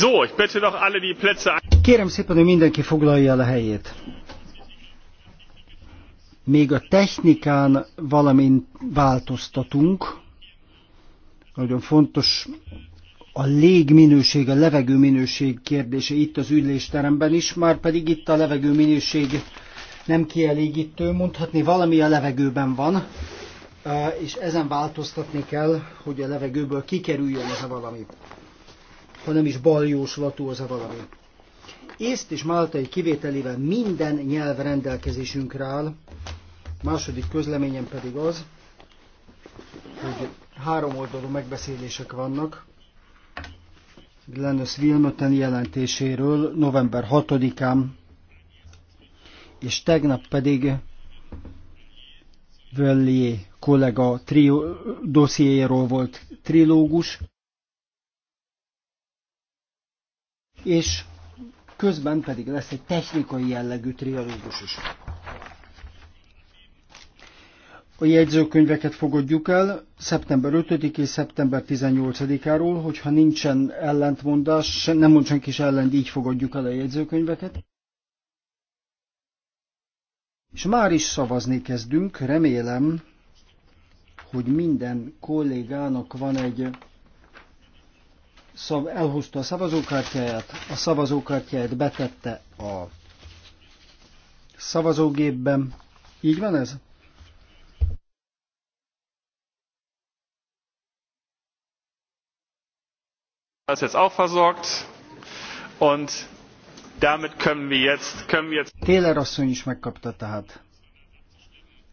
So, ich bitte doch alle die Plätze. Kérem szépen, hogy mindenki foglalja el a helyét. Még a technikán valamint változtatunk. Nagyon fontos a légminőség, a levegő minőség kérdése itt az ülésteremben is, már pedig itt a levegő minőség nem kielégítő, mondhatni valami a levegőben van, és ezen változtatni kell, hogy a levegőből kikerüljön ez a valami hanem is baljóslatú az a valami. Észt és máltai kivételével minden nyelv rendelkezésünkre áll, második közleményem pedig az, hogy három oldalú megbeszélések vannak, Glennis Wilmotten jelentéséről november 6-án, és tegnap pedig Völlié kollega trió, dossziéjáról volt trilógus, és közben pedig lesz egy technikai jellegű trialógus is. A jegyzőkönyveket fogadjuk el szeptember 5 és szeptember 18-áról, hogyha nincsen ellentmondás, nem mond senki is ellent, így fogadjuk el a jegyzőkönyveket. És már is szavazni kezdünk, remélem, hogy minden kollégának van egy szav, elhúzta a szavazókártyáját, a szavazókártyáját betette a szavazógépben. Így van ez? Das jetzt auch versorgt und damit können wir jetzt können wir jetzt Taylor asszony is megkapta tehát.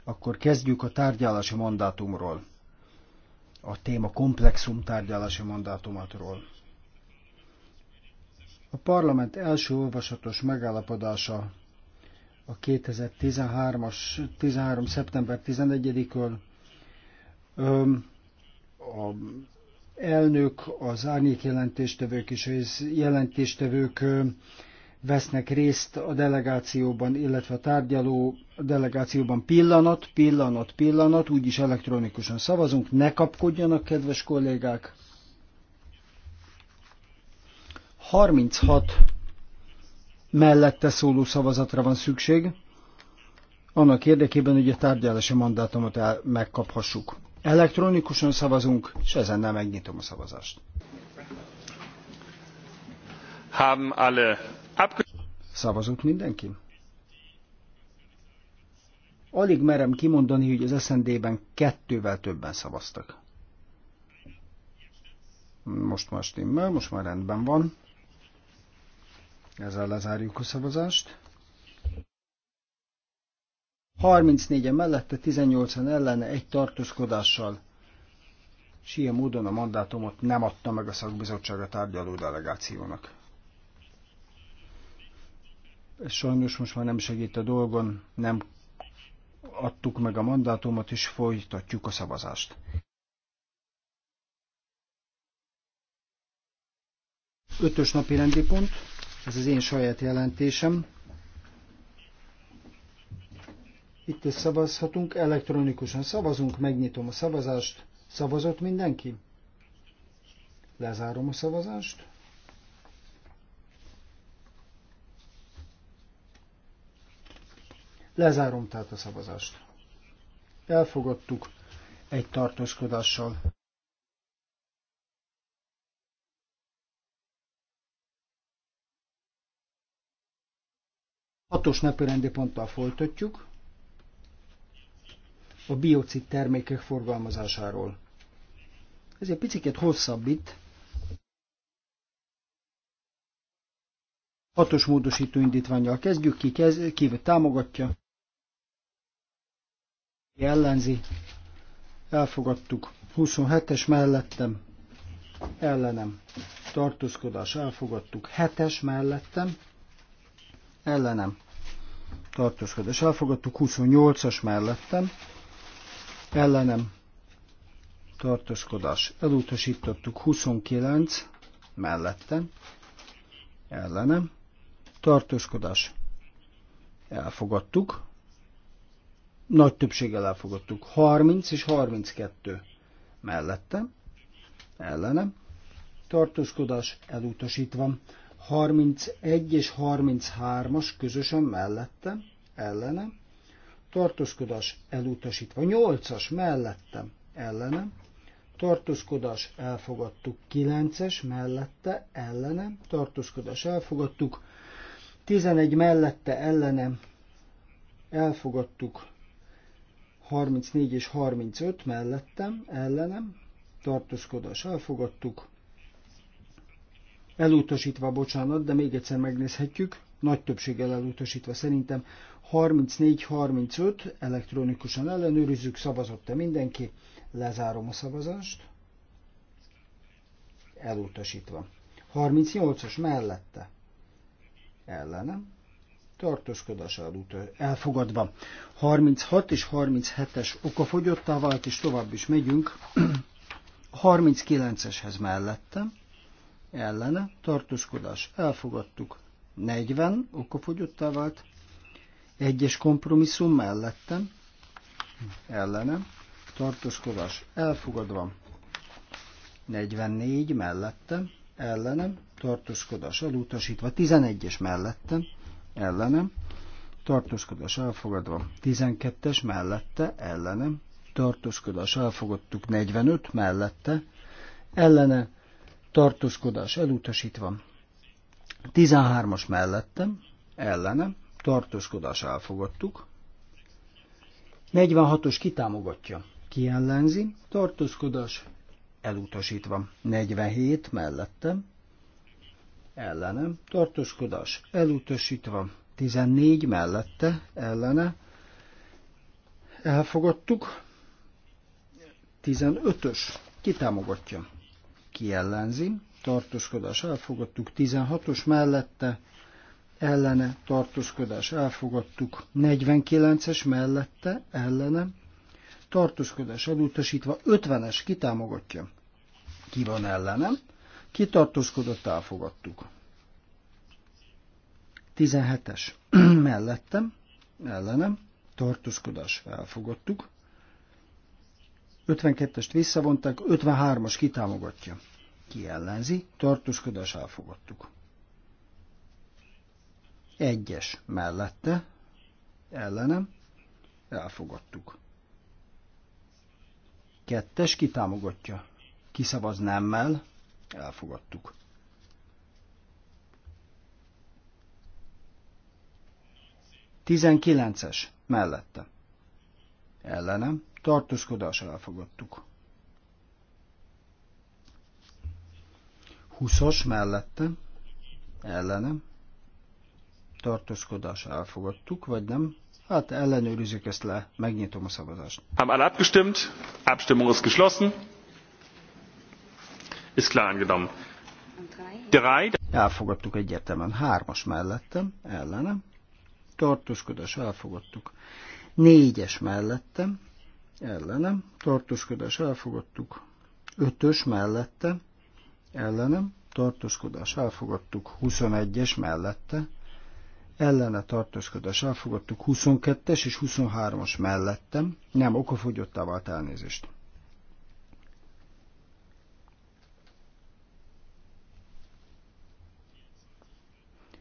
Akkor kezdjük a tárgyalási mandátumról. A téma komplexum tárgyalási mandátumatról. A parlament első olvasatos megállapodása a 2013-as, 13. szeptember 11-ől a elnök, az árnyék jelentéstevők és a jelentéstevők vesznek részt a delegációban, illetve a tárgyaló delegációban pillanat, pillanat, pillanat, úgyis elektronikusan szavazunk, ne kapkodjanak, kedves kollégák! 36 mellette szóló szavazatra van szükség, annak érdekében, hogy a tárgyalási mandátumot el, megkaphassuk. Elektronikusan szavazunk, és ezennel megnyitom a szavazást. Haben alle Szavazott mindenki? Alig merem kimondani, hogy az SND-ben kettővel többen szavaztak. Most már stimmel, most már rendben van. Ezzel lezárjuk a szavazást. 34-en mellette, 18-en ellene, egy tartózkodással, és ilyen módon a mandátumot nem adta meg a szakbizottság a tárgyaló delegációnak. Ez sajnos most már nem segít a dolgon, nem adtuk meg a mandátumot, és folytatjuk a szavazást. Ötös napi rendi pont. Ez az én saját jelentésem. Itt is szavazhatunk, elektronikusan szavazunk, megnyitom a szavazást. Szavazott mindenki? Lezárom a szavazást. Lezárom tehát a szavazást. Elfogadtuk egy tartózkodással. Hatos napirendi ponttal folytatjuk a biocid termékek forgalmazásáról. Ez egy picit hosszabb itt. Hatos módosító indítványjal kezdjük, ki, kez, ki támogatja, ki ellenzi, elfogadtuk. 27-es mellettem, ellenem, tartózkodás, elfogadtuk. 7-es mellettem, ellenem, tartózkodás elfogadtuk, 28-as mellettem, ellenem tartózkodás elutasítottuk, 29 mellettem, ellenem tartózkodás elfogadtuk, nagy többséggel elfogadtuk, 30 és 32 mellettem, ellenem tartózkodás elutasítva. 31 és 33-as közösen mellette, ellene, tartózkodás elutasítva. 8-as mellette, ellene, tartózkodás elfogadtuk. 9-es mellette, ellene, tartózkodás elfogadtuk. 11 mellette, ellene, elfogadtuk. 34 és 35 mellettem, ellenem, tartózkodás elfogadtuk elutasítva, bocsánat, de még egyszer megnézhetjük, nagy többséggel elutasítva szerintem, 34-35, elektronikusan ellenőrizzük, szavazott-e mindenki, lezárom a szavazást, elutasítva. 38-as mellette, ellenem, tartózkodás elfogadva. 36 és 37-es okafogyottá vált, és tovább is megyünk. 39-eshez mellettem, ellene tartózkodás elfogadtuk. 40 okafogyottá vált, egyes kompromisszum mellettem, ellenem, tartózkodás elfogadva. 44 mellettem, ellenem, tartózkodás elutasítva. 11-es mellettem, ellenem, tartózkodás elfogadva. 12-es mellette, ellenem, tartózkodás elfogadtuk. 45 mellette, ellene, tartózkodás elutasítva. 13-as mellettem, ellenem, tartózkodás elfogadtuk. 46-os kitámogatja, kiellenzi, tartózkodás elutasítva. 47 mellettem, ellenem, tartózkodás elutasítva. 14 mellette, ellene, elfogadtuk. 15-ös, kitámogatja, kiellenzi. tartózkodás elfogadtuk, 16-os mellette ellene tartózkodás elfogadtuk, 49-es mellette ellene tartózkodás elutasítva, 50-es kitámogatja. Ki van ellene, Kitartózkodott elfogadtuk. 17-es mellettem, ellenem, tartózkodás elfogadtuk. 52-est visszavonták, 53-as kitámogatja. Ki ellenzi? Tartózkodás elfogadtuk. Egyes mellette, ellenem, elfogadtuk. Kettes kitámogatja. Kiszavaz nemmel, elfogadtuk. Tizenkilences mellette ellenem, tartózkodás elfogadtuk. 20-as mellette, ellenem, tartózkodás elfogadtuk, vagy nem? Hát ellenőrizzük ezt le, megnyitom a szavazást. Haben alle abgestimmt, Abstimmung ist geschlossen. Ist klar angenommen. Elfogadtuk egyértelműen hármas mellettem, ellenem. Tartózkodás elfogadtuk. Négyes mellettem, ellenem, tartózkodás elfogadtuk. Ötös mellette, ellenem, tartózkodás elfogadtuk. 21-es mellette, ellene tartózkodás elfogadtuk. 22-es és 23-as mellettem, nem, okafogyottá vált elnézést.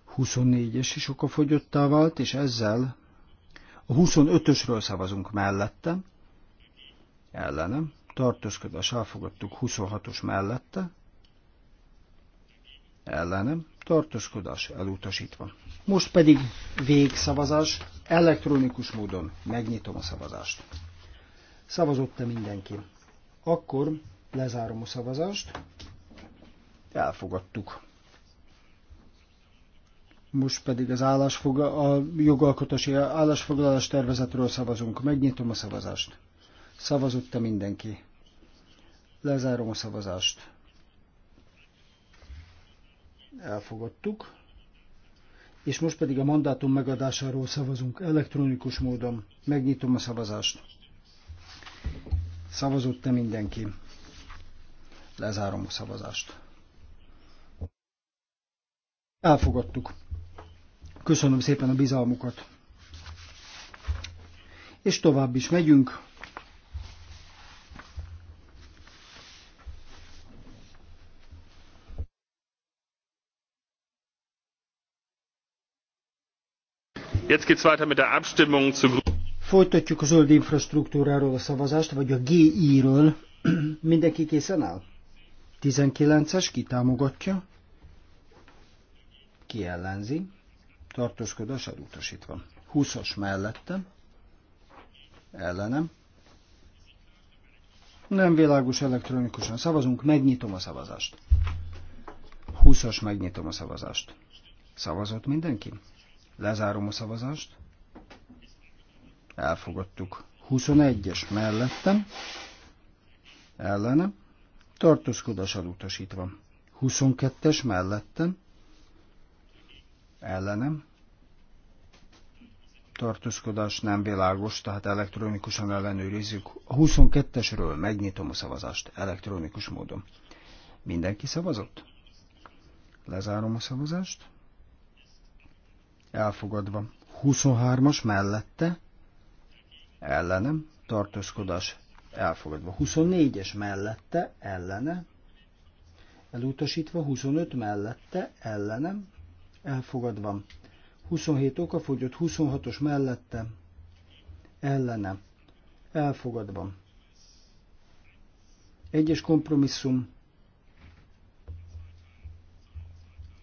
Huszonnégyes is okafogyottá vált, és ezzel a 25-ösről szavazunk mellette, ellenem, tartózkodás elfogadtuk 26-os mellette, ellenem, tartózkodás elutasítva. Most pedig végszavazás, elektronikus módon megnyitom a szavazást. Szavazott-e mindenki? Akkor lezárom a szavazást, elfogadtuk. Most pedig az állásfoga- a jogalkotási állásfoglalás tervezetről szavazunk. Megnyitom a szavazást. Szavazott-e mindenki? Lezárom a szavazást. Elfogadtuk. És most pedig a mandátum megadásáról szavazunk elektronikus módon. Megnyitom a szavazást. Szavazott-e mindenki? Lezárom a szavazást. Elfogadtuk. Köszönöm szépen a bizalmukat. És tovább is megyünk. Jetzt geht's weiter mit der Abstimmung zu Folytatjuk a zöld infrastruktúráról a szavazást, vagy a GI-ről. Mindenki készen áll? 19-es, ki támogatja? Ki ellenzi? tartózkodás elutasítva. 20-as mellettem, ellenem. Nem világos elektronikusan szavazunk, megnyitom a szavazást. 20-as megnyitom a szavazást. Szavazott mindenki? Lezárom a szavazást. Elfogadtuk. 21-es mellettem, ellenem, tartózkodás elutasítva. 22-es mellettem, ellenem. Tartózkodás nem világos, tehát elektronikusan ellenőrizzük. A 22-esről megnyitom a szavazást elektronikus módon. Mindenki szavazott? Lezárom a szavazást. Elfogadva. 23-as mellette, ellenem, tartózkodás elfogadva. 24-es mellette, ellene, elutasítva, 25 mellette, ellenem, elfogadva. 27 okafogyott, 26-os mellette, ellene, elfogadva. Egyes kompromisszum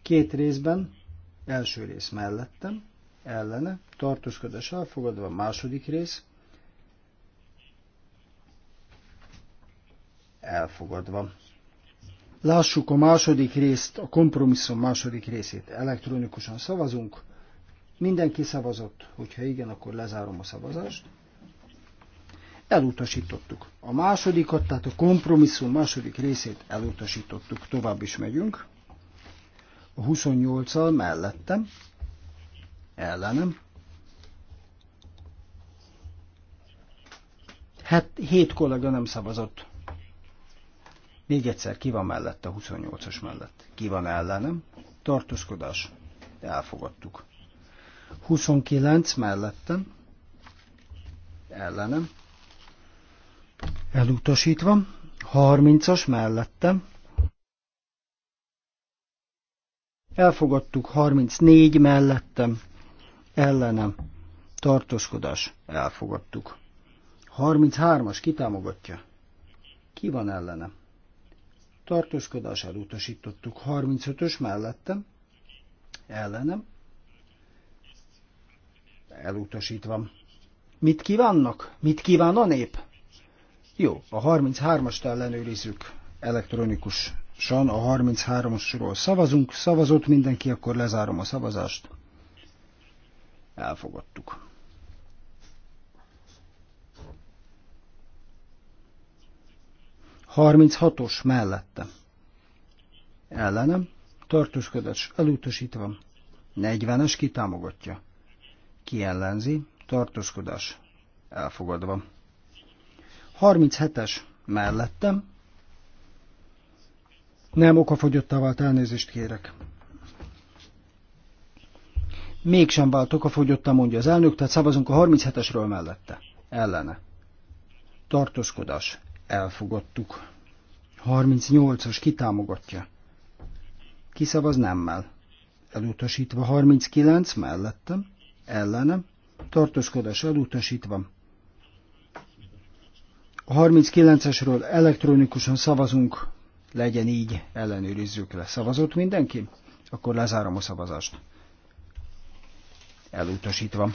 két részben, első rész mellettem, ellene, tartózkodás elfogadva, második rész, elfogadva. Lássuk a második részt, a kompromisszum második részét. Elektronikusan szavazunk. Mindenki szavazott. Hogyha igen, akkor lezárom a szavazást. Elutasítottuk. A másodikat, tehát a kompromisszum második részét elutasítottuk. Tovább is megyünk. A 28-al mellettem. Ellenem. 7 kollega nem szavazott. Még egyszer, ki van mellette, 28-as mellett? Ki van ellenem? Tartózkodás. Elfogadtuk. 29 mellettem. Ellenem. Elutasítva. 30-as mellettem. Elfogadtuk 34 mellettem. Ellenem. Tartózkodás. Elfogadtuk. 33-as kitámogatja. Ki van ellenem? tartózkodás elutasítottuk. 35-ös mellettem, ellenem, elutasítva. Mit kívánnak? Mit kíván a nép? Jó, a 33-ast ellenőrizzük elektronikusan, a 33-asról szavazunk. Szavazott mindenki, akkor lezárom a szavazást. Elfogadtuk. 36-os mellette. Ellenem. Tartózkodás elutasítva. 40-es kitámogatja. Ki ellenzi? Tartózkodás elfogadva. 37-es mellettem. Nem okafogyottá vált elnézést kérek. Mégsem vált okafogyottá, mondja az elnök, tehát szavazunk a 37-esről mellette. Ellene. Tartózkodás elfogadtuk. 38-as kitámogatja. Kiszavaz nemmel. Elutasítva 39 mellettem, ellenem, tartózkodás elutasítva. A 39-esről elektronikusan szavazunk, legyen így, ellenőrizzük le. Szavazott mindenki? Akkor lezárom a szavazást. Elutasítva.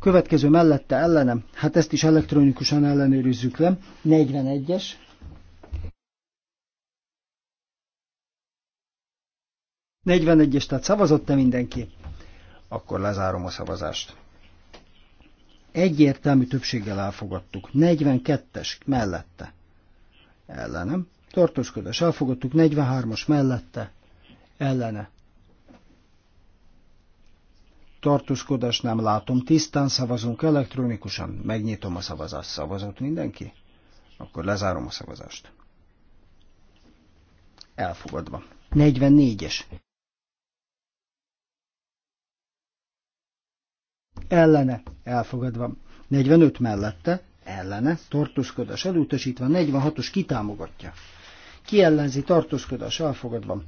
Következő mellette ellenem, hát ezt is elektronikusan ellenőrizzük le, 41-es. Negyvenegyes, tehát szavazott-e mindenki? Akkor lezárom a szavazást. Egyértelmű többséggel elfogadtuk. 42-es mellette. Ellenem. Tartózkodás elfogadtuk. 43-as mellette. Ellene tartózkodás nem látom. Tisztán szavazunk elektronikusan. Megnyitom a szavazást. Szavazott mindenki? Akkor lezárom a szavazást. Elfogadva. 44-es. Ellene. Elfogadva. 45 mellette. Ellene. Tartózkodás elutasítva. 46-os kitámogatja. Ki ellenzi tartózkodás elfogadva.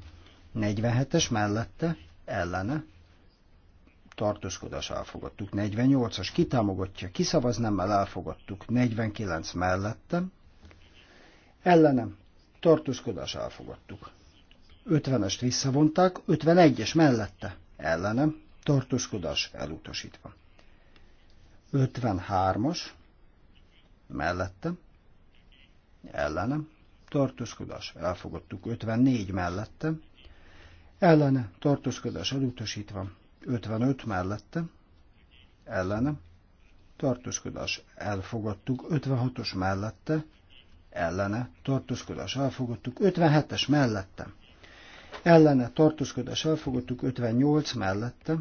47-es mellette. Ellene tartózkodás elfogadtuk. 48-as kitámogatja, kiszavaz nem mert elfogadtuk. 49 mellettem, ellenem tartózkodás elfogadtuk. 50-est visszavonták, 51-es mellette, ellenem tartózkodás elutasítva. 53-as mellettem, ellenem tartózkodás elfogadtuk. 54 mellettem, ellene tartózkodás elutasítva. 55 mellette, ellene, tartózkodás elfogadtuk, 56-os mellette, ellene, tartózkodás elfogadtuk, 57-es mellette, ellene, tartózkodás elfogadtuk, 58 mellette,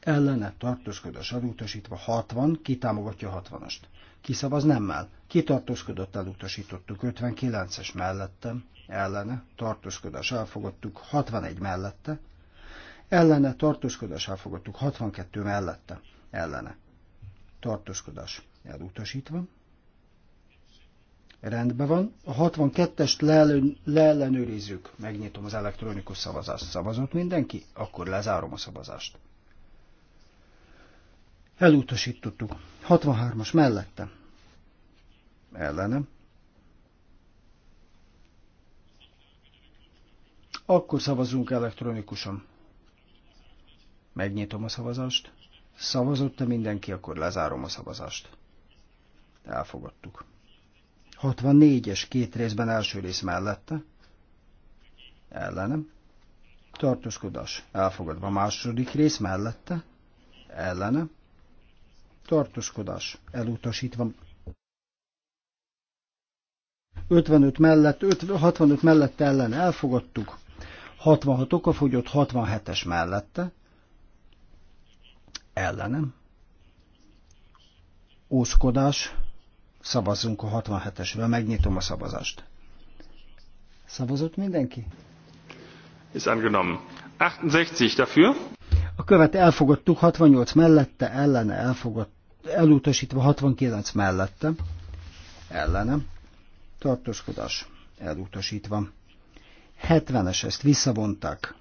ellene, tartózkodás elutasítva, 60, kitámogatja 60-ast. Kiszavaz nemmel, kitartózkodott elutasítottuk, 59-es mellette, ellene, tartózkodás elfogadtuk, 61 mellette, ellene tartózkodás elfogadtuk, 62 mellette ellene tartózkodás elutasítva. Rendben van. A 62-est leellenőrizzük. Megnyitom az elektronikus szavazást. Szavazott mindenki? Akkor lezárom a szavazást. Elutasítottuk. 63-as mellette. Ellenem. Akkor szavazunk elektronikusan. Megnyitom a szavazást. Szavazott-e mindenki, akkor lezárom a szavazást. Elfogadtuk. 64-es két részben első rész mellette. Ellenem. Tartózkodás. Elfogadva második rész mellette. Ellenem. Tartózkodás. Elutasítva. 55 mellett, 50, 65 mellett ellen elfogadtuk. 66 okafogyott, 67-es mellette ellenem. Óskodás, szavazzunk a 67-esről, megnyitom a szavazást. Szavazott mindenki? Is angenommen. 68 dafür. A követ elfogadtuk 68 mellette, ellene elfogadt, elutasítva 69 mellette, ellene. Tartózkodás elutasítva. 70-es, ezt visszavonták.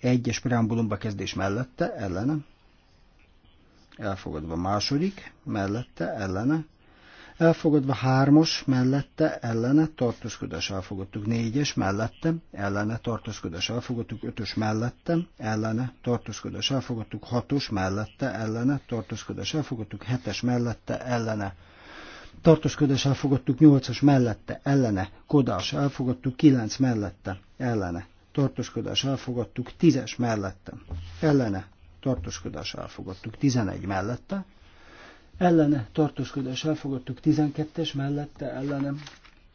Egyes preambulumba kezdés mellette, ellene elfogadva második, mellette, ellene, elfogadva hármos, mellette, ellene, tartózkodás elfogadtuk négyes, mellette, ellene, tartózkodás elfogadtuk ötös, mellette, ellene, tartózkodás elfogadtuk hatos, mellette, ellene, tartózkodás elfogadtuk hetes, mellette, ellene, tartózkodás elfogadtuk nyolcas, mellette, ellene, kodás elfogadtuk kilenc, mellette, ellene, tartózkodás elfogadtuk tízes, mellette, ellene, tartózkodás elfogadtuk 11 mellette, ellene tartózkodás elfogadtuk 12-es mellette, ellene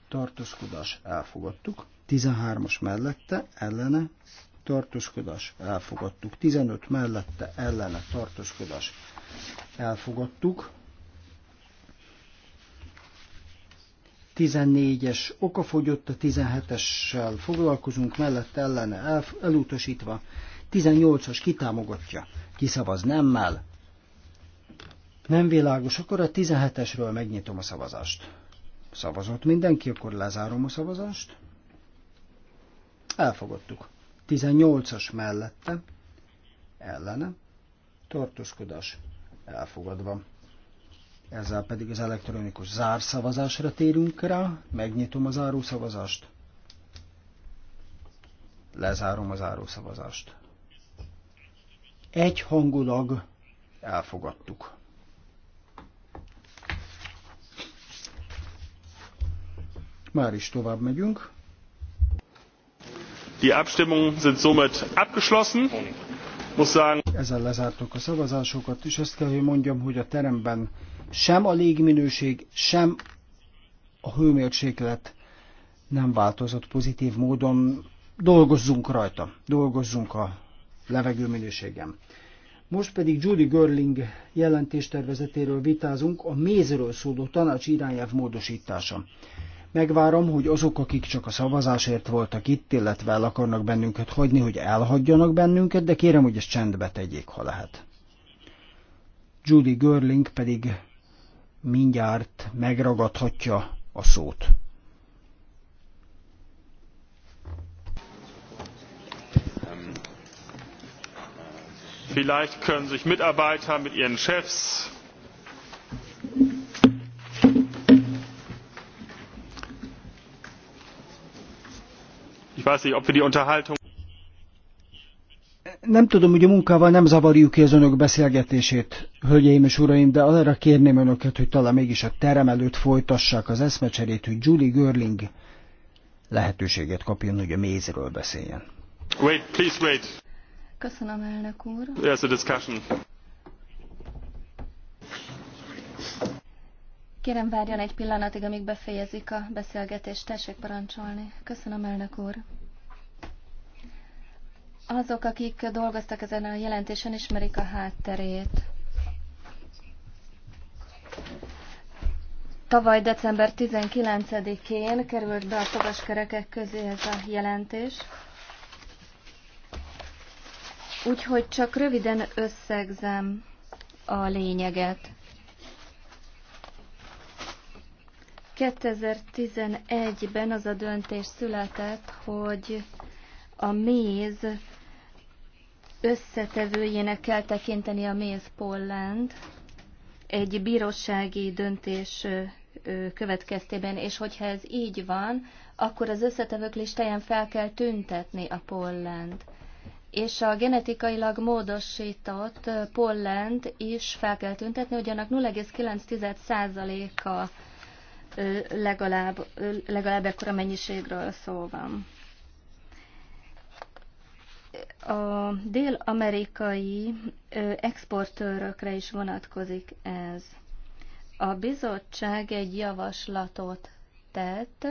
tartózkodás elfogadtuk 13-as mellette, ellene tartózkodás elfogadtuk 15 mellette, ellene tartózkodás elfogadtuk 14-es okafogyott, a 17-essel foglalkozunk, mellette ellene el, elutasítva, 18-as kitámogatja, kiszavaz nemmel. Nem világos, akkor a 17-esről megnyitom a szavazást. Szavazott mindenki, akkor lezárom a szavazást. Elfogadtuk. 18-as mellette, ellene, tartózkodás elfogadva. Ezzel pedig az elektronikus zárszavazásra térünk rá, megnyitom a zárószavazást, lezárom a zárószavazást egyhangulag elfogadtuk. Már is tovább megyünk. Die Abstimmung sind somit abgeschlossen. Muss sagen. Ezzel lezártuk a szavazásokat, és ezt kell, hogy mondjam, hogy a teremben sem a légminőség, sem a hőmérséklet nem változott pozitív módon. Dolgozzunk rajta, dolgozzunk a levegőminőségem. Most pedig Judy Görling jelentéstervezetéről vitázunk, a mézről szóló tanács irányelv módosítása. Megvárom, hogy azok, akik csak a szavazásért voltak itt, illetve el akarnak bennünket hagyni, hogy elhagyjanak bennünket, de kérem, hogy ezt csendbe tegyék, ha lehet. Judy Görling pedig mindjárt megragadhatja a szót. vielleicht können sich mitarbeiter mit ihren chefs ich weiß nicht ob wir die unterhaltung nem tudom, hogy a munkával nem zavarjuk ki az önök beszélgetését, hölgyeim és uraim, de arra kérném önöket, hogy talán mégis a terem előtt folytassák az eszmecserét, hogy Julie Görling lehetőséget kapjon, hogy a mézről beszéljen. Wait, please wait. Köszönöm, elnök úr. Yes, a discussion. Kérem, várjon egy pillanatig, amíg befejezik a beszélgetést. Tessék parancsolni. Köszönöm, elnök úr. Azok, akik dolgoztak ezen a jelentésen, ismerik a hátterét. Tavaly december 19-én került be a fogaskerekek közé ez a jelentés. Úgyhogy csak röviden összegzem a lényeget. 2011-ben az a döntés született, hogy a méz összetevőjének kell tekinteni a mézpollent egy bírósági döntés következtében, és hogyha ez így van, akkor az összetevők listáján fel kell tüntetni a pollent és a genetikailag módosított pollent is fel kell tüntetni, annak 0,9%-a legalább, legalább ekkora mennyiségről szó van. A dél-amerikai exportőrökre is vonatkozik ez. A bizottság egy javaslatot tett,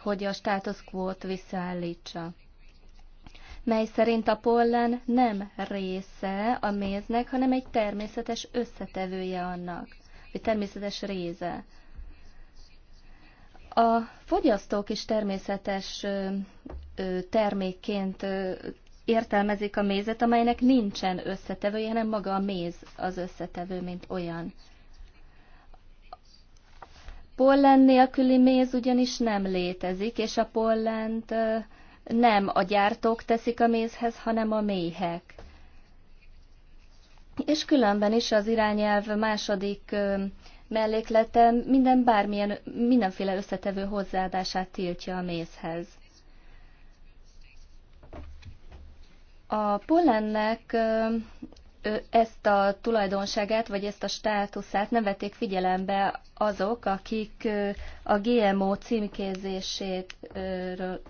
hogy a státuszkvót visszaállítsa mely szerint a pollen nem része a méznek, hanem egy természetes összetevője annak, vagy természetes része. A fogyasztók is természetes termékként értelmezik a mézet, amelynek nincsen összetevője, hanem maga a méz az összetevő, mint olyan. Pollen nélküli méz ugyanis nem létezik, és a pollent nem a gyártók teszik a mézhez, hanem a méhek. És különben is az irányelv második melléklete minden bármilyen, mindenféle összetevő hozzáadását tiltja a mézhez. A pollennek ezt a tulajdonságát, vagy ezt a státuszát nem vették figyelembe azok, akik a GMO címkézéséről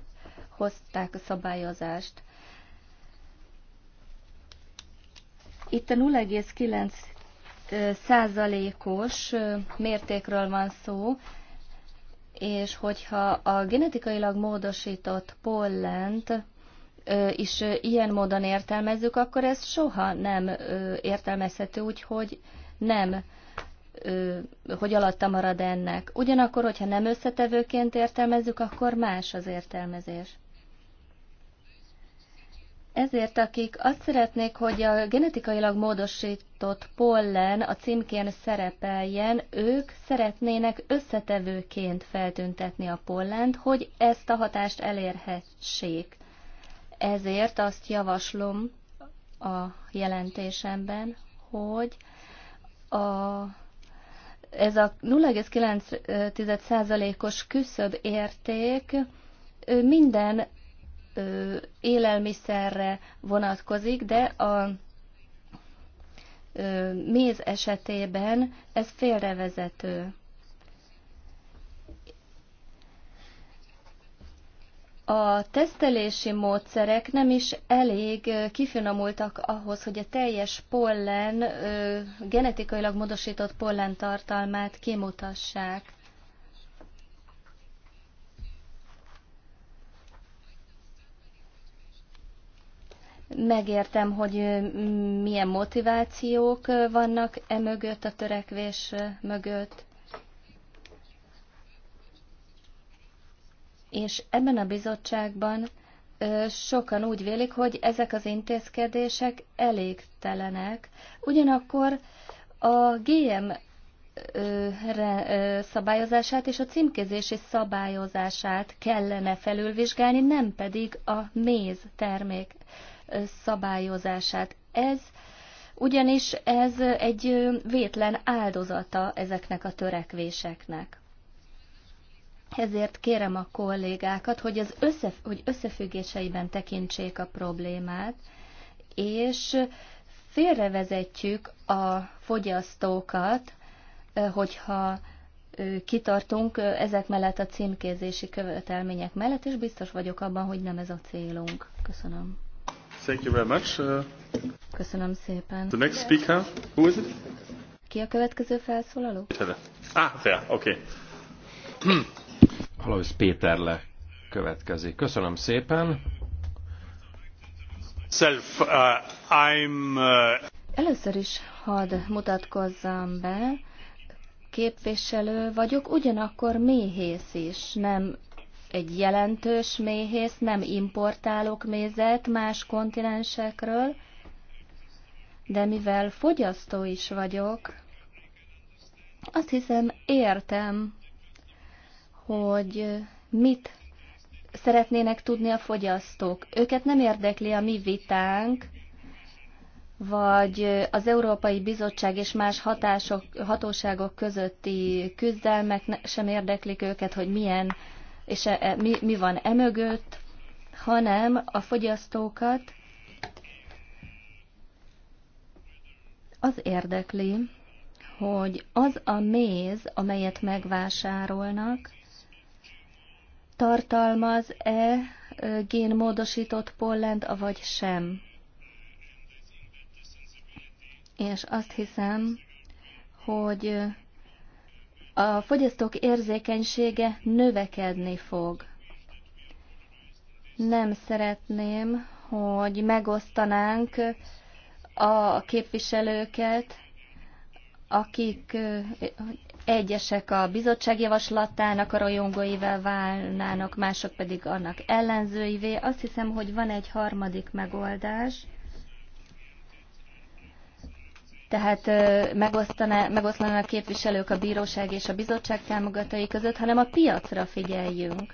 hozták a szabályozást. Itt a 0,9 százalékos mértékről van szó, és hogyha a genetikailag módosított pollent is ilyen módon értelmezzük, akkor ez soha nem értelmezhető úgy, hogy nem hogy alatta marad ennek. Ugyanakkor, hogyha nem összetevőként értelmezzük, akkor más az értelmezés. Ezért, akik azt szeretnék, hogy a genetikailag módosított pollen a címkén szerepeljen, ők szeretnének összetevőként feltüntetni a pollent, hogy ezt a hatást elérhessék. Ezért azt javaslom a jelentésemben, hogy a, ez a 0,9%-os küszöb érték minden élelmiszerre vonatkozik, de a méz esetében ez félrevezető. A tesztelési módszerek nem is elég kifinomultak ahhoz, hogy a teljes pollen, genetikailag módosított pollen tartalmát kimutassák. Megértem, hogy milyen motivációk vannak e mögött, a törekvés mögött. És ebben a bizottságban sokan úgy vélik, hogy ezek az intézkedések elégtelenek. Ugyanakkor a GM szabályozását és a címkézési szabályozását kellene felülvizsgálni, nem pedig a méz termék szabályozását. Ez ugyanis ez egy vétlen áldozata ezeknek a törekvéseknek. Ezért kérem a kollégákat, hogy, az összef hogy összefüggéseiben tekintsék a problémát, és félrevezetjük a fogyasztókat, hogyha kitartunk ezek mellett a címkézési követelmények mellett, és biztos vagyok abban, hogy nem ez a célunk. Köszönöm. Uh, Köszönöm szépen. The next speaker, who is it? Ki a következő felszólaló? Ah, fel, oké. Okay. Alois le. következik. Köszönöm szépen. Self, uh, I'm, uh... Először is hadd mutatkozzam be, képviselő vagyok, ugyanakkor méhész is, nem egy jelentős méhész, nem importálok mézet más kontinensekről, de mivel fogyasztó is vagyok, azt hiszem értem, hogy mit szeretnének tudni a fogyasztók. Őket nem érdekli a mi vitánk, vagy az Európai Bizottság és más hatások, hatóságok közötti küzdelmek sem érdeklik őket, hogy milyen és e, e mi, mi van emögött, hanem a fogyasztókat az érdekli, hogy az a méz, amelyet megvásárolnak, tartalmaz-e génmódosított pollent, avagy sem. És azt hiszem, hogy a fogyasztók érzékenysége növekedni fog. Nem szeretném, hogy megosztanánk a képviselőket, akik egyesek a bizottság javaslatának a rajongóivel válnának, mások pedig annak ellenzőivé. Azt hiszem, hogy van egy harmadik megoldás, tehát megoszlanak a képviselők a bíróság és a bizottság támogatai között, hanem a piacra figyeljünk.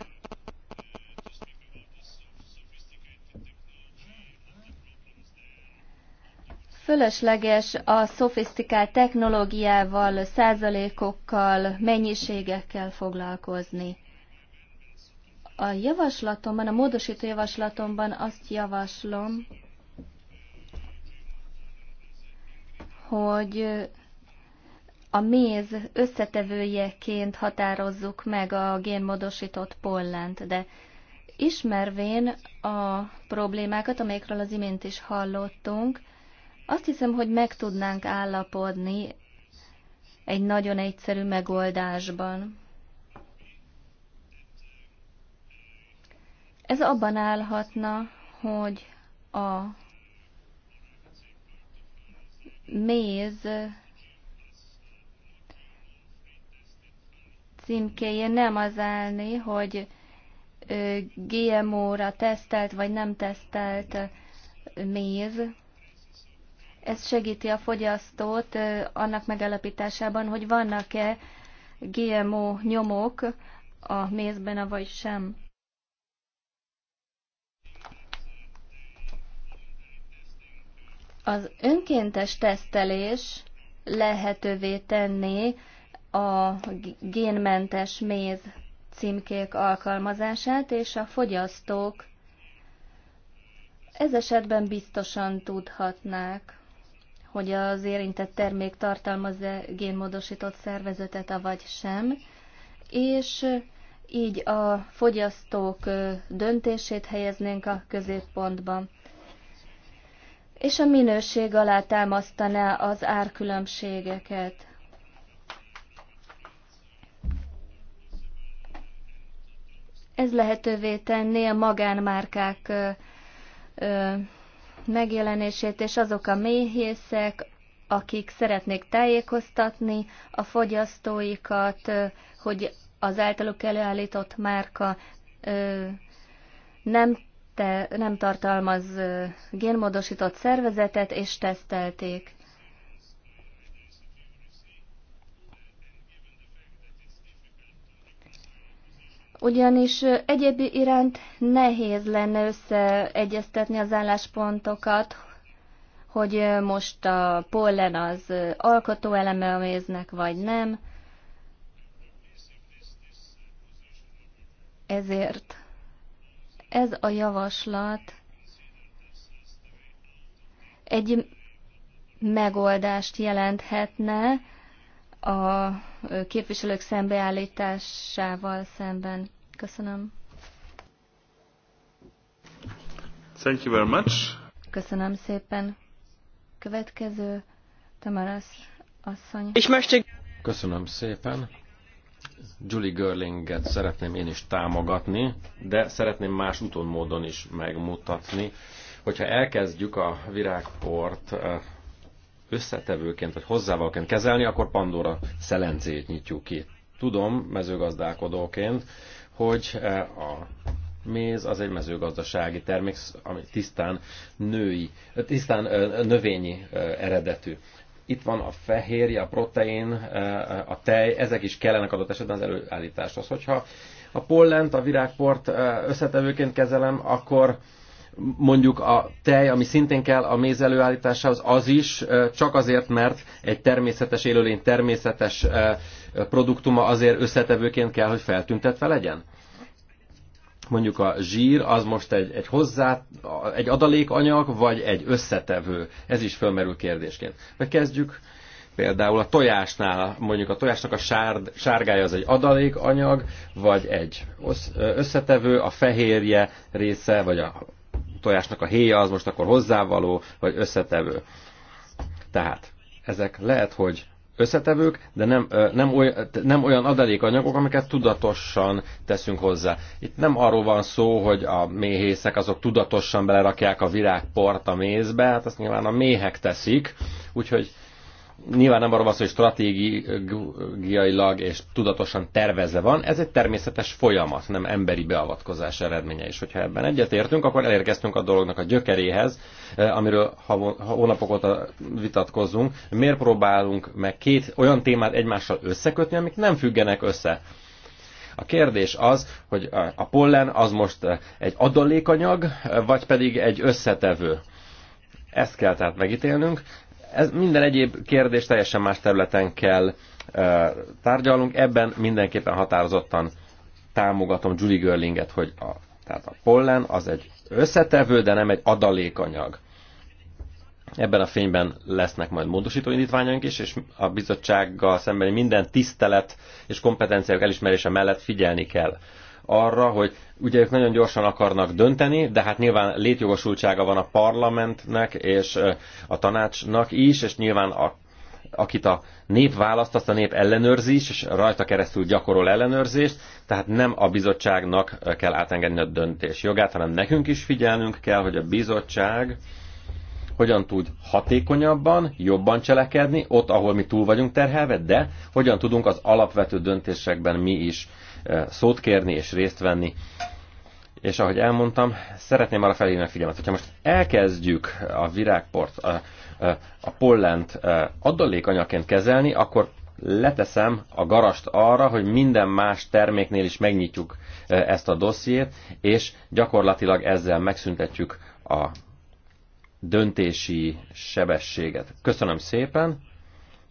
Fölösleges a szofisztikált technológiával, százalékokkal, mennyiségekkel foglalkozni. A javaslatomban, a módosító javaslatomban azt javaslom, hogy a méz összetevőjeként határozzuk meg a génmodosított pollent, de ismervén a problémákat, amelyekről az imént is hallottunk, azt hiszem, hogy meg tudnánk állapodni egy nagyon egyszerű megoldásban. Ez abban állhatna, hogy a méz címkéjén nem az állni, hogy GMO-ra tesztelt vagy nem tesztelt méz. Ez segíti a fogyasztót annak megállapításában, hogy vannak-e GMO nyomok a mézben, vagy sem. Az önkéntes tesztelés lehetővé tenné a génmentes méz címkék alkalmazását, és a fogyasztók ez esetben biztosan tudhatnák, hogy az érintett termék tartalmaz-e génmódosított szervezetet, avagy sem, és így a fogyasztók döntését helyeznénk a középpontba és a minőség alá támasztaná az árkülönbségeket. Ez lehetővé tenné a magánmárkák megjelenését, és azok a méhészek, akik szeretnék tájékoztatni a fogyasztóikat, hogy az általuk előállított márka nem te, nem tartalmaz génmódosított szervezetet, és tesztelték. Ugyanis egyéb iránt nehéz lenne összeegyeztetni az álláspontokat, hogy most a pollen az alkotó eleme a méznek, vagy nem. Ezért ez a javaslat egy megoldást jelenthetne a képviselők szembeállításával szemben. Köszönöm. Thank you very much. Köszönöm szépen. Következő, Tamaras asszony. Ich möchte... Köszönöm szépen. Julie Görlinget szeretném én is támogatni, de szeretném más úton módon is megmutatni, hogyha elkezdjük a virágport összetevőként vagy hozzávalóként kezelni, akkor Pandora szelencét nyitjuk ki. Tudom mezőgazdálkodóként, hogy a méz az egy mezőgazdasági termék, ami tisztán női, tisztán növényi eredetű. Itt van a fehérje, a protein, e, e, a tej, ezek is kellenek adott esetben az előállításhoz. Hogyha a pollent, a virágport e, összetevőként kezelem, akkor mondjuk a tej, ami szintén kell a méz előállításához, az is csak azért, mert egy természetes élőlény természetes produktuma azért összetevőként kell, hogy feltüntetve legyen? mondjuk a zsír az most egy, egy hozzá, egy adalékanyag, vagy egy összetevő? Ez is fölmerül kérdésként. Vagy kezdjük például a tojásnál, mondjuk a tojásnak a sár, sárgája az egy adalékanyag, vagy egy összetevő, a fehérje része, vagy a tojásnak a héja az most akkor hozzávaló, vagy összetevő. Tehát ezek lehet, hogy összetevők, de nem, nem, olyan, nem olyan adalékanyagok, amiket tudatosan teszünk hozzá. Itt nem arról van szó, hogy a méhészek azok tudatosan belerakják a virágport a mézbe, hát azt nyilván a méhek teszik, úgyhogy Nyilván nem arról van szó, hogy stratégiailag és tudatosan tervezve van, ez egy természetes folyamat, nem emberi beavatkozás eredménye is. Hogyha ebben egyetértünk, akkor elérkeztünk a dolognak a gyökeréhez, eh, amiről ha hónapok óta vitatkozunk. Miért próbálunk meg két olyan témát egymással összekötni, amik nem függenek össze? A kérdés az, hogy a pollen az most eh, egy adalékanyag, eh, vagy pedig egy összetevő. Ezt kell tehát megítélnünk, ez minden egyéb kérdés teljesen más területen kell tárgyalunk. Ebben mindenképpen határozottan támogatom Julie Görlinget, hogy a, tehát a pollen az egy összetevő, de nem egy adalékanyag. Ebben a fényben lesznek majd módosító indítványaink is, és a bizottsággal szemben minden tisztelet és kompetenciák elismerése mellett figyelni kell arra, hogy ugye ők nagyon gyorsan akarnak dönteni, de hát nyilván létjogosultsága van a parlamentnek és a tanácsnak is, és nyilván a akit a nép választ, azt a nép ellenőrzés, és rajta keresztül gyakorol ellenőrzést, tehát nem a bizottságnak kell átengedni a döntés jogát, hanem nekünk is figyelnünk kell, hogy a bizottság hogyan tud hatékonyabban, jobban cselekedni, ott, ahol mi túl vagyunk terhelve, de hogyan tudunk az alapvető döntésekben mi is szót kérni és részt venni. És ahogy elmondtam, szeretném arra felhívni a figyelmet, hogyha most elkezdjük a virágport, a, a pollent adalékanyagként kezelni, akkor leteszem a garast arra, hogy minden más terméknél is megnyitjuk ezt a dossziét, és gyakorlatilag ezzel megszüntetjük a döntési sebességet. Köszönöm szépen!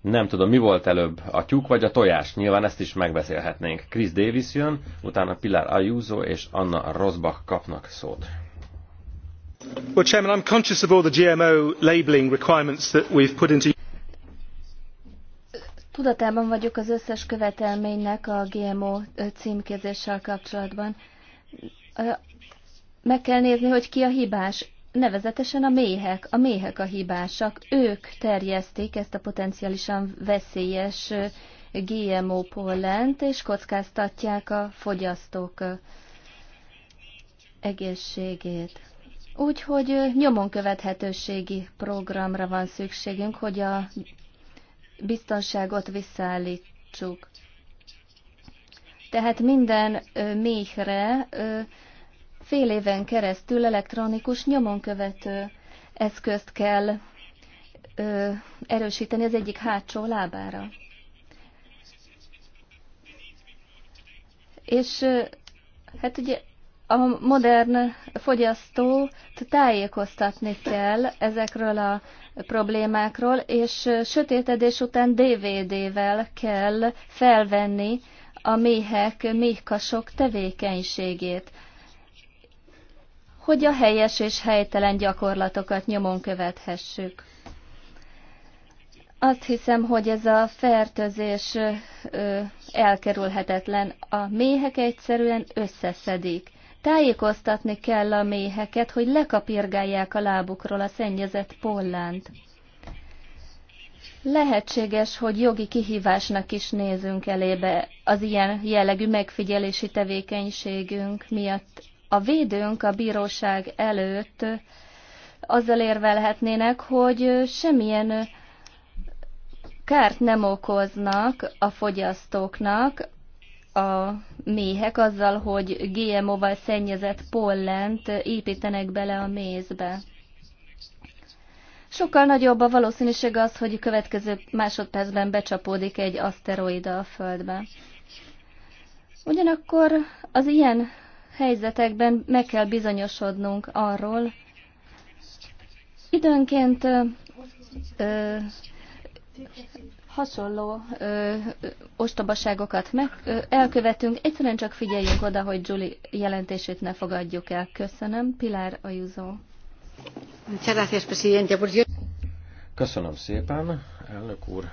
nem tudom, mi volt előbb, a tyúk vagy a tojás, nyilván ezt is megbeszélhetnénk. Chris Davis jön, utána Pilar Ayuso és Anna Rosbach kapnak szót. Well, Chairman, I'm conscious of all the GMO labeling requirements that we've put into Tudatában vagyok az összes követelménynek a GMO címkézéssel kapcsolatban. Meg kell nézni, hogy ki a hibás nevezetesen a méhek. A méhek a hibásak, ők terjesztik ezt a potenciálisan veszélyes GMO pollent, és kockáztatják a fogyasztók egészségét. Úgyhogy nyomon követhetőségi programra van szükségünk, hogy a biztonságot visszaállítsuk. Tehát minden méhre fél éven keresztül elektronikus nyomonkövető eszközt kell ö, erősíteni az egyik hátsó lábára. És hát ugye a modern fogyasztót tájékoztatni kell ezekről a problémákról, és sötétedés után DVD-vel kell felvenni a méhek, méhkasok tevékenységét hogy a helyes és helytelen gyakorlatokat nyomon követhessük. Azt hiszem, hogy ez a fertőzés elkerülhetetlen. A méhek egyszerűen összeszedik. Tájékoztatni kell a méheket, hogy lekapirgálják a lábukról a szennyezett pollánt. Lehetséges, hogy jogi kihívásnak is nézünk elébe az ilyen jellegű megfigyelési tevékenységünk miatt a védőnk a bíróság előtt azzal érvelhetnének, hogy semmilyen kárt nem okoznak a fogyasztóknak a méhek azzal, hogy GMO-val szennyezett pollent építenek bele a mézbe. Sokkal nagyobb a valószínűség az, hogy a következő másodpercben becsapódik egy aszteroida a Földbe. Ugyanakkor az ilyen helyzetekben meg kell bizonyosodnunk arról. Időnként ö, hasonló ö, ostobaságokat meg, ö, elkövetünk, egyszerűen csak figyeljünk oda, hogy Juli jelentését ne fogadjuk el. Köszönöm. Pilar Ajuzó. Köszönöm szépen, elnök úr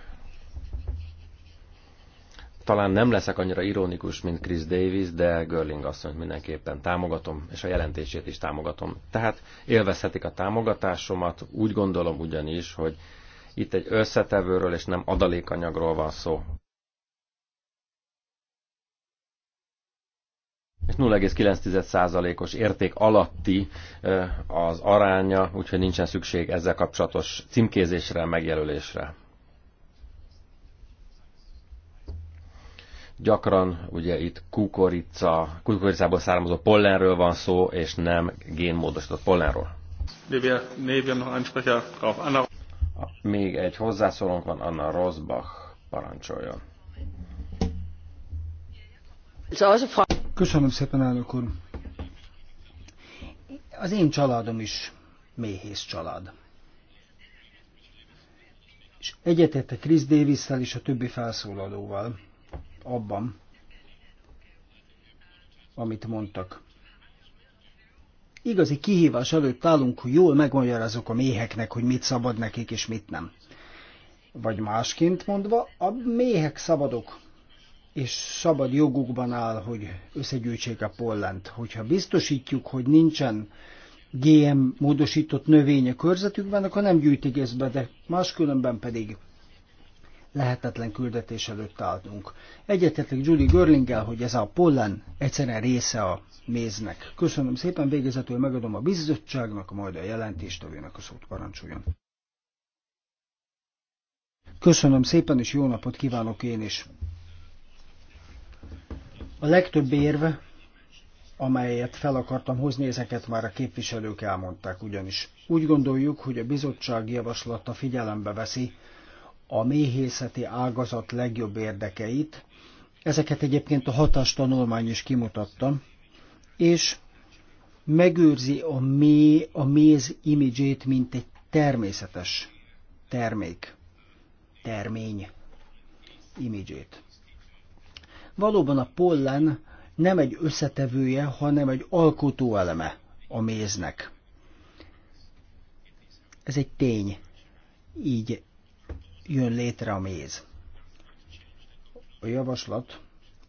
talán nem leszek annyira ironikus, mint Chris Davis, de Görling asszonyt mindenképpen támogatom, és a jelentését is támogatom. Tehát élvezhetik a támogatásomat, úgy gondolom ugyanis, hogy itt egy összetevőről és nem adalékanyagról van szó. És 0,9%-os érték alatti az aránya, úgyhogy nincsen szükség ezzel kapcsolatos címkézésre, megjelölésre. Gyakran ugye itt kukorica, kukoricából származó pollenről van szó, és nem génmódosított pollenról. Még egy hozzászólónk van, Anna Rosbach parancsoljon. Köszönöm szépen, elnök úr. Az én családom is méhész család. És egyetette Chris davis és a többi felszólalóval abban, amit mondtak. Igazi kihívás előtt állunk, hogy jól megmagyarázok a méheknek, hogy mit szabad nekik és mit nem. Vagy másként mondva, a méhek szabadok, és szabad jogukban áll, hogy összegyűjtsék a pollent. Hogyha biztosítjuk, hogy nincsen GM módosított növény a körzetükben, akkor nem gyűjtik ezt be, de máskülönben pedig lehetetlen küldetés előtt állunk. Egyetetek Julie Görlinggel, hogy ez a pollen egyszerűen része a méznek. Köszönöm szépen, végezetül megadom a bizottságnak, majd a jelentéstevőnek a szót parancsoljon. Köszönöm szépen, és jó napot kívánok én is. A legtöbb érv, amelyet fel akartam hozni, ezeket már a képviselők elmondták ugyanis. Úgy gondoljuk, hogy a bizottság javaslata figyelembe veszi a méhészeti ágazat legjobb érdekeit. Ezeket egyébként a hatás tanulmány is kimutatta, és megőrzi a, mé, a méz imidzsét, mint egy természetes termék, termény imidzsét. Valóban a pollen nem egy összetevője, hanem egy alkotóeleme a méznek. Ez egy tény. Így jön létre a méz. A javaslat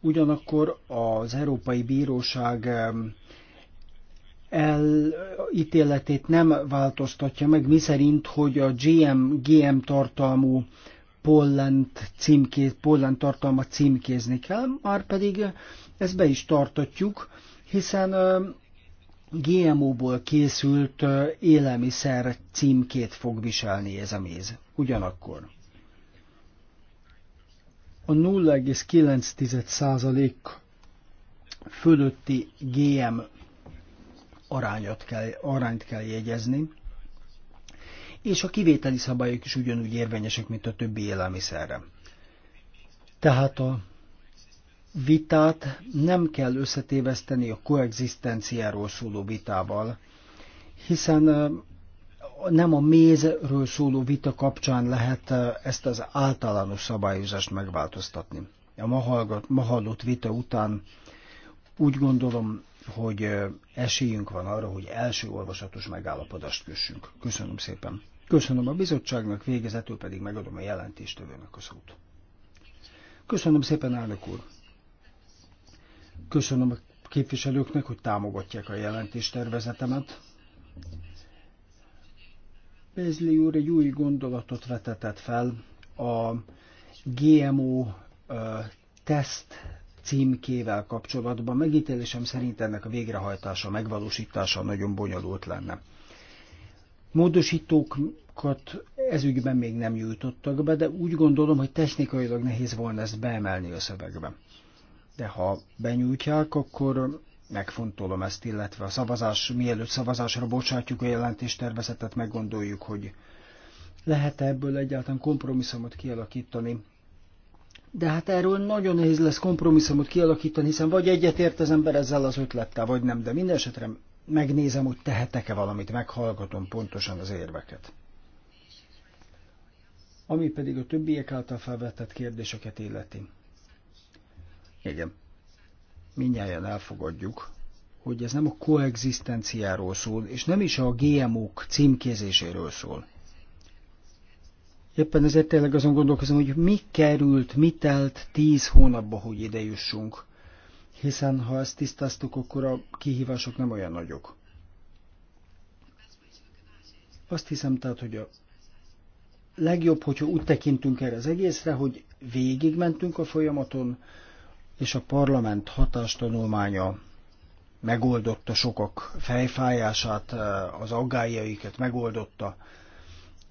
ugyanakkor az Európai Bíróság elítéletét nem változtatja meg, miszerint, hogy a GM, GM tartalmú pollent, címkéz, pollent tartalma címkézni kell, már pedig ezt be is tartatjuk, hiszen GMO-ból készült élelmiszer címkét fog viselni ez a méz. Ugyanakkor a 0,9% fölötti GM arányot kell, arányt kell jegyezni, és a kivételi szabályok is ugyanúgy érvényesek, mint a többi élelmiszerre. Tehát a vitát nem kell összetéveszteni a koexisztenciáról szóló vitával, hiszen nem a mézről szóló vita kapcsán lehet eh, ezt az általános szabályozást megváltoztatni. A ma, hallgat, ma hallott vita után úgy gondolom, hogy eh, esélyünk van arra, hogy első olvasatos megállapodást kössünk. Köszönöm szépen. Köszönöm a bizottságnak, végezetül pedig megadom a jelentéstevőnek a szót. Köszönöm szépen, elnök úr. Köszönöm a képviselőknek, hogy támogatják a jelentéstervezetemet. Pezli úr egy új gondolatot vetetett fel a GMO teszt címkével kapcsolatban. Megítélésem szerint ennek a végrehajtása, megvalósítása nagyon bonyolult lenne. Módosítókat ezügyben még nem nyújtottak be, de úgy gondolom, hogy technikailag nehéz volna ezt beemelni a szövegbe. De ha benyújtják, akkor megfontolom ezt, illetve a szavazás, mielőtt szavazásra bocsátjuk a jelentéstervezetet, meggondoljuk, hogy lehet -e ebből egyáltalán kompromisszumot kialakítani. De hát erről nagyon nehéz lesz kompromisszumot kialakítani, hiszen vagy egyetért az ember ezzel az ötlettel, vagy nem, de minden esetre megnézem, hogy tehetek-e valamit, meghallgatom pontosan az érveket. Ami pedig a többiek által felvetett kérdéseket illeti. Igen, minnyáján elfogadjuk, hogy ez nem a koexisztenciáról szól, és nem is a GMO-k címkézéséről szól. Éppen ezért tényleg azon gondolkozom, hogy mi került, mi telt tíz hónapba, hogy ide jussunk. Hiszen ha ezt tisztáztuk, akkor a kihívások nem olyan nagyok. Azt hiszem tehát, hogy a legjobb, hogyha úgy tekintünk erre az egészre, hogy végigmentünk a folyamaton, és a parlament hatástanulmánya megoldotta sokak fejfájását, az aggájaiket megoldotta.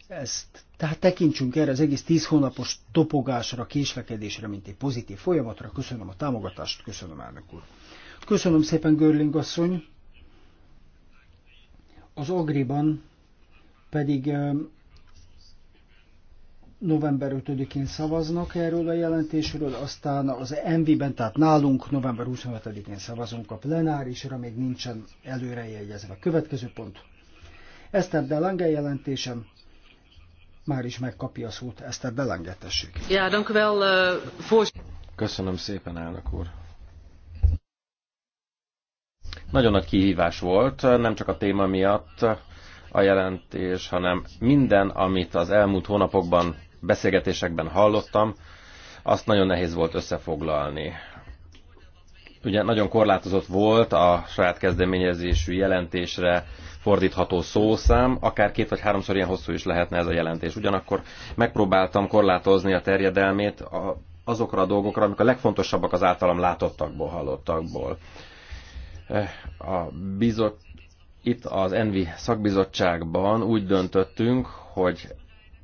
Ezt, tehát tekintsünk erre az egész tíz hónapos topogásra, késlekedésre, mint egy pozitív folyamatra. Köszönöm a támogatást, köszönöm elnök úr. Köszönöm szépen, Görling asszony. Az Agriban pedig november 5-én szavaznak erről a jelentésről, aztán az MV-ben, tehát nálunk november 25-én szavazunk a plenárisra, még nincsen előrejegyezve. Következő pont. Eszter Delange jelentésem, már is megkapja a szót. Eszter Delange, tessék. Ja, dank wel, uh, Köszönöm szépen, elnök úr. Nagyon nagy kihívás volt, nem csak a téma miatt, a jelentés, hanem minden, amit az elmúlt hónapokban beszélgetésekben hallottam, azt nagyon nehéz volt összefoglalni. Ugye nagyon korlátozott volt a saját kezdeményezésű jelentésre fordítható szószám, akár két vagy háromszor ilyen hosszú is lehetne ez a jelentés. Ugyanakkor megpróbáltam korlátozni a terjedelmét azokra a dolgokra, amik a legfontosabbak az általam látottakból, hallottakból. Eh, a bizot, itt az Envi szakbizottságban úgy döntöttünk, hogy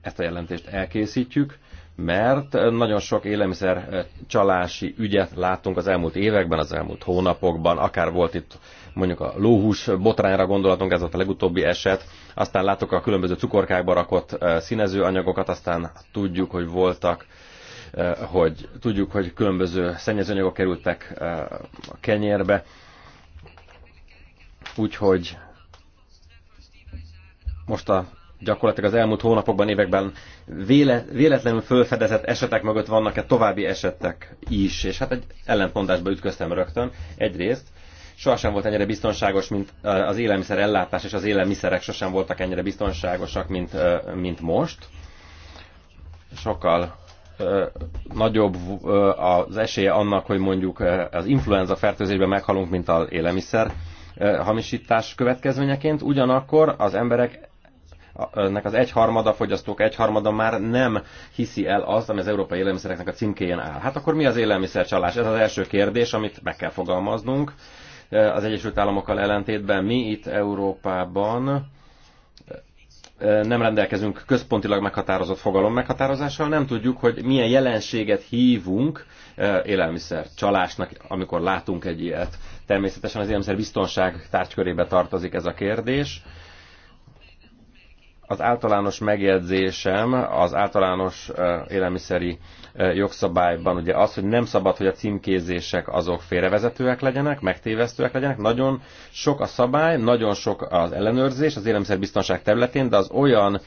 ezt a jelentést elkészítjük, mert nagyon sok élelmiszer eh, csalási ügyet láttunk az elmúlt években, az elmúlt hónapokban, akár volt itt mondjuk a lóhús botrányra gondolatunk, ez volt a legutóbbi eset, aztán látok a különböző cukorkákba rakott eh, színező anyagokat, aztán tudjuk, hogy voltak eh, hogy tudjuk, hogy különböző szennyezőanyagok kerültek a kenyérbe, úgyhogy most a gyakorlatilag az elmúlt hónapokban, években véle, véletlenül felfedezett esetek mögött vannak-e további esetek is. És hát egy ellentmondásba ütköztem rögtön. Egyrészt sohasem volt ennyire biztonságos, mint az élelmiszer ellátás, és az élelmiszerek sosem voltak ennyire biztonságosak, mint, mint most. Sokkal nagyobb az esélye annak, hogy mondjuk az influenza fertőzésben meghalunk, mint az élelmiszer hamisítás következményeként. Ugyanakkor az emberek nek az egyharmada, a fogyasztók egyharmada már nem hiszi el azt, ami az európai élelmiszereknek a címkéjén áll. Hát akkor mi az élelmiszercsalás? Ez az első kérdés, amit meg kell fogalmaznunk. E, az Egyesült Államokkal ellentétben mi itt Európában e, nem rendelkezünk központilag meghatározott fogalom meghatározással, nem tudjuk, hogy milyen jelenséget hívunk e, élelmiszer csalásnak, amikor látunk egy ilyet. Természetesen az élelmiszer biztonság tárgykörébe tartozik ez a kérdés az általános megjegyzésem az általános élelmiszeri jogszabályban ugye az, hogy nem szabad, hogy a címkézések azok félrevezetőek legyenek, megtévesztőek legyenek. Nagyon sok a szabály, nagyon sok az ellenőrzés az élelmiszerbiztonság területén, de az olyan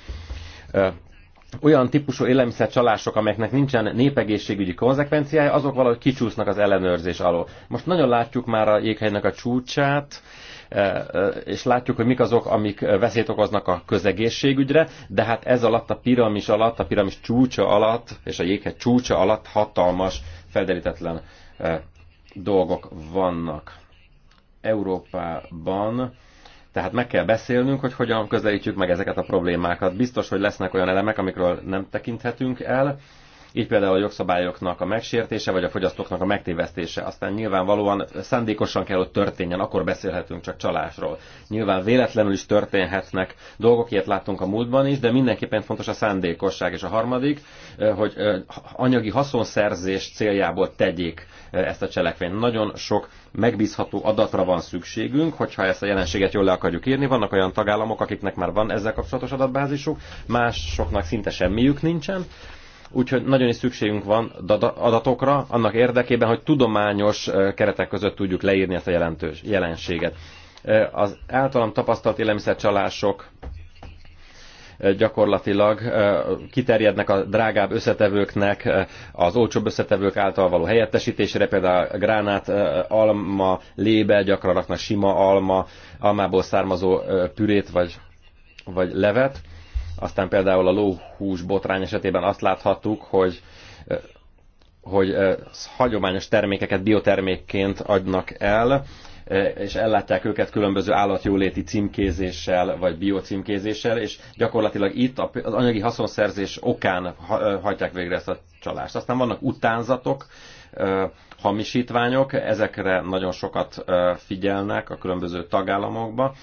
olyan típusú élelmiszercsalások, amelyeknek nincsen népegészségügyi konzekvenciája, azok valahogy kicsúsznak az ellenőrzés alól. Most nagyon látjuk már a jéghegynek a csúcsát, Eh, eh, és látjuk, hogy mik azok, amik eh, veszélyt okoznak a közegészségügyre, de hát ez alatt a piramis alatt, a piramis csúcsa alatt, és a jéghegy csúcsa alatt hatalmas, felderítetlen dolgok vannak Európában. Tehát meg kell beszélnünk, hogy hogyan közelítjük meg ezeket a problémákat. Biztos, hogy lesznek olyan elemek, amikről nem tekinthetünk el, így például a jogszabályoknak a megsértése, vagy a fogyasztóknak a megtévesztése. Aztán nyilvánvalóan szándékosan kell, hogy történjen, akkor beszélhetünk csak csalásról. Nyilván véletlenül is történhetnek dolgok, ilyet láttunk a múltban is, de mindenképpen fontos a szándékosság. És a harmadik, eh, hogy eh, anyagi haszonszerzés céljából tegyék eh, ezt a cselekvényt. Nagyon sok megbízható adatra van szükségünk, hogyha ezt a jelenséget jól le akarjuk írni. Vannak olyan tagállamok, akiknek már van ezzel kapcsolatos adatbázisuk, másoknak szinte semmiük nincsen úgyhogy nagyon is szükségünk van adatokra, annak érdekében, hogy tudományos keretek között tudjuk leírni ezt a jelentős, jelenséget. Az általam tapasztalt élelmiszercsalások gyakorlatilag kiterjednek a drágább összetevőknek, az olcsóbb összetevők által való helyettesítésére, például gránát, alma, lébe, gyakran raknak sima alma, almából származó pürét vagy, vagy levet aztán például a lóhús botrány esetében azt láthattuk, hogy hogy hagyományos termékeket biotermékként adnak el, és ellátják őket különböző állatjóléti címkézéssel, vagy biocímkézéssel, és gyakorlatilag itt az anyagi haszonszerzés okán hagyják végre ezt a csalást. Aztán vannak utánzatok, hamisítványok, ezekre nagyon sokat figyelnek a különböző tagállamokba,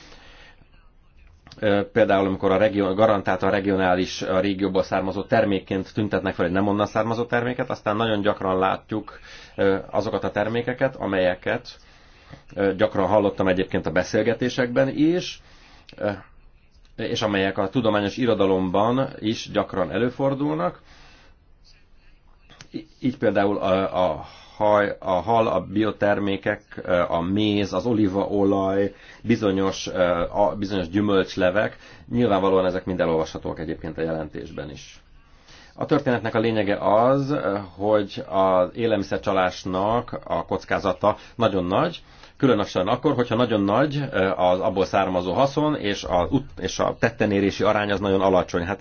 például amikor a region, garantáltan regionális a régióból származó termékként tüntetnek fel egy nem onnan származó terméket, aztán nagyon gyakran látjuk azokat a termékeket, amelyeket gyakran hallottam egyébként a beszélgetésekben is, és amelyek a tudományos irodalomban is gyakran előfordulnak. Így például a, a haj, a hal, a biotermékek, a méz, az olívaolaj, bizonyos, eh, bizonyos gyümölcslevek, nyilvánvalóan ezek mind elolvashatóak egyébként a jelentésben is. A történetnek a lényege az, eh, hogy az élelmiszercsalásnak a kockázata nagyon nagy, különösen akkor, hogyha nagyon nagy eh, az abból származó haszon, és a, és a tettenérési arány az nagyon alacsony. Hát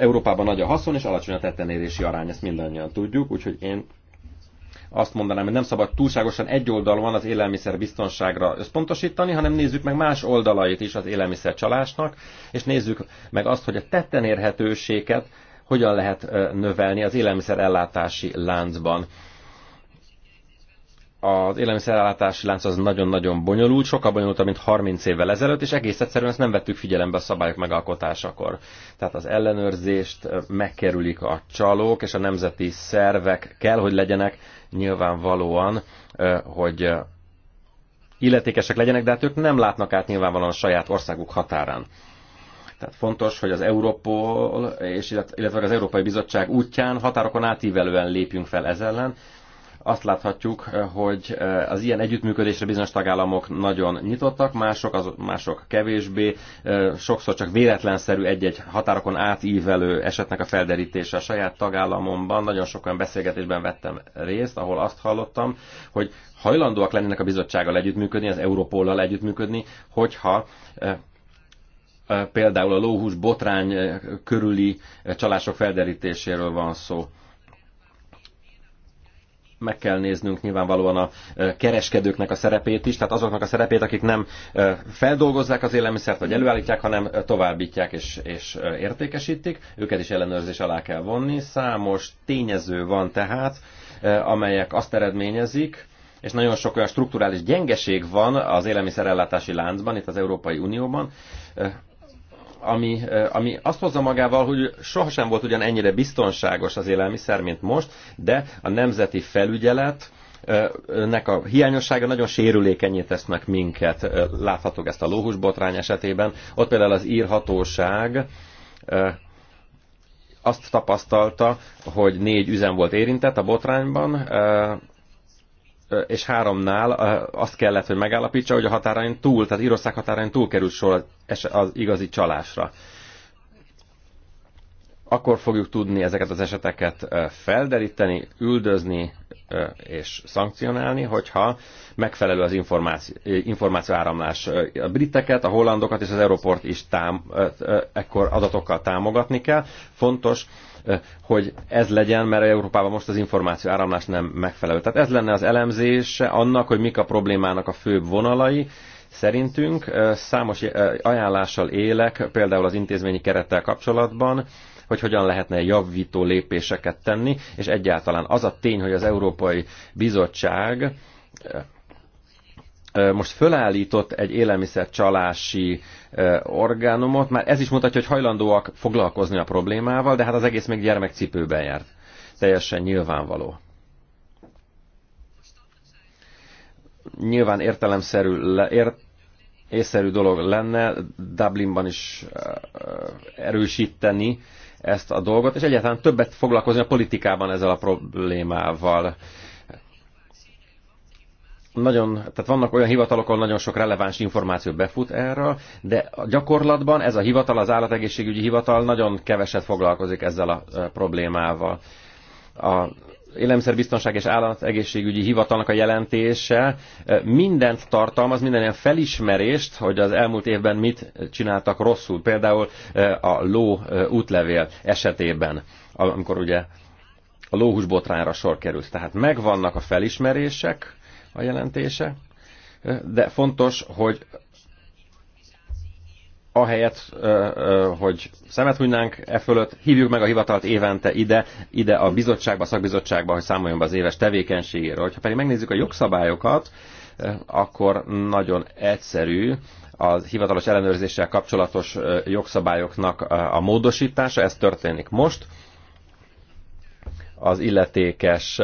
Európában nagy a haszon, és alacsony a tettenérési arány, ezt mindannyian tudjuk, úgyhogy én azt mondanám, hogy nem szabad túlságosan egyoldalúan az élelmiszer biztonságra összpontosítani, hanem nézzük meg más oldalait is az élelmiszer csalásnak, és nézzük meg azt, hogy a tetten érhetőséget hogyan lehet növelni az élelmiszer ellátási láncban az élelmiszerellátási lánc az nagyon-nagyon bonyolult, sokkal bonyolultabb, mint 30 évvel ezelőtt, és egész egyszerűen ezt nem vettük figyelembe a szabályok megalkotásakor. Tehát az ellenőrzést megkerülik a csalók, és a nemzeti szervek kell, hogy legyenek nyilvánvalóan, hogy illetékesek legyenek, de hát ők nem látnak át nyilvánvalóan a saját országuk határán. Tehát fontos, hogy az Európol, és illetve az Európai Bizottság útján határokon átívelően lépjünk fel ez ellen, azt láthatjuk, eh, hogy eh, az ilyen együttműködésre bizonyos tagállamok nagyon nyitottak, mások, az, mások kevésbé, eh, sokszor csak véletlenszerű egy-egy határokon átívelő esetnek a felderítése a saját tagállamomban. Nagyon sok olyan beszélgetésben vettem részt, ahol azt hallottam, hogy hajlandóak lennének a bizottsággal együttműködni, az Európollal együttműködni, hogyha például a lóhús botrány körüli csalások felderítéséről van szó meg kell néznünk nyilvánvalóan a kereskedőknek a szerepét is, tehát azoknak a szerepét, akik nem feldolgozzák az élelmiszert, vagy előállítják, hanem továbbítják és, és értékesítik. Őket is ellenőrzés alá kell vonni. Számos tényező van tehát, amelyek azt eredményezik, és nagyon sok olyan strukturális gyengeség van az élelmiszerellátási láncban, itt az Európai Unióban, ami, ami azt hozza magával, hogy sohasem volt ugyan ennyire biztonságos az élelmiszer, mint most, de a nemzeti felügyelet, nek a hiányossága nagyon sérülékenyé tesznek minket. Láthatok ezt a lóhúsbotrány esetében. Ott például az írhatóság azt tapasztalta, hogy négy üzem volt érintett a botrányban, és háromnál azt kellett, hogy megállapítsa, hogy a határain túl, tehát Írország határain túl került sor az igazi csalásra. Akkor fogjuk tudni ezeket az eseteket felderíteni, üldözni és szankcionálni, hogyha megfelelő az információ, információ áramlás. A briteket, a hollandokat és az Europort is tám, ekkor adatokkal támogatni kell. Fontos, Eh, hogy ez legyen, mert Európában most az információ áramlás nem megfelelő. Tehát ez lenne az elemzése annak, hogy mik a problémának a főbb vonalai, Szerintünk eh, számos eh, ajánlással élek, például az intézményi kerettel kapcsolatban, hogy hogyan lehetne javító lépéseket tenni, és egyáltalán az a tény, hogy az Európai Bizottság most fölállított egy élelmiszercsalási csalási orgánumot. Már ez is mutatja, hogy hajlandóak foglalkozni a problémával, de hát az egész még gyermekcipőben járt. Teljesen nyilvánvaló. Nyilván értelemszerű, észszerű dolog lenne Dublinban is erősíteni ezt a dolgot, és egyáltalán többet foglalkozni a politikában ezzel a problémával nagyon, tehát vannak olyan hivatalok, ahol nagyon sok releváns információ befut erről, de a gyakorlatban ez a hivatal, az állategészségügyi hivatal nagyon keveset foglalkozik ezzel a problémával. A élelmiszerbiztonság és állategészségügyi hivatalnak a jelentése mindent tartalmaz, minden ilyen felismerést, hogy az elmúlt évben mit csináltak rosszul. Például a ló útlevél esetében, amikor ugye a lóhús botrányra sor került. Tehát megvannak a felismerések, a jelentése, de fontos, hogy ahelyett, hogy szemet hunynánk e fölött, hívjuk meg a hivatalt évente ide, ide a bizottságba, a szakbizottságba, hogy számoljon be az éves tevékenységéről. Ha pedig megnézzük a jogszabályokat, akkor nagyon egyszerű a hivatalos ellenőrzéssel kapcsolatos jogszabályoknak a módosítása, ez történik most. Az illetékes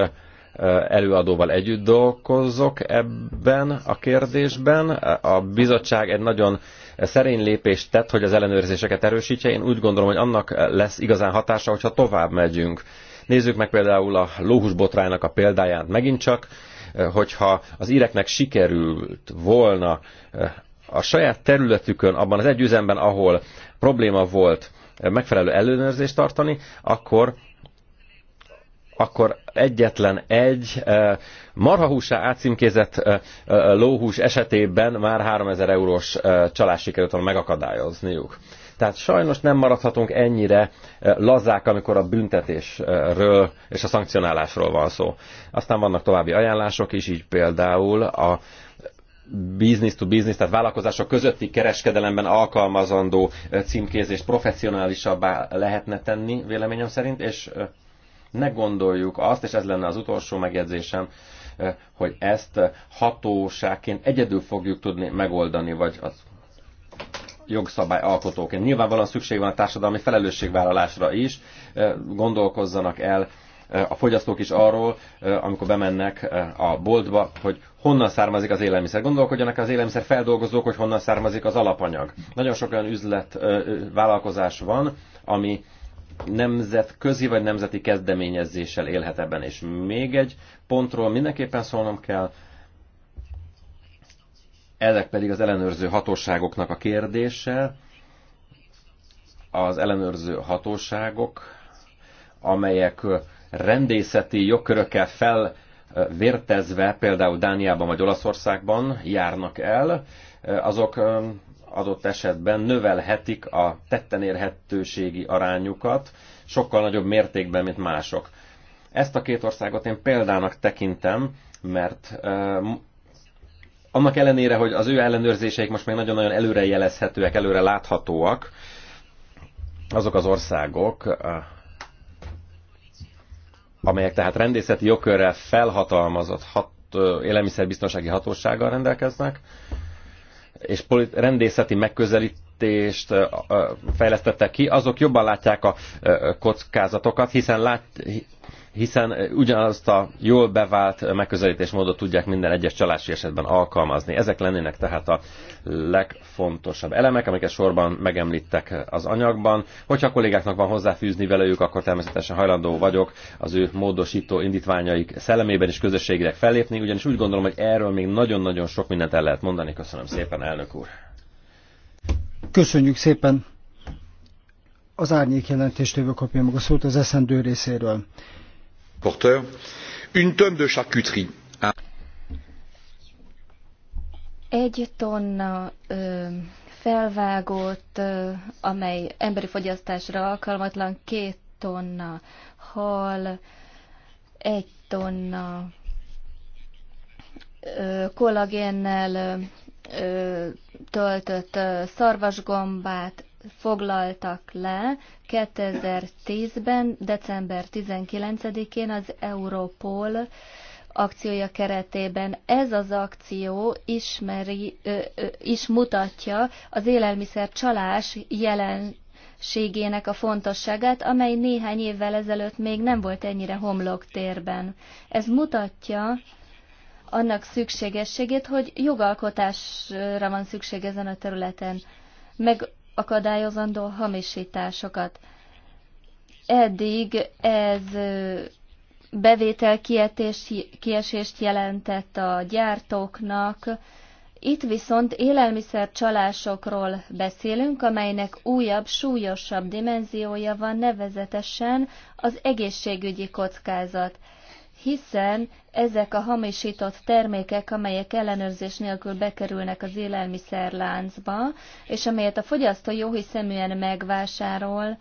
előadóval együtt dolgozok ebben a kérdésben. A bizottság egy nagyon szerény lépést tett, hogy az ellenőrzéseket erősítse. Én úgy gondolom, hogy annak lesz igazán hatása, hogyha tovább megyünk. Nézzük meg például a lóhus botránynak a példáját megint csak, hogyha az íreknek sikerült volna a saját területükön, abban az egy üzemben, ahol probléma volt, megfelelő ellenőrzést tartani, akkor akkor egyetlen egy eh, marhahúsá átszimkézett eh, eh, lóhús esetében már 3000 eurós csalás sikerült volna megakadályozniuk. Tehát sajnos nem maradhatunk ennyire lazák, amikor a büntetésről és a szankcionálásról van szó. Aztán vannak további ajánlások is, így például a business to business, tehát vállalkozások közötti kereskedelemben alkalmazandó címkézést professzionálisabbá lehetne tenni, véleményem szerint, és ne gondoljuk azt, és ez lenne az utolsó megjegyzésem, eh, hogy ezt eh, hatóságként egyedül fogjuk tudni megoldani, vagy az jogszabály alkotóként. Nyilvánvalóan szükség van a társadalmi felelősségvállalásra is, eh, gondolkozzanak el a fogyasztók is arról, amikor bemennek a boltba, hogy honnan származik az élelmiszer. Gondolkodjanak az élelmiszer feldolgozók, hogy honnan származik az alapanyag. Nagyon sok olyan üzlet, vállalkozás van, ami nemzetközi vagy nemzeti kezdeményezéssel élhet ebben. És még egy pontról mindenképpen szólnom kell, ezek pedig az ellenőrző hatóságoknak a kérdése. Az ellenőrző hatóságok, amelyek rendészeti jogkörökkel felvértezve, például Dániában vagy Olaszországban járnak el, azok adott esetben növelhetik a tetten érhetőségi arányukat sokkal nagyobb mértékben, mint mások. Ezt a két országot én példának tekintem, mert annak ellenére, hogy az ő ellenőrzéseik most még nagyon-nagyon előrejelezhetőek, előre láthatóak, azok az országok, amelyek tehát rendészeti jogkörrel felhatalmazott hat, élelmiszerbiztonsági hatósággal rendelkeznek, és rendészeti megközelítést fejlesztettek ki, azok jobban látják a kockázatokat, hiszen lát, hiszen eh, ugyanazt a jól bevált eh, megközelítésmódot tudják minden egyes csalási esetben alkalmazni. Ezek lennének tehát a legfontosabb elemek, amiket sorban megemlítek eh, az anyagban. Hogyha a kollégáknak van hozzáfűzni velőjük, akkor természetesen hajlandó vagyok az ő módosító indítványaik szellemében is közösségileg fellépni, ugyanis úgy gondolom, hogy erről még nagyon-nagyon sok mindent el lehet mondani. Köszönöm szépen, elnök úr! Köszönjük szépen! Az árnyék jelentéstől kapja meg a szót az eszendő részéről rapporteur une tonne de charcuterie. Egy tonna ö, felvágott, ö, amely emberi fogyasztásra alkalmatlan, két tonna hal, egy tonna ö, kollagénnel ö, töltött szarvasgombát, foglaltak le 2010-ben, december 19-én az Europol akciója keretében. Ez az akció ismeri, ö, ö, is mutatja az élelmiszer csalás jelenségének a fontosságát, amely néhány évvel ezelőtt még nem volt ennyire homlok térben. Ez mutatja, annak szükségességét, hogy jogalkotásra van szükség ezen a területen. Meg akadályozandó hamisításokat. Eddig ez bevétel kiesést jelentett a gyártóknak, itt viszont élelmiszer csalásokról beszélünk, amelynek újabb, súlyosabb dimenziója van nevezetesen az egészségügyi kockázat hiszen ezek a hamisított termékek, amelyek ellenőrzés nélkül bekerülnek az élelmiszerláncba, és amelyet a fogyasztó jóhiszeműen megvásárol,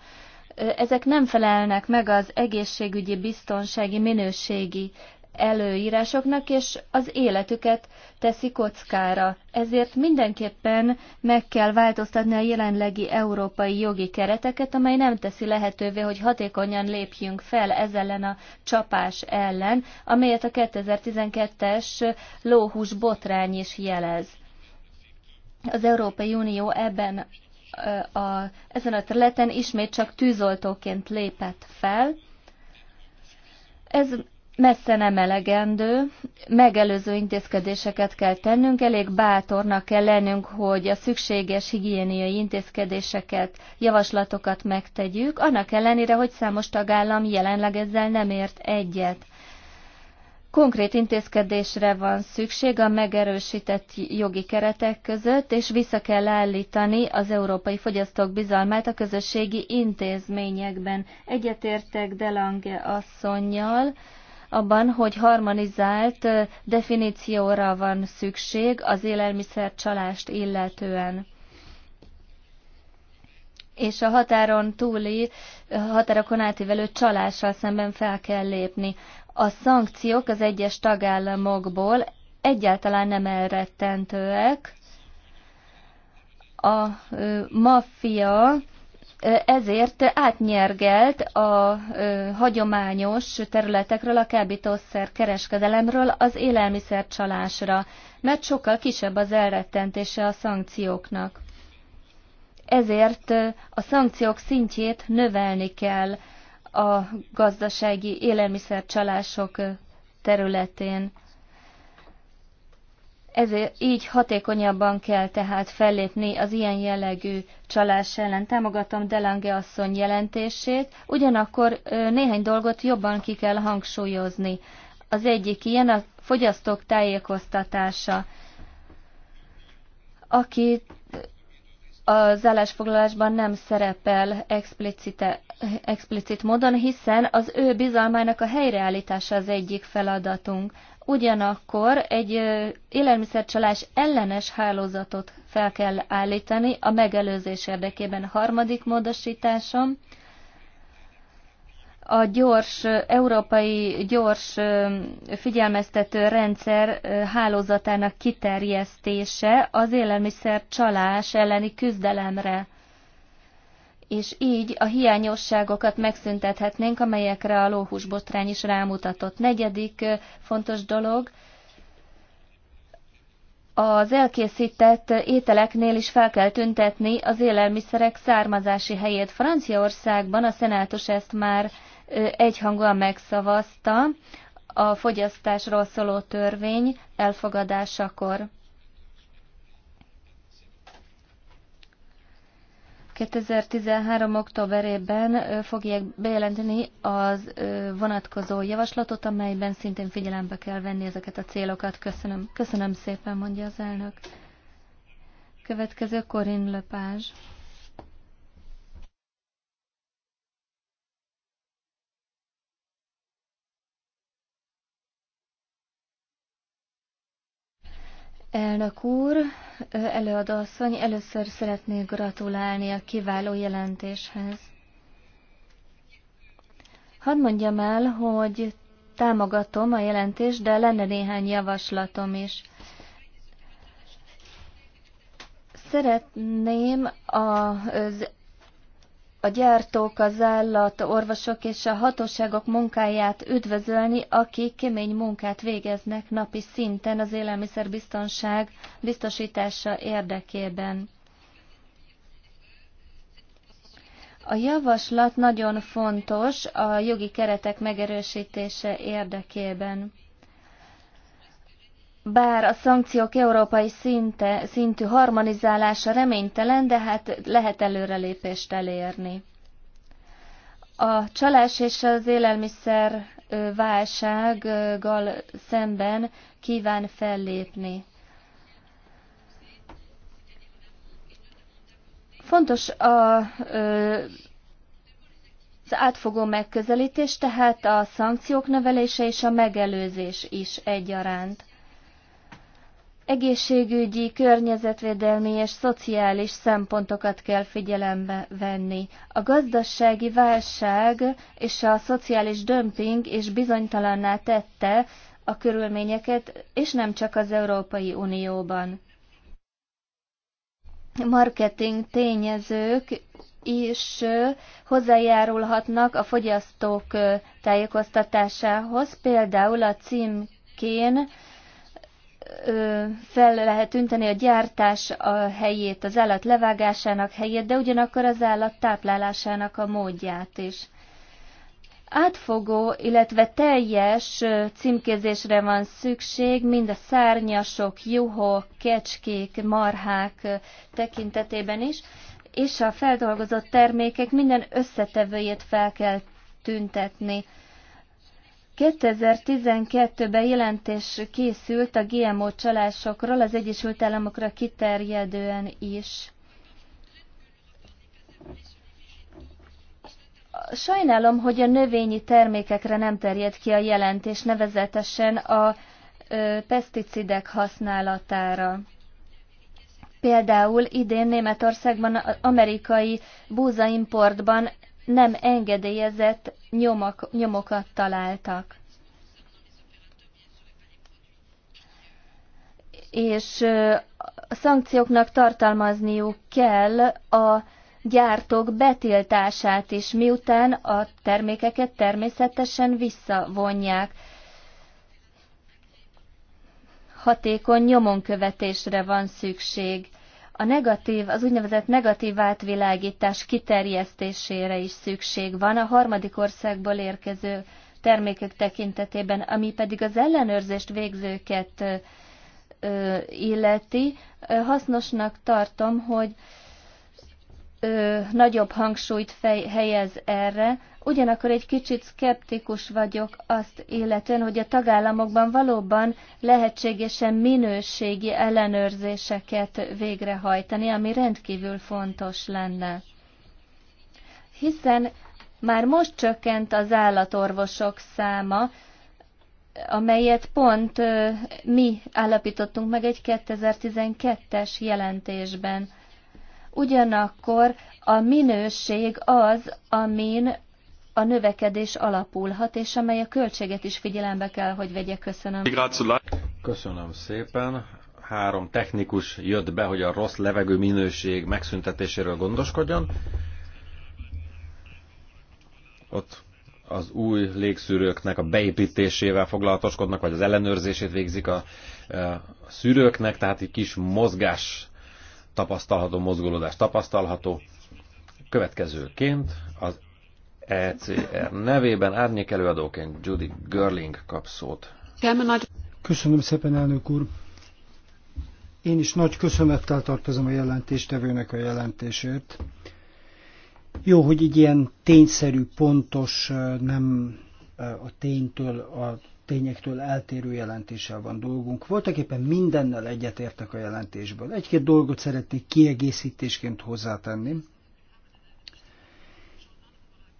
ezek nem felelnek meg az egészségügyi, biztonsági, minőségi előírásoknak, és az életüket teszi kockára. Ezért mindenképpen meg kell változtatni a jelenlegi európai jogi kereteket, amely nem teszi lehetővé, hogy hatékonyan lépjünk fel ez ellen a csapás ellen, amelyet a 2012-es lóhús botrány is jelez. Az Európai Unió ebben a, a, ezen a területen ismét csak tűzoltóként lépett fel. Ez messze nem elegendő, megelőző intézkedéseket kell tennünk, elég bátornak kell lennünk, hogy a szükséges higiéniai intézkedéseket, javaslatokat megtegyük, annak ellenére, hogy számos tagállam jelenleg ezzel nem ért egyet. Konkrét intézkedésre van szükség a megerősített jogi keretek között, és vissza kell állítani az európai fogyasztók bizalmát a közösségi intézményekben. Egyetértek Delange asszonynal, abban, hogy harmonizált definícióra van szükség az élelmiszer csalást illetően és a határon túli, határokon átívelő csalással szemben fel kell lépni. A szankciók az egyes tagállamokból egyáltalán nem elrettentőek. A maffia ezért átnyergelt a hagyományos területekről, a kábítószer kereskedelemről az élelmiszercsalásra, mert sokkal kisebb az elrettentése a szankcióknak. Ezért a szankciók szintjét növelni kell a gazdasági élelmiszercsalások területén. Ezért így hatékonyabban kell tehát fellépni az ilyen jellegű csalás ellen. Támogatom Delange asszony jelentését, ugyanakkor néhány dolgot jobban ki kell hangsúlyozni. Az egyik ilyen a fogyasztók tájékoztatása, aki az állásfoglalásban nem szerepel explicite, explicit módon, hiszen az ő bizalmának a helyreállítása az egyik feladatunk. Ugyanakkor egy élelmiszercsalás ellenes hálózatot fel kell állítani a megelőzés érdekében. Harmadik módosításom, a gyors, európai gyors figyelmeztető rendszer hálózatának kiterjesztése az élelmiszercsalás elleni küzdelemre és így a hiányosságokat megszüntethetnénk, amelyekre a lóhús botrány is rámutatott. Negyedik fontos dolog, az elkészített ételeknél is fel kell tüntetni az élelmiszerek származási helyét. Franciaországban a szenátus ezt már egyhangúan megszavazta a fogyasztásról szóló törvény elfogadásakor. 2013. októberében fogják bejelenteni az vonatkozó javaslatot, amelyben szintén figyelembe kell venni ezeket a célokat. Köszönöm, Köszönöm szépen, mondja az elnök. Következő Corinne Lepage. Elnök úr, előadasszony, először szeretnék gratulálni a kiváló jelentéshez. Hadd mondjam el, hogy támogatom a jelentést, de lenne néhány javaslatom is. Szeretném az a gyártók, az állat, orvosok és a hatóságok munkáját üdvözölni, akik kemény munkát végeznek napi szinten az élelmiszerbiztonság biztosítása érdekében. A javaslat nagyon fontos a jogi keretek megerősítése érdekében bár a szankciók európai szinte, szintű harmonizálása reménytelen, de hát lehet előrelépést elérni. A csalás és az élelmiszer válsággal szemben kíván fellépni. Fontos a, az átfogó megközelítés, tehát a szankciók növelése és a megelőzés is egyaránt egészségügyi, környezetvédelmi és szociális szempontokat kell figyelembe venni. A gazdasági válság és a szociális dömping is bizonytalanná tette a körülményeket, és nem csak az Európai Unióban. Marketing tényezők is hozzájárulhatnak a fogyasztók tájékoztatásához, például a címkén fel lehet tünteni a gyártás a helyét, az állat levágásának helyét, de ugyanakkor az állat táplálásának a módját is. Átfogó, illetve teljes címkézésre van szükség, mind a szárnyasok, juhok, kecskék, marhák tekintetében is, és a feldolgozott termékek minden összetevőjét fel kell tüntetni. 2012-ben jelentés készült a GMO csalásokról az Egyesült Államokra kiterjedően is. Sajnálom, hogy a növényi termékekre nem terjed ki a jelentés, nevezetesen a ö, peszticidek használatára. Például idén Németországban amerikai búzaimportban nem engedélyezett nyomok, nyomokat találtak. És a szankcióknak tartalmazniuk kell a gyártók betiltását is, miután a termékeket természetesen visszavonják. Hatékony nyomonkövetésre van szükség a negatív, az úgynevezett negatív átvilágítás kiterjesztésére is szükség van a harmadik országból érkező termékek tekintetében, ami pedig az ellenőrzést végzőket illeti. Hasznosnak tartom, hogy ö, nagyobb hangsúlyt fej, helyez erre, ugyanakkor egy kicsit szkeptikus vagyok azt illetően, hogy a tagállamokban valóban lehetségesen minőségi ellenőrzéseket végrehajtani, ami rendkívül fontos lenne. Hiszen már most csökkent az állatorvosok száma, amelyet pont ö, mi állapítottunk meg egy 2012-es jelentésben ugyanakkor a minőség az, amin a növekedés alapulhat, és amely a költséget is figyelembe kell, hogy vegye. Köszönöm. Köszönöm szépen. Három technikus jött be, hogy a rossz levegő minőség megszüntetéséről gondoskodjon. Ott az új légszűrőknek a beépítésével foglalatoskodnak, vagy az ellenőrzését végzik a e, szűrőknek, tehát egy kis mozgás tapasztalható, mozgolódás tapasztalható. Következőként az ECR nevében árnyék előadóként Judy Görling kap szót. Köszönöm szépen, elnök úr! Én is nagy köszönettel tartozom a jelentéstevőnek a jelentésért. Jó, hogy így ilyen tényszerű, pontos, nem a ténytől a tényektől eltérő jelentéssel van dolgunk. Voltak éppen mindennel egyetértek a jelentésből. Egy-két dolgot szeretnék kiegészítésként hozzátenni.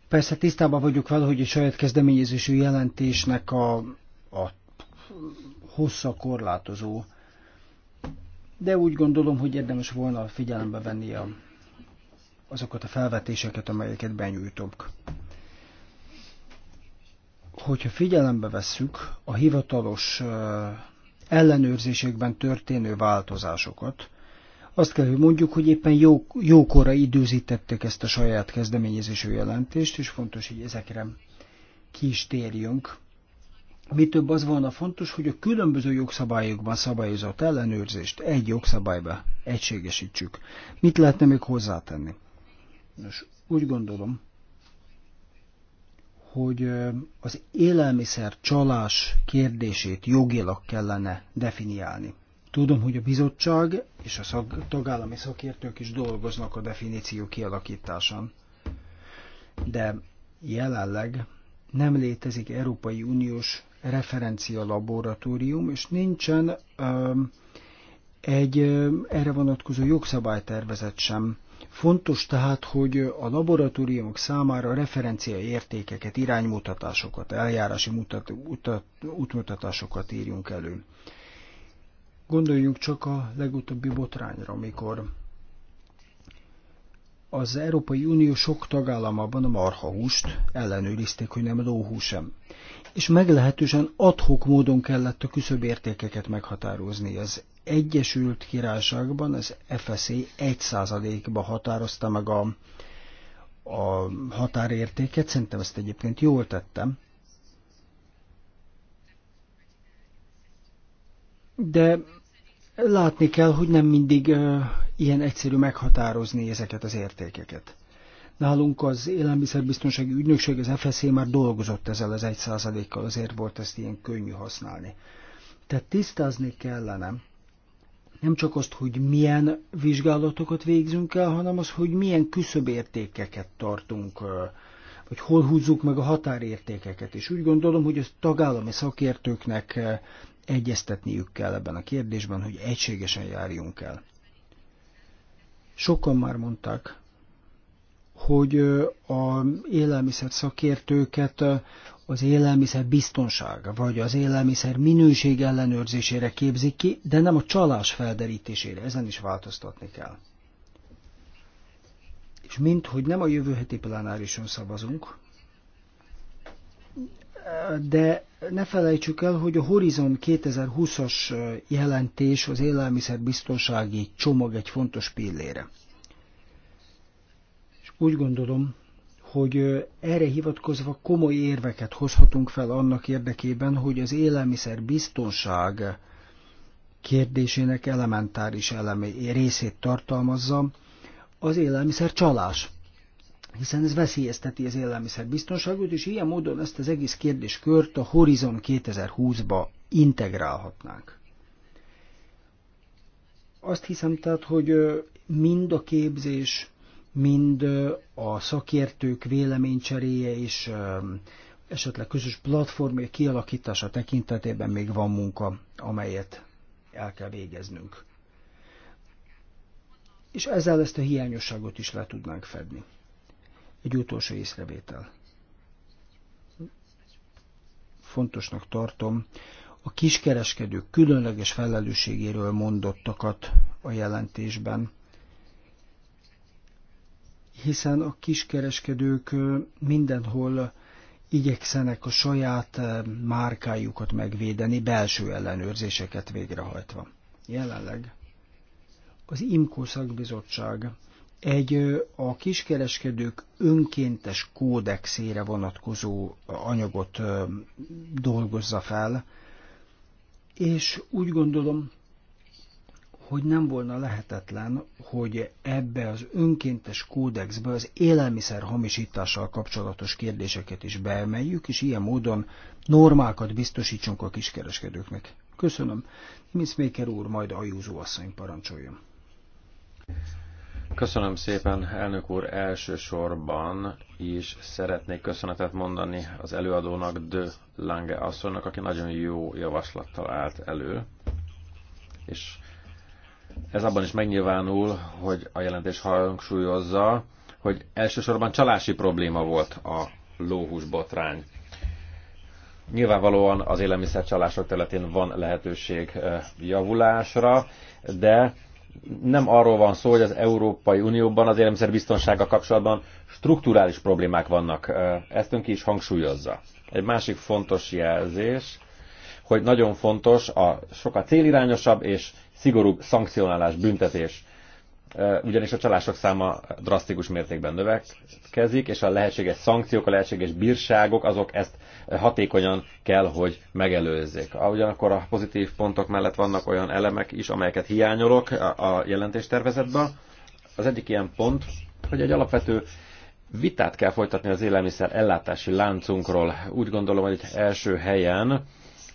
Persze tisztában vagyok vele, hogy a saját kezdeményezésű jelentésnek a, a hossza korlátozó, de úgy gondolom, hogy érdemes volna figyelembe venni a, azokat a felvetéseket, amelyeket benyújtok hogyha figyelembe vesszük a hivatalos ellenőrzésekben történő változásokat, azt kell, hogy mondjuk, hogy éppen jó, jókora időzítettek ezt a saját kezdeményezésű jelentést, és fontos, hogy ezekre ki is térjünk. Mi több az volna fontos, hogy a különböző jogszabályokban szabályozott ellenőrzést egy jogszabályba egységesítsük. Mit lehetne még hozzátenni? Nos, úgy gondolom, hogy az élelmiszer csalás kérdését jogilag kellene definiálni. Tudom, hogy a bizottság és a szak, tagállami szakértők is dolgoznak a definíció kialakításán, de jelenleg nem létezik Európai Uniós referencia laboratórium, és nincsen um, egy um, erre vonatkozó jogszabálytervezet sem Fontos tehát, hogy a laboratóriumok számára referencia értékeket, iránymutatásokat, eljárási mutat, utat, útmutatásokat írjunk elő. Gondoljunk csak a legutóbbi botrányra, amikor az Európai Unió sok tagállamában a marhahúst ellenőrizték, hogy nem sem és meglehetősen adhok módon kellett a értékeket meghatározni. Az Egyesült Királyságban az FSA 1%-ba határozta meg a, a határértéket, szerintem ezt egyébként jól tettem. De látni kell, hogy nem mindig uh, ilyen egyszerű meghatározni ezeket az értékeket. Nálunk az élelmiszerbiztonsági ügynökség, az FSZ már dolgozott ezzel az egy százalékkal, azért volt ezt ilyen könnyű használni. Tehát tisztázni kellene, nem csak azt, hogy milyen vizsgálatokat végzünk el, hanem az, hogy milyen küszöbértékeket tartunk, vagy hol húzzuk meg a határértékeket. És úgy gondolom, hogy a tagállami szakértőknek egyeztetniük kell ebben a kérdésben, hogy egységesen járjunk el. Sokan már mondták, hogy az élelmiszer szakértőket az élelmiszer biztonsága, vagy az élelmiszer minőség ellenőrzésére képzik ki, de nem a csalás felderítésére, ezen is változtatni kell. És mint, hogy nem a jövő heti plenárison szavazunk, de ne felejtsük el, hogy a Horizon 2020-as jelentés az élelmiszer biztonsági csomag egy fontos pillére. Úgy gondolom, hogy erre hivatkozva komoly érveket hozhatunk fel annak érdekében, hogy az élelmiszer biztonság kérdésének elementáris elemi részét tartalmazza az élelmiszer csalás. Hiszen ez veszélyezteti az élelmiszer biztonságot, és ilyen módon ezt az egész kérdéskört a Horizon 2020-ba integrálhatnánk. Azt hiszem tehát, hogy mind a képzés, mind a szakértők véleménycseréje és esetleg közös platformja kialakítása tekintetében még van munka, amelyet el kell végeznünk. És ezzel ezt a hiányosságot is le tudnánk fedni. Egy utolsó észrevétel. Fontosnak tartom a kiskereskedők különleges felelősségéről mondottakat a jelentésben, hiszen a kiskereskedők mindenhol igyekszenek a saját márkájukat megvédeni, belső ellenőrzéseket végrehajtva. Jelenleg az IMCO szakbizottság egy a kiskereskedők önkéntes kódexére vonatkozó anyagot dolgozza fel, és úgy gondolom, hogy nem volna lehetetlen, hogy ebbe az önkéntes kódexbe az élelmiszer hamisítással kapcsolatos kérdéseket is beemeljük, és ilyen módon normákat biztosítsunk a kiskereskedőknek. Köszönöm. Maker úr, majd Ajúzó asszony parancsoljon. Köszönöm szépen, elnök úr. Elsősorban is szeretnék köszönetet mondani az előadónak, De Lange asszonynak, aki nagyon jó javaslattal állt elő, és ez abban is megnyilvánul, hogy a jelentés hangsúlyozza, hogy elsősorban csalási probléma volt a lóhús botrány. Nyilvánvalóan az élelmiszercsalások területén van lehetőség javulásra, de nem arról van szó, hogy az Európai Unióban az élelmiszerbiztonsága kapcsolatban strukturális problémák vannak. Ezt önki is hangsúlyozza. Egy másik fontos jelzés, hogy nagyon fontos a sokkal célirányosabb és szigorúbb szankcionálás, büntetés ugyanis a csalások száma drasztikus mértékben növekezik, és a lehetséges szankciók, a lehetséges bírságok, azok ezt hatékonyan kell, hogy megelőzzék. Ugyanakkor a pozitív pontok mellett vannak olyan elemek is, amelyeket hiányolok a jelentéstervezetben. Az egyik ilyen pont, hogy egy alapvető vitát kell folytatni az élelmiszer ellátási láncunkról. Úgy gondolom, hogy egy első helyen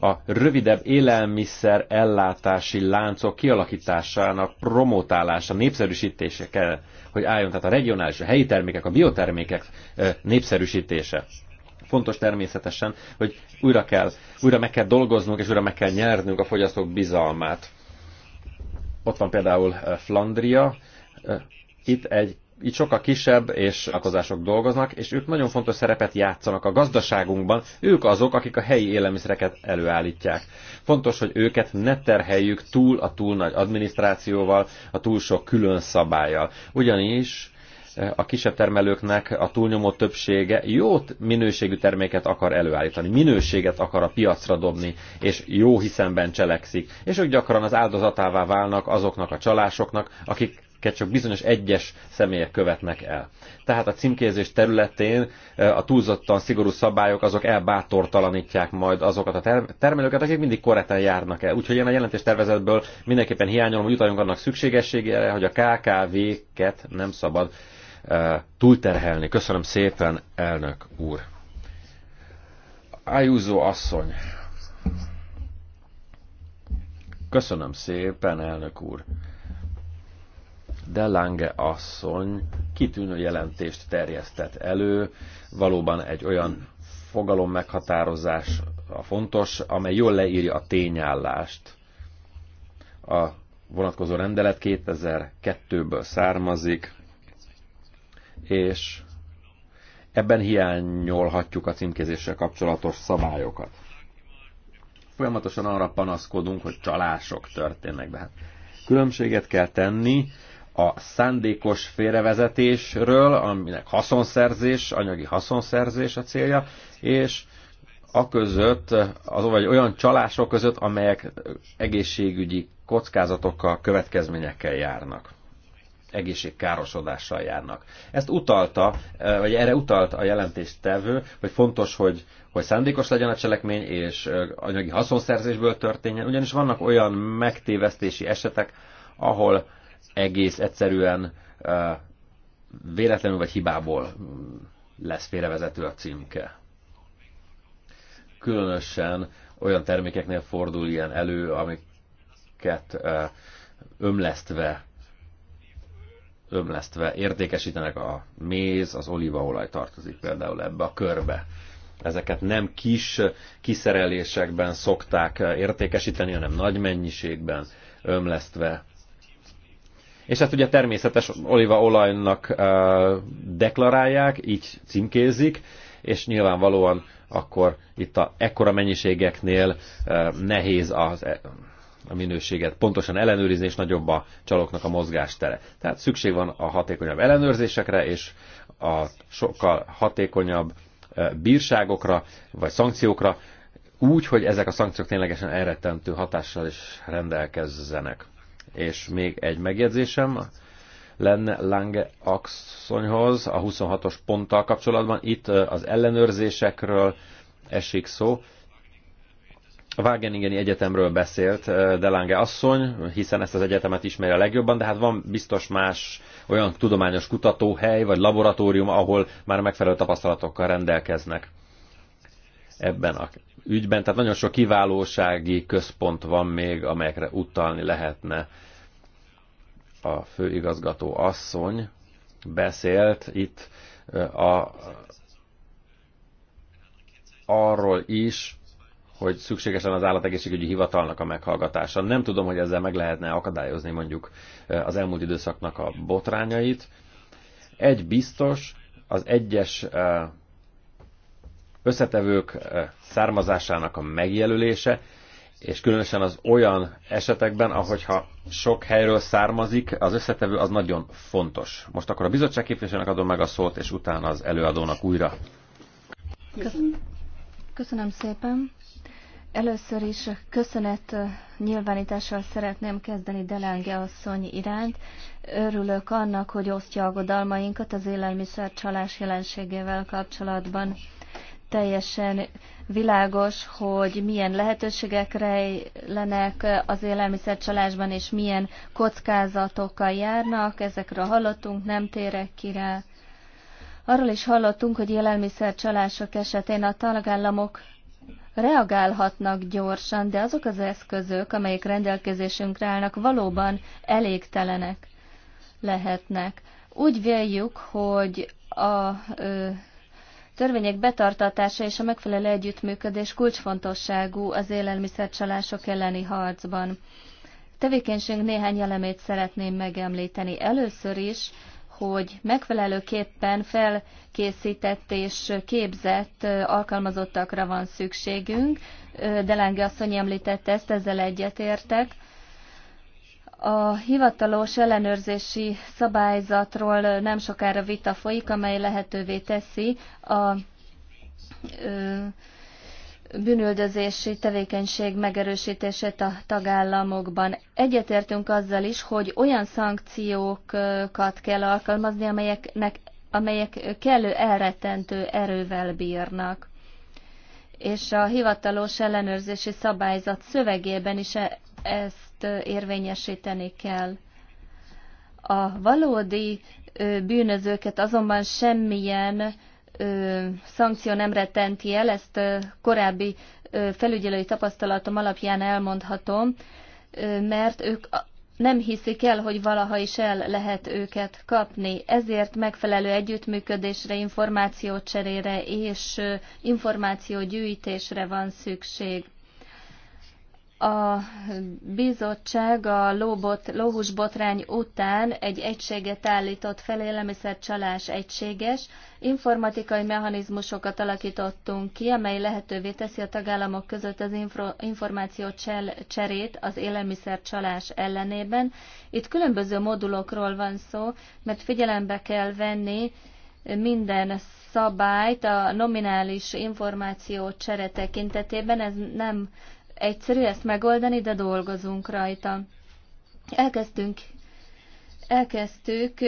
a rövidebb élelmiszer ellátási láncok kialakításának promotálása, népszerűsítése kell, hogy álljon, tehát a regionális, a helyi termékek, a biotermékek népszerűsítése. Fontos természetesen, hogy újra, kell, újra meg kell dolgoznunk, és újra meg kell nyernünk a fogyasztók bizalmát. Ott van például Flandria, itt egy így sokkal kisebb és akozások dolgoznak, és ők nagyon fontos szerepet játszanak a gazdaságunkban. Ők azok, akik a helyi élelmiszereket előállítják. Fontos, hogy őket ne terheljük túl a túl nagy adminisztrációval, a túl sok külön szabályjal. Ugyanis eh, a kisebb termelőknek a túlnyomó többsége jó minőségű terméket akar előállítani, minőséget akar a piacra dobni, és jó hiszemben cselekszik. És ők gyakran az áldozatává válnak azoknak a csalásoknak, akik csak bizonyos egyes személyek követnek el. Tehát a címkézés területén a túlzottan szigorú szabályok azok elbátortalanítják majd azokat a termelőket, akik mindig korrekten járnak el. Úgyhogy én a jelentés tervezetből mindenképpen hiányolom, hogy utaljunk annak szükségességére, hogy a KKV-ket nem szabad túlterhelni. Köszönöm szépen, elnök úr. Ájúzó asszony. Köszönöm szépen, elnök úr de Lange asszony kitűnő jelentést terjesztett elő, valóban egy olyan fogalom meghatározás a fontos, amely jól leírja a tényállást. A vonatkozó rendelet 2002-ből származik, és ebben hiányolhatjuk a címkézéssel kapcsolatos szabályokat. Folyamatosan arra panaszkodunk, hogy csalások történnek, be. Hát különbséget kell tenni a szándékos félrevezetésről, aminek haszonszerzés, anyagi haszonszerzés a célja, és a között, az, vagy olyan csalások között, amelyek egészségügyi kockázatokkal, következményekkel járnak egészségkárosodással járnak. Ezt utalta, vagy erre utalt a jelentéstevő, hogy fontos, hogy, hogy szándékos legyen a cselekmény, és anyagi haszonszerzésből történjen, ugyanis vannak olyan megtévesztési esetek, ahol egész egyszerűen véletlenül vagy hibából lesz félrevezető a címke. Különösen olyan termékeknél fordul ilyen elő, amiket ömlesztve ömlesztve értékesítenek a méz, az olívaolaj tartozik például ebbe a körbe. Ezeket nem kis kiszerelésekben szokták értékesíteni, hanem nagy mennyiségben ömlesztve és ezt hát ugye természetes olívaolajnak deklarálják, így címkézik, és nyilvánvalóan akkor itt a ekkora mennyiségeknél nehéz az, e, a minőséget pontosan ellenőrizni, és nagyobb a csalóknak a mozgástere. Tehát szükség van a hatékonyabb ellenőrzésekre, és a sokkal hatékonyabb bírságokra, vagy szankciókra, úgy, hogy ezek a szankciók ténylegesen elrettentő hatással is rendelkezzenek. És még egy megjegyzésem lenne Lange Axonyhoz a 26-os ponttal kapcsolatban. Itt az ellenőrzésekről esik szó. A Wageningeni Egyetemről beszélt de Lange asszony, hiszen ezt az egyetemet ismeri a legjobban, de hát van biztos más olyan tudományos kutatóhely vagy laboratórium, ahol már megfelelő tapasztalatokkal rendelkeznek ebben a ügyben. Tehát nagyon sok kiválósági központ van még, amelyekre utalni lehetne a főigazgató asszony beszélt itt a, arról is, hogy szükséges lenne az állategészségügyi hivatalnak a meghallgatása. Nem tudom, hogy ezzel meg lehetne akadályozni mondjuk az elmúlt időszaknak a botrányait. Egy biztos, az egyes összetevők származásának a megjelölése és különösen az olyan esetekben, ahogyha sok helyről származik, az összetevő az nagyon fontos. Most akkor a bizottság képviselőnek adom meg a szót, és utána az előadónak újra. Köszönöm, Köszönöm szépen. Először is köszönet nyilvánítással szeretném kezdeni Delenge asszony iránt. Örülök annak, hogy osztja aggodalmainkat az élelmiszer csalás jelenségével kapcsolatban. Teljesen világos, hogy milyen lehetőségek rejlenek az élelmiszercsalásban, és milyen kockázatokkal járnak. Ezekről hallottunk, nem térek ki rá. Arról is hallottunk, hogy élelmiszercsalások esetén a tagállamok reagálhatnak gyorsan, de azok az eszközök, amelyek rendelkezésünkre állnak, valóban elégtelenek lehetnek. Úgy véljük, hogy a törvények betartatása és a megfelelő együttműködés kulcsfontosságú az élelmiszercsalások elleni harcban. Tevékenységünk néhány elemét szeretném megemlíteni. Először is, hogy megfelelőképpen felkészített és képzett alkalmazottakra van szükségünk. Delange asszony említette ezt, ezzel egyetértek a hivatalos ellenőrzési szabályzatról nem sokára vita folyik, amely lehetővé teszi a bűnöldözési tevékenység megerősítését a tagállamokban. Egyetértünk azzal is, hogy olyan szankciókat kell alkalmazni, amelyeknek, amelyek kellő elrettentő erővel bírnak. És a hivatalos ellenőrzési szabályzat szövegében is e, ezt érvényesíteni kell. A valódi bűnözőket azonban semmilyen szankció nem retenti el, ezt korábbi felügyelői tapasztalatom alapján elmondhatom, mert ők nem hiszik el, hogy valaha is el lehet őket kapni. Ezért megfelelő együttműködésre, információcserére és információgyűjtésre van szükség. A bizottság a lóbot, lóhús botrány után egy egységet állított fel, élelmiszercsalás egységes. Informatikai mechanizmusokat alakítottunk ki, amely lehetővé teszi a tagállamok között az infro, információ cserét az élelmiszercsalás ellenében. Itt különböző modulokról van szó, mert figyelembe kell venni minden szabályt a nominális információ csere tekintetében. Ez nem egyszerű ezt megoldani, de dolgozunk rajta. Elkezdtünk, elkezdtük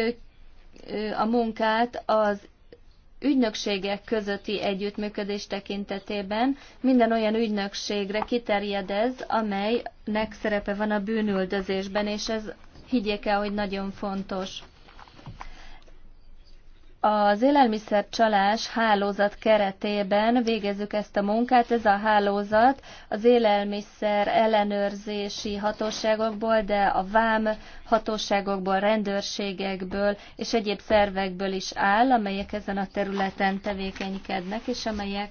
a munkát az ügynökségek közötti együttműködés tekintetében minden olyan ügynökségre kiterjed ez, amelynek szerepe van a bűnüldözésben, és ez higgyék el, hogy nagyon fontos. Az élelmiszer csalás hálózat keretében végezzük ezt a munkát. Ez a hálózat az élelmiszer ellenőrzési hatóságokból, de a vám hatóságokból, rendőrségekből és egyéb szervekből is áll, amelyek ezen a területen tevékenykednek, és amelyek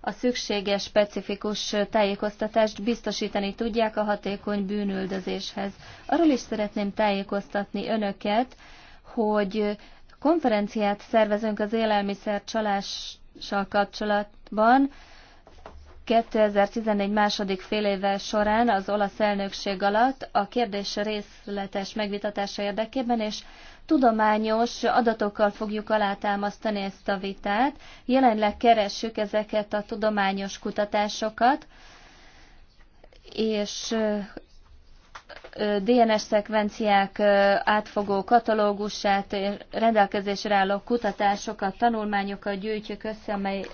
a szükséges specifikus tájékoztatást biztosítani tudják a hatékony bűnüldözéshez. Arról is szeretném tájékoztatni önöket, hogy konferenciát szervezünk az élelmiszer csalással kapcsolatban 2014 második fél éve során az olasz elnökség alatt a kérdés részletes megvitatása érdekében, és tudományos adatokkal fogjuk alátámasztani ezt a vitát. Jelenleg keressük ezeket a tudományos kutatásokat, és DNS szekvenciák átfogó katalógusát, rendelkezésre álló kutatásokat, tanulmányokat gyűjtjük össze, amely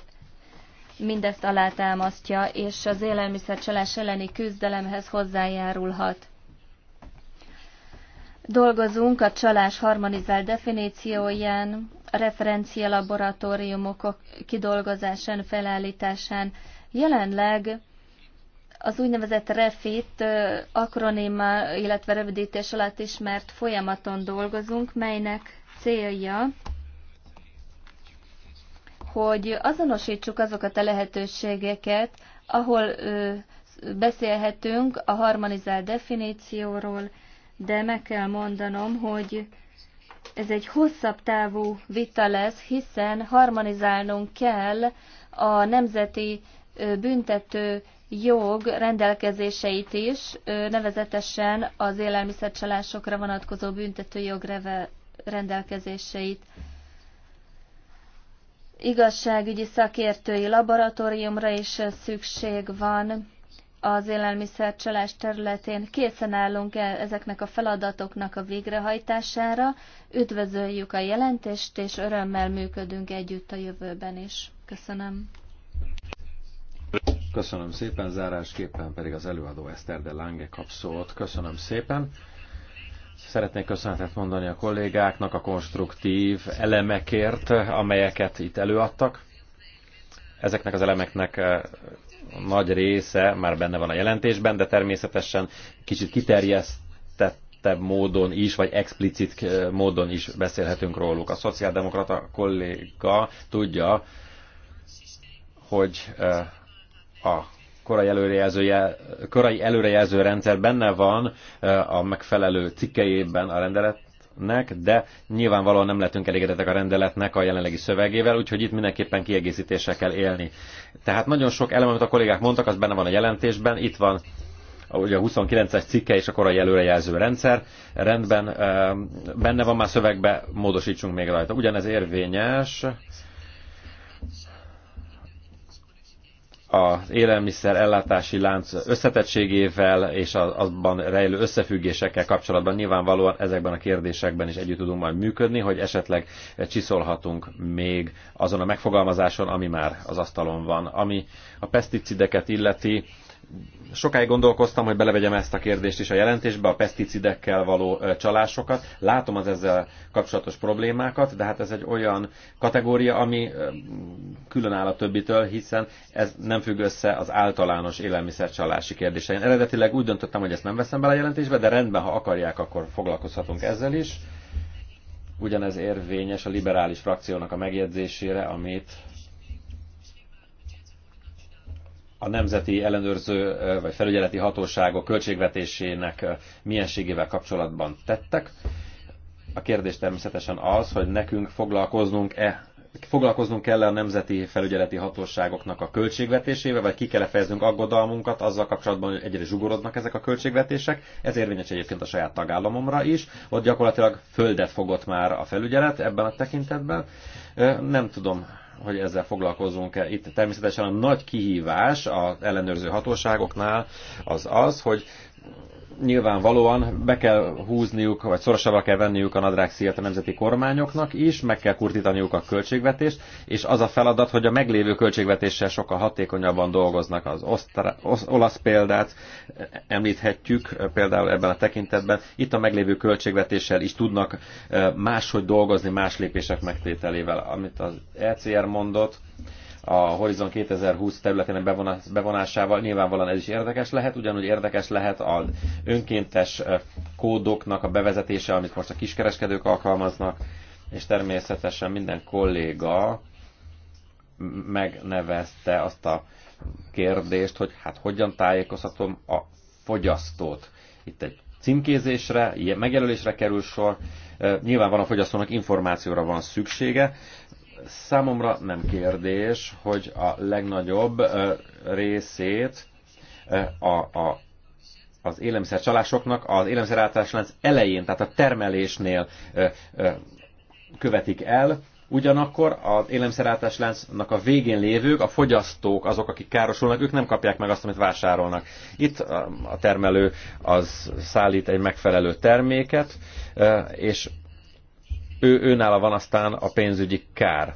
mindezt alátámasztja, és az élelmiszercsalás elleni küzdelemhez hozzájárulhat. Dolgozunk a csalás harmonizált definícióján, referencia laboratóriumok kidolgozásán, felállításán. Jelenleg az úgynevezett REFIT akronéma, illetve rövidítés alatt ismert folyamaton dolgozunk, melynek célja, hogy azonosítsuk azokat a lehetőségeket, ahol beszélhetünk a harmonizált definícióról, de meg kell mondanom, hogy ez egy hosszabb távú vita lesz, hiszen harmonizálnunk kell a nemzeti büntető jog rendelkezéseit is, nevezetesen az élelmiszercsalásokra vonatkozó büntetőjog rendelkezéseit. Igazságügyi szakértői laboratóriumra is szükség van az élelmiszercsalás területén. Készen állunk el ezeknek a feladatoknak a végrehajtására. Üdvözöljük a jelentést, és örömmel működünk együtt a jövőben is. Köszönöm. Köszönöm szépen, zárásképpen pedig az előadó Eszter de Lange kap szót. Köszönöm szépen. Szeretnék köszönetet mondani a kollégáknak a konstruktív elemekért, amelyeket itt előadtak. Ezeknek az elemeknek eh, nagy része már benne van a jelentésben, de természetesen kicsit kiterjesztettebb módon is, vagy explicit eh, módon is beszélhetünk róluk. A szociáldemokrata kolléga tudja, hogy eh, a korai előrejelző, korai előrejelző rendszer benne van a megfelelő cikkejében a rendeletnek, de nyilvánvalóan nem lettünk elégedettek a rendeletnek a jelenlegi szövegével, úgyhogy itt mindenképpen kiegészítéssel kell élni. Tehát nagyon sok elem, amit a kollégák mondtak, az benne van a jelentésben, itt van ugye a 29-es cikke és a korai előrejelző rendszer, rendben, benne van már szövegbe, módosítsunk még rajta. Ugyanez érvényes az élelmiszer ellátási lánc összetettségével és azban rejlő összefüggésekkel kapcsolatban nyilvánvalóan ezekben a kérdésekben is együtt tudunk majd működni, hogy esetleg csiszolhatunk még azon a megfogalmazáson, ami már az asztalon van. Ami a peszticideket illeti, sokáig gondolkoztam, hogy belevegyem ezt a kérdést is a jelentésbe, a peszticidekkel való csalásokat. Látom az ezzel kapcsolatos problémákat, de hát ez egy olyan kategória, ami különáll a többitől, hiszen ez nem függ össze az általános élelmiszercsalási kérdése. Én eredetileg úgy döntöttem, hogy ezt nem veszem bele a jelentésbe, de rendben, ha akarják, akkor foglalkozhatunk ezzel is. Ugyanez érvényes a liberális frakciónak a megjegyzésére, amit a nemzeti ellenőrző vagy felügyeleti hatóságok költségvetésének mienségével kapcsolatban tettek. A kérdés természetesen az, hogy nekünk foglalkoznunk-e foglalkoznunk kell -e a nemzeti felügyeleti hatóságoknak a költségvetésével, vagy ki kell -e fejeznünk aggodalmunkat azzal kapcsolatban, hogy egyre zsugorodnak ezek a költségvetések. Ez érvényes egyébként a saját tagállamomra is. Ott gyakorlatilag földet fogott már a felügyelet ebben a tekintetben. Nem tudom, hogy ezzel foglalkozunk-e. Itt természetesen a nagy kihívás az ellenőrző hatóságoknál az az, hogy nyilvánvalóan be kell húzniuk, vagy szorosabbra kell venniük a nadrág szíjat a nemzeti kormányoknak is, meg kell kurtítaniuk a költségvetést, és az a feladat, hogy a meglévő költségvetéssel sokkal hatékonyabban dolgoznak. Az osztra, osz, olasz példát említhetjük például ebben a tekintetben. Itt a meglévő költségvetéssel is tudnak máshogy dolgozni, más lépések megtételével, amit az ECR mondott a Horizon 2020 területének bevonásával nyilvánvalóan ez is érdekes lehet, ugyanúgy érdekes lehet az önkéntes kódoknak a bevezetése, amit most a kiskereskedők alkalmaznak, és természetesen minden kolléga megnevezte azt a kérdést, hogy hát hogyan tájékozhatom a fogyasztót. Itt egy címkézésre, ilyen megjelölésre kerül sor. Nyilván van a fogyasztónak információra van szüksége, Számomra nem kérdés, hogy a legnagyobb részét a, a, az élelmiszercsalásoknak az élelmiszeráltáslánc elején, tehát a termelésnél követik el, Ugyanakkor az élelmiszeráltásláncnak a végén lévők, a fogyasztók, azok, akik károsulnak, ők nem kapják meg azt, amit vásárolnak. Itt a termelő az szállít egy megfelelő terméket, és ő, őnála van aztán a pénzügyi kár.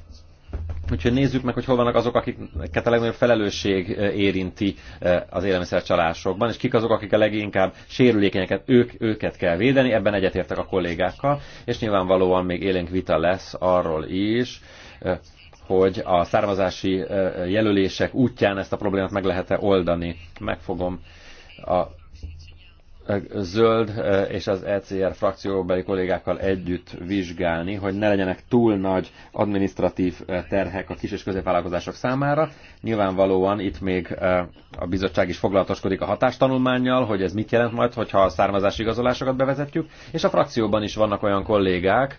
Úgyhogy nézzük meg, hogy hol vannak azok, akiket a legnagyobb felelősség eh, érinti eh, az élelmiszercsalásokban, és kik azok, akik a leginkább sérülékenyeket, ők, őket kell védeni, ebben egyetértek a kollégákkal, és nyilvánvalóan még élénk vita lesz arról is, eh, hogy a származási jelölések útján ezt a problémát meg lehet-e oldani. Meg fogom a zöld eh, és az ECR frakcióbeli kollégákkal együtt vizsgálni, hogy ne legyenek túl nagy administratív eh, terhek a kis és középvállalkozások számára. Nyilvánvalóan itt még eh, a bizottság is foglalatoskodik a hatástanulmányjal, hogy ez mit jelent majd, hogyha a származási igazolásokat bevezetjük, és a frakcióban is vannak olyan kollégák,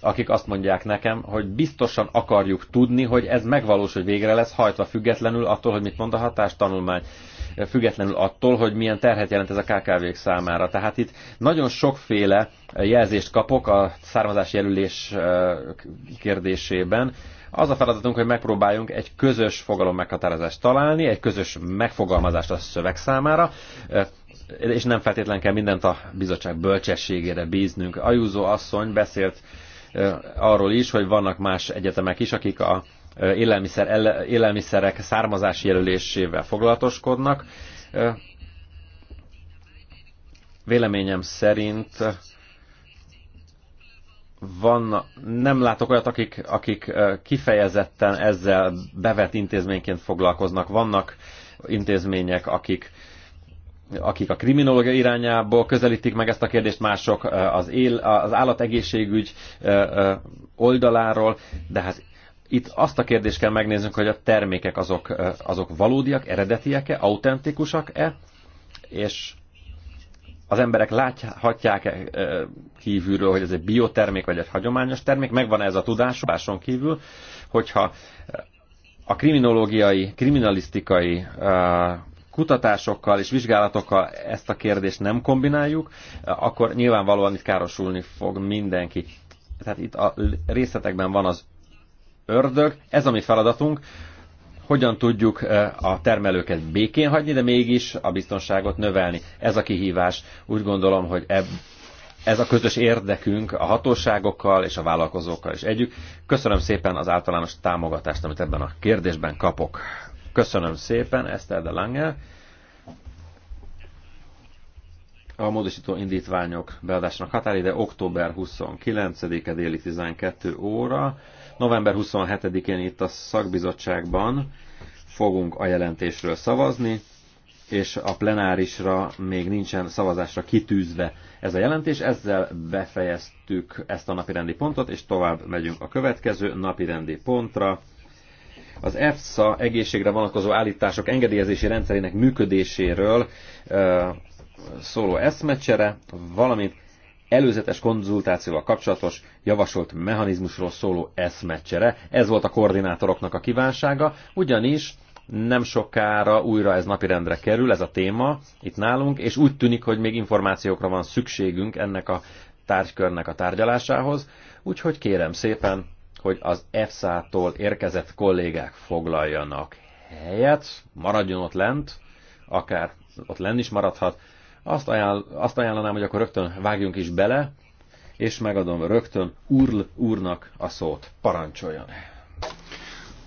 akik azt mondják nekem, hogy biztosan akarjuk tudni, hogy ez megvalósul hogy végre lesz hajtva függetlenül attól, hogy mit mond a hatástanulmány. tanulmány függetlenül attól, hogy milyen terhet jelent ez a KKV-k számára. Tehát itt nagyon sokféle jelzést kapok a származási jelölés kérdésében. Az a feladatunk, hogy megpróbáljunk egy közös fogalom meghatározást találni, egy közös megfogalmazást a szöveg számára, és nem feltétlenül kell mindent a bizottság bölcsességére bíznünk. Ajúzó asszony beszélt arról is, hogy vannak más egyetemek is, akik a élelmiszer, élelmiszerek származási jelölésével foglalatoskodnak. Véleményem szerint van, nem látok olyat, akik, akik kifejezetten ezzel bevet intézményként foglalkoznak. Vannak intézmények, akik, akik a kriminológia irányából közelítik meg ezt a kérdést, mások az, él, az állategészségügy oldaláról, de hát itt azt a kérdést kell megnéznünk, hogy a termékek azok, azok valódiak, eredetiek-e, autentikusak-e, és az emberek láthatják -e kívülről, hogy ez egy biotermék vagy egy hagyományos termék, megvan -e ez a tudáson kívül, hogyha a kriminológiai, kriminalisztikai kutatásokkal és vizsgálatokkal ezt a kérdést nem kombináljuk, akkor nyilvánvalóan itt károsulni fog mindenki. Tehát itt a részletekben van az ördög, ez a mi feladatunk, hogyan tudjuk eh, a termelőket békén hagyni, de mégis a biztonságot növelni. Ez a kihívás. Úgy gondolom, hogy eb ez a közös érdekünk a hatóságokkal és a vállalkozókkal is együtt. Köszönöm szépen az általános támogatást, amit ebben a kérdésben kapok. Köszönöm szépen, Eszter de Lange. A módosító indítványok beadásának határide október 29-e déli 12 óra. November 27-én itt a szakbizottságban fogunk a jelentésről szavazni, és a plenárisra még nincsen szavazásra kitűzve ez a jelentés. Ezzel befejeztük ezt a napirendi pontot, és tovább megyünk a következő napirendi pontra. Az EFSA egészségre vonatkozó állítások engedélyezési rendszerének működéséről szóló eszmecsere, valamint előzetes konzultációval kapcsolatos javasolt mechanizmusról szóló eszmecsere. Ez volt a koordinátoroknak a kívánsága, ugyanis nem sokára újra ez napirendre kerül, ez a téma itt nálunk, és úgy tűnik, hogy még információkra van szükségünk ennek a tárgykörnek a tárgyalásához, úgyhogy kérem szépen, hogy az EFSA-tól érkezett kollégák foglaljanak helyet, maradjon ott lent, akár ott lenni is maradhat, azt, ajánl, azt ajánlanám, hogy akkor rögtön vágjunk is bele, és megadom rögtön Url úrnak a szót. Parancsoljon!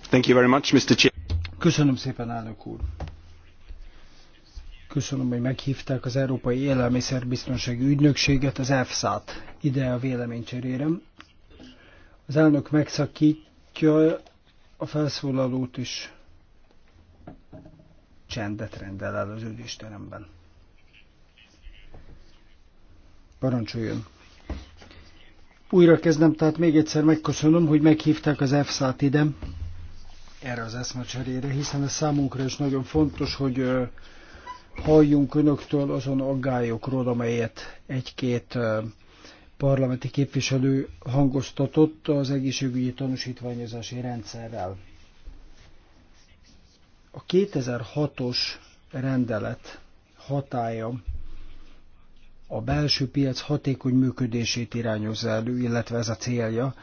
Thank you very much, Mr. Chair. Köszönöm szépen, elnök úr! Köszönöm, hogy meghívták az Európai Élelmiszerbiztonsági Ügynökséget, az EFSA-t ide a véleménycserére. Az elnök megszakítja a felszólalót is csendet rendel el az ügyisteremben. Parancsoljon! Újra kezdem, tehát még egyszer megköszönöm, hogy meghívták az EFSA-t ide, erre az eszmecserére, hiszen ez számunkra is nagyon fontos, hogy halljunk önöktől azon aggályokról, amelyet egy-két parlamenti képviselő hangoztatott az egészségügyi tanúsítványozási rendszerrel. A 2006-os rendelet hatája a belső piac hatékony működését irányozza elő, illetve ez a célja,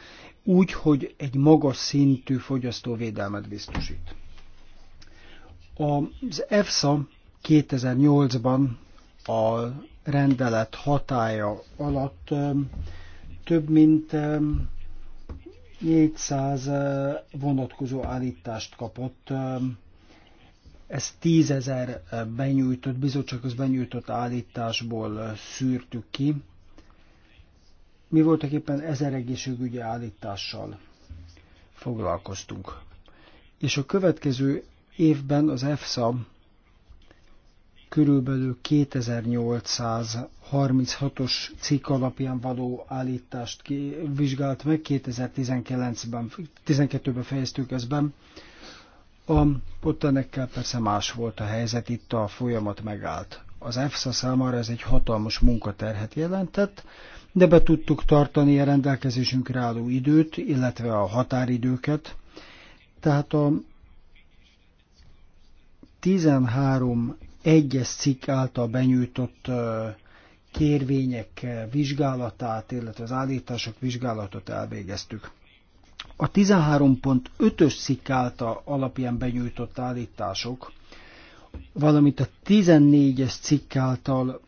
úgy, hogy egy magas szintű fogyasztóvédelmet biztosít. Az EFSA 2008-ban a rendelet hatája alatt um, több mint 400 um, uh, vonatkozó állítást kapott um, ez tízezer eh, benyújtott, bizottsághoz benyújtott állításból eh, szűrtük ki. Mi voltak éppen ezer egészségügyi állítással foglalkoztunk. És a következő évben az EFSA körülbelül 2836-os cikk alapján való állítást vizsgált meg, 2019-ben, 12-ben fejeztük ezt be, a Pottenekkel persze más volt a helyzet, itt a folyamat megállt. Az EFSA számára ez egy hatalmas munkaterhet jelentett, de be tudtuk tartani a rendelkezésünkre álló időt, illetve a határidőket. Tehát a 13 egyes cikk által benyújtott kérvények vizsgálatát, illetve az állítások vizsgálatot elvégeztük a 13.5-ös szik által alapján benyújtott állítások, valamint a 14-es cikk által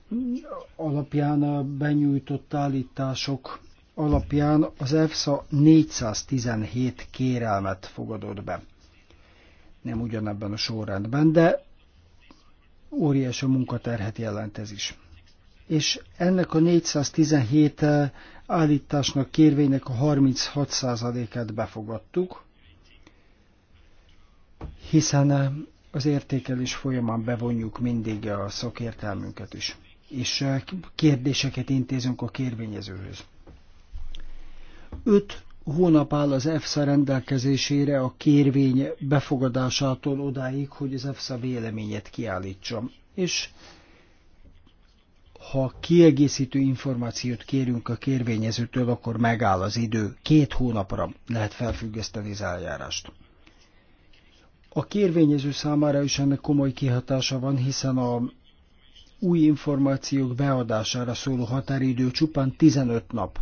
alapján benyújtott állítások alapján az EFSA 417 kérelmet fogadott be. Nem ugyanebben a sorrendben, de óriási munkaterhet jelent ez is és ennek a 417 eh, állításnak, kérvénynek a 36%-át befogadtuk, hiszen eh, az értékelés folyamán bevonjuk mindig a szakértelmünket is, és eh, kérdéseket intézünk a kérvényezőhöz. Öt hónap áll az EFSA rendelkezésére a kérvény befogadásától odáig, hogy az EFSA véleményet kiállítsa, és ha kiegészítő információt kérünk a kérvényezőtől, akkor megáll az idő. Két hónapra lehet felfüggeszteni az eljárást. A kérvényező számára is ennek komoly kihatása van, hiszen a új információk beadására szóló határidő csupán 15 nap.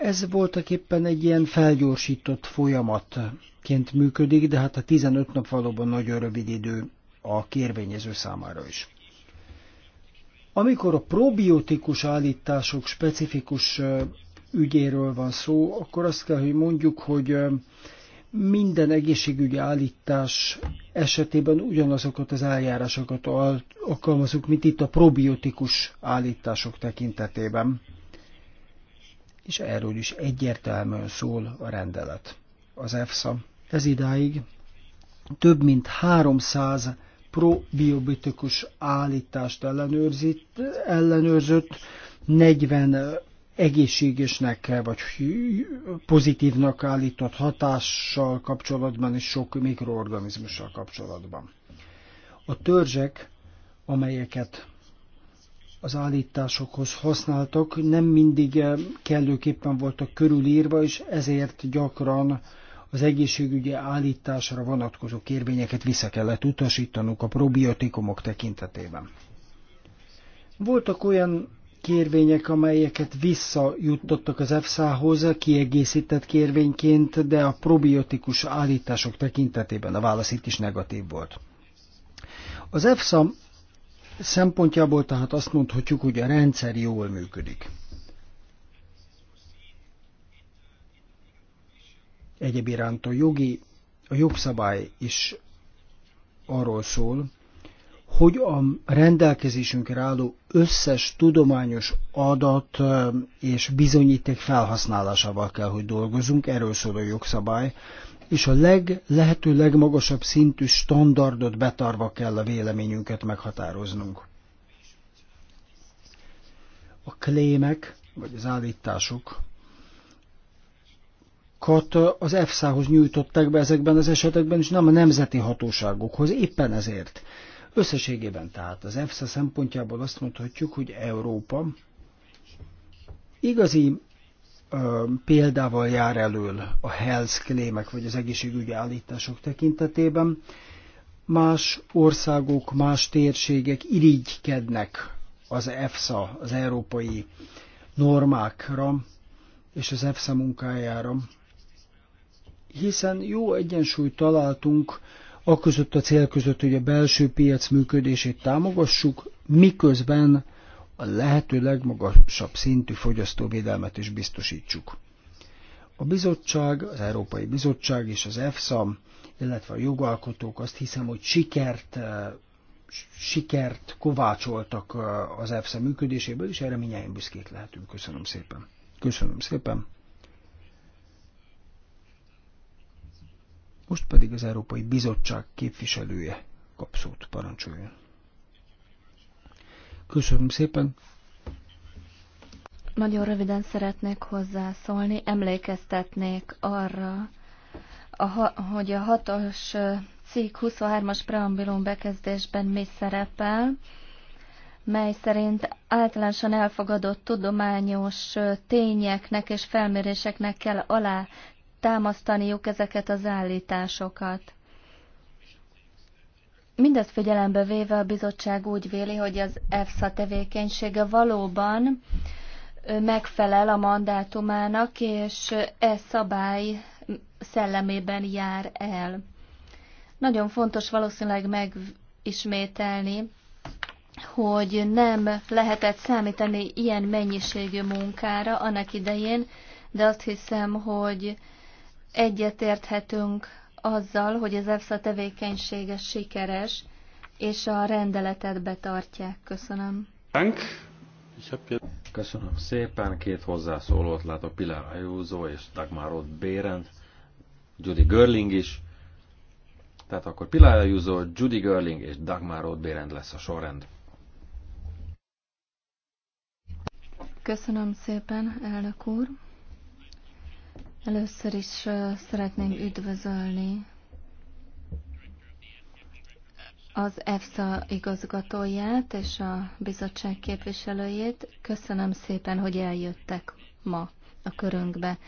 Ez voltak éppen egy ilyen felgyorsított folyamatként működik, de hát a 15 nap valóban nagyon rövid idő a kérvényező számára is. Amikor a probiotikus állítások specifikus ügyéről van szó, akkor azt kell, hogy mondjuk, hogy minden egészségügyi állítás esetében ugyanazokat az eljárásokat alkalmazunk, mint itt a probiotikus állítások tekintetében. És erről is egyértelműen szól a rendelet, az EFSA. Ez idáig több mint 300 probiobitikus állítást ellenőrzít, ellenőrzött, 40 egészségesnek vagy pozitívnak állított hatással kapcsolatban és sok mikroorganizmussal kapcsolatban. A törzsek, amelyeket az állításokhoz használtak, nem mindig kellőképpen voltak körülírva, és ezért gyakran az egészségügyi állításra vonatkozó kérvényeket vissza kellett utasítanunk a probiotikumok tekintetében. Voltak olyan kérvények, amelyeket visszajuttottak az EFSA-hoz kiegészített kérvényként, de a probiotikus állítások tekintetében a válasz itt is negatív volt. Az EFSA szempontjából tehát azt mondhatjuk, hogy a rendszer jól működik. Egyéb iránt a jogi, a jogszabály is arról szól, hogy a rendelkezésünkre álló összes tudományos adat és bizonyíték felhasználásával kell, hogy dolgozunk, erről szól a jogszabály, és a leg, lehető legmagasabb szintű standardot betarva kell a véleményünket meghatároznunk. A klémek, vagy az állítások az EFSA-hoz nyújtották be ezekben az esetekben, és nem a nemzeti hatóságokhoz, éppen ezért. Összességében tehát az EFSA szempontjából azt mondhatjuk, hogy Európa igazi ö, példával jár elől a health klémek, vagy az egészségügyi állítások tekintetében. Más országok, más térségek irigykednek az EFSA, az európai normákra és az EFSA munkájára hiszen jó egyensúlyt találtunk a között a cél között, hogy a belső piac működését támogassuk, miközben a lehető legmagasabb szintű fogyasztóvédelmet is biztosítsuk. A bizottság, az Európai Bizottság és az EFSA, illetve a jogalkotók azt hiszem, hogy sikert, eh, sikert kovácsoltak eh, az EFSA működéséből, és erre minnyáján büszkék lehetünk. Köszönöm szépen. Köszönöm szépen. Most pedig az Európai Bizottság képviselője kap szót, parancsoljon. Köszönöm szépen. Nagyon röviden szeretnék hozzászólni, emlékeztetnék arra, a, hogy a hatos cikk 23-as preambulum bekezdésben mi szerepel, mely szerint általánosan elfogadott tudományos tényeknek és felméréseknek kell alá támasztaniuk ezeket az állításokat. Mindezt figyelembe véve a bizottság úgy véli, hogy az EFSA tevékenysége valóban megfelel a mandátumának, és e szabály szellemében jár el. Nagyon fontos valószínűleg megismételni, hogy nem lehetett számítani ilyen mennyiségű munkára annak idején, de azt hiszem, hogy egyetérthetünk azzal, hogy az EFSA tevékenysége sikeres, és a rendeletet betartják. Köszönöm. Dank. Köszönöm szépen. Két hozzászólót látok, Pilar Ajúzó és Dagmar Ott Bérend, Judy Görling is. Tehát akkor Pilar Ajúzó, Judy Görling és Dagmar Ott Bérend lesz a sorrend. Köszönöm szépen, elnök úr. Először is szeretném üdvözölni az EFSA igazgatóját és a bizottság képviselőjét. Köszönöm szépen, hogy eljöttek ma a körünkbe.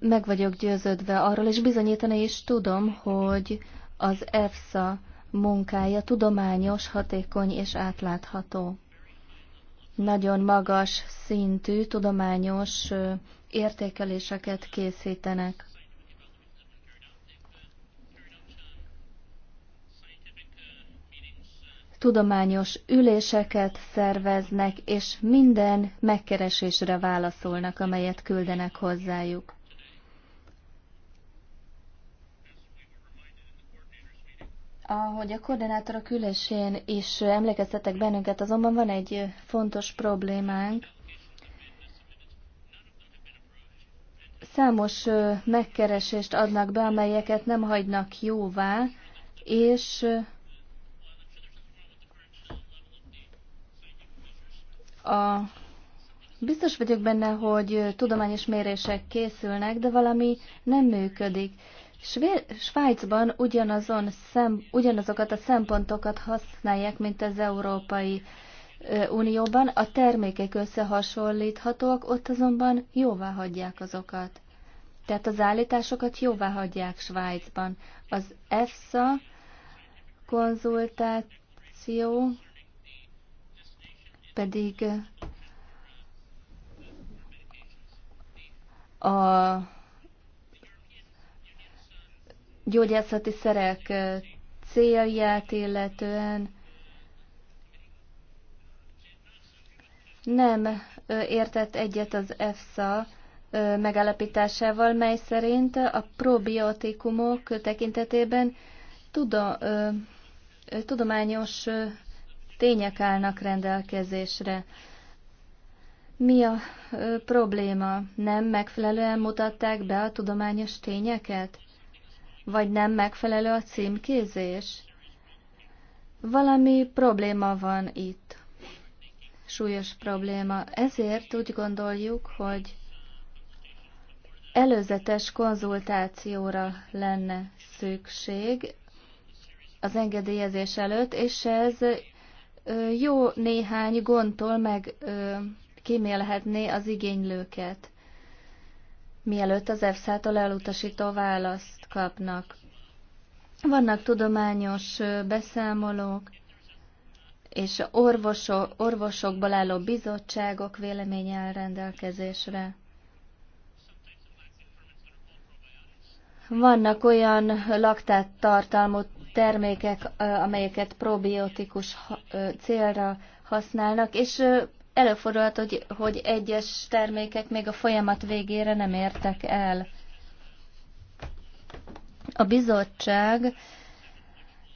Meg vagyok győződve arról, és bizonyítani is tudom, hogy az EFSA munkája tudományos, hatékony és átlátható. Nagyon magas szintű tudományos értékeléseket készítenek. tudományos üléseket szerveznek, és minden megkeresésre válaszolnak, amelyet küldenek hozzájuk. Ahogy a koordinátorok ülésén is emlékeztetek bennünket, azonban van egy fontos problémánk. Számos megkeresést adnak be, amelyeket nem hagynak jóvá, és a Biztos vagyok benne, hogy tudományos mérések készülnek, de valami nem működik. Svájcban ugyanazon szem, ugyanazokat a szempontokat használják, mint az Európai Unióban. A termékek összehasonlíthatóak, ott azonban jóvá hagyják azokat. Tehát az állításokat jóvá hagyják Svájcban. Az EFSA konzultáció pedig a gyógyászati szerek célját illetően nem értett egyet az EFSA megállapításával, mely szerint a probiotikumok tekintetében tudom, tudományos tények állnak rendelkezésre. Mi a probléma? Nem megfelelően mutatták be a tudományos tényeket? Vagy nem megfelelő a címkézés? Valami probléma van itt. Súlyos probléma. Ezért úgy gondoljuk, hogy előzetes konzultációra lenne szükség az engedélyezés előtt, és ez jó néhány gondtól meg kímélhetné az igénylőket, mielőtt az EFSA-tól elutasító választ kapnak. Vannak tudományos beszámolók, és orvosok, orvosokból álló bizottságok véleménye áll rendelkezésre. Vannak olyan laktát tartalmú termékek, amelyeket probiotikus célra használnak, és előfordulhat, hogy, hogy egyes termékek még a folyamat végére nem értek el. A bizottság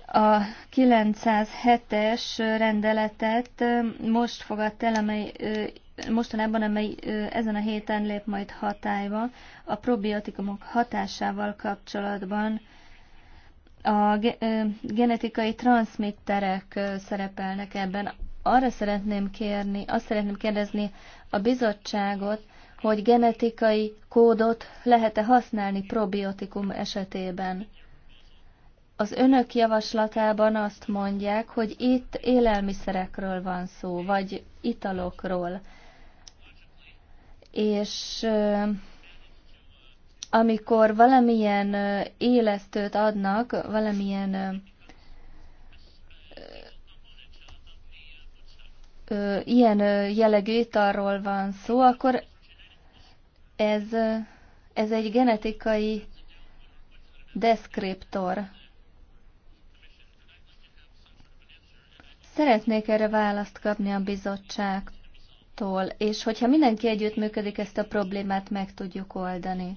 a 907-es rendeletet most fogadt el, amely mostanában, amely ezen a héten lép majd hatályba, a probiotikumok hatásával kapcsolatban a genetikai transmitterek szerepelnek ebben. Arra szeretném kérni, azt szeretném kérdezni a bizottságot, hogy genetikai kódot lehet-e használni probiotikum esetében. Az önök javaslatában azt mondják, hogy itt élelmiszerekről van szó, vagy italokról és amikor valamilyen élesztőt adnak, valamilyen ilyen jellegű arról van szó, akkor ez, ez egy genetikai deskriptor. Szeretnék erre választ kapni a bizottságtól egymástól, és hogyha mindenki együttműködik, ezt a problémát meg tudjuk oldani.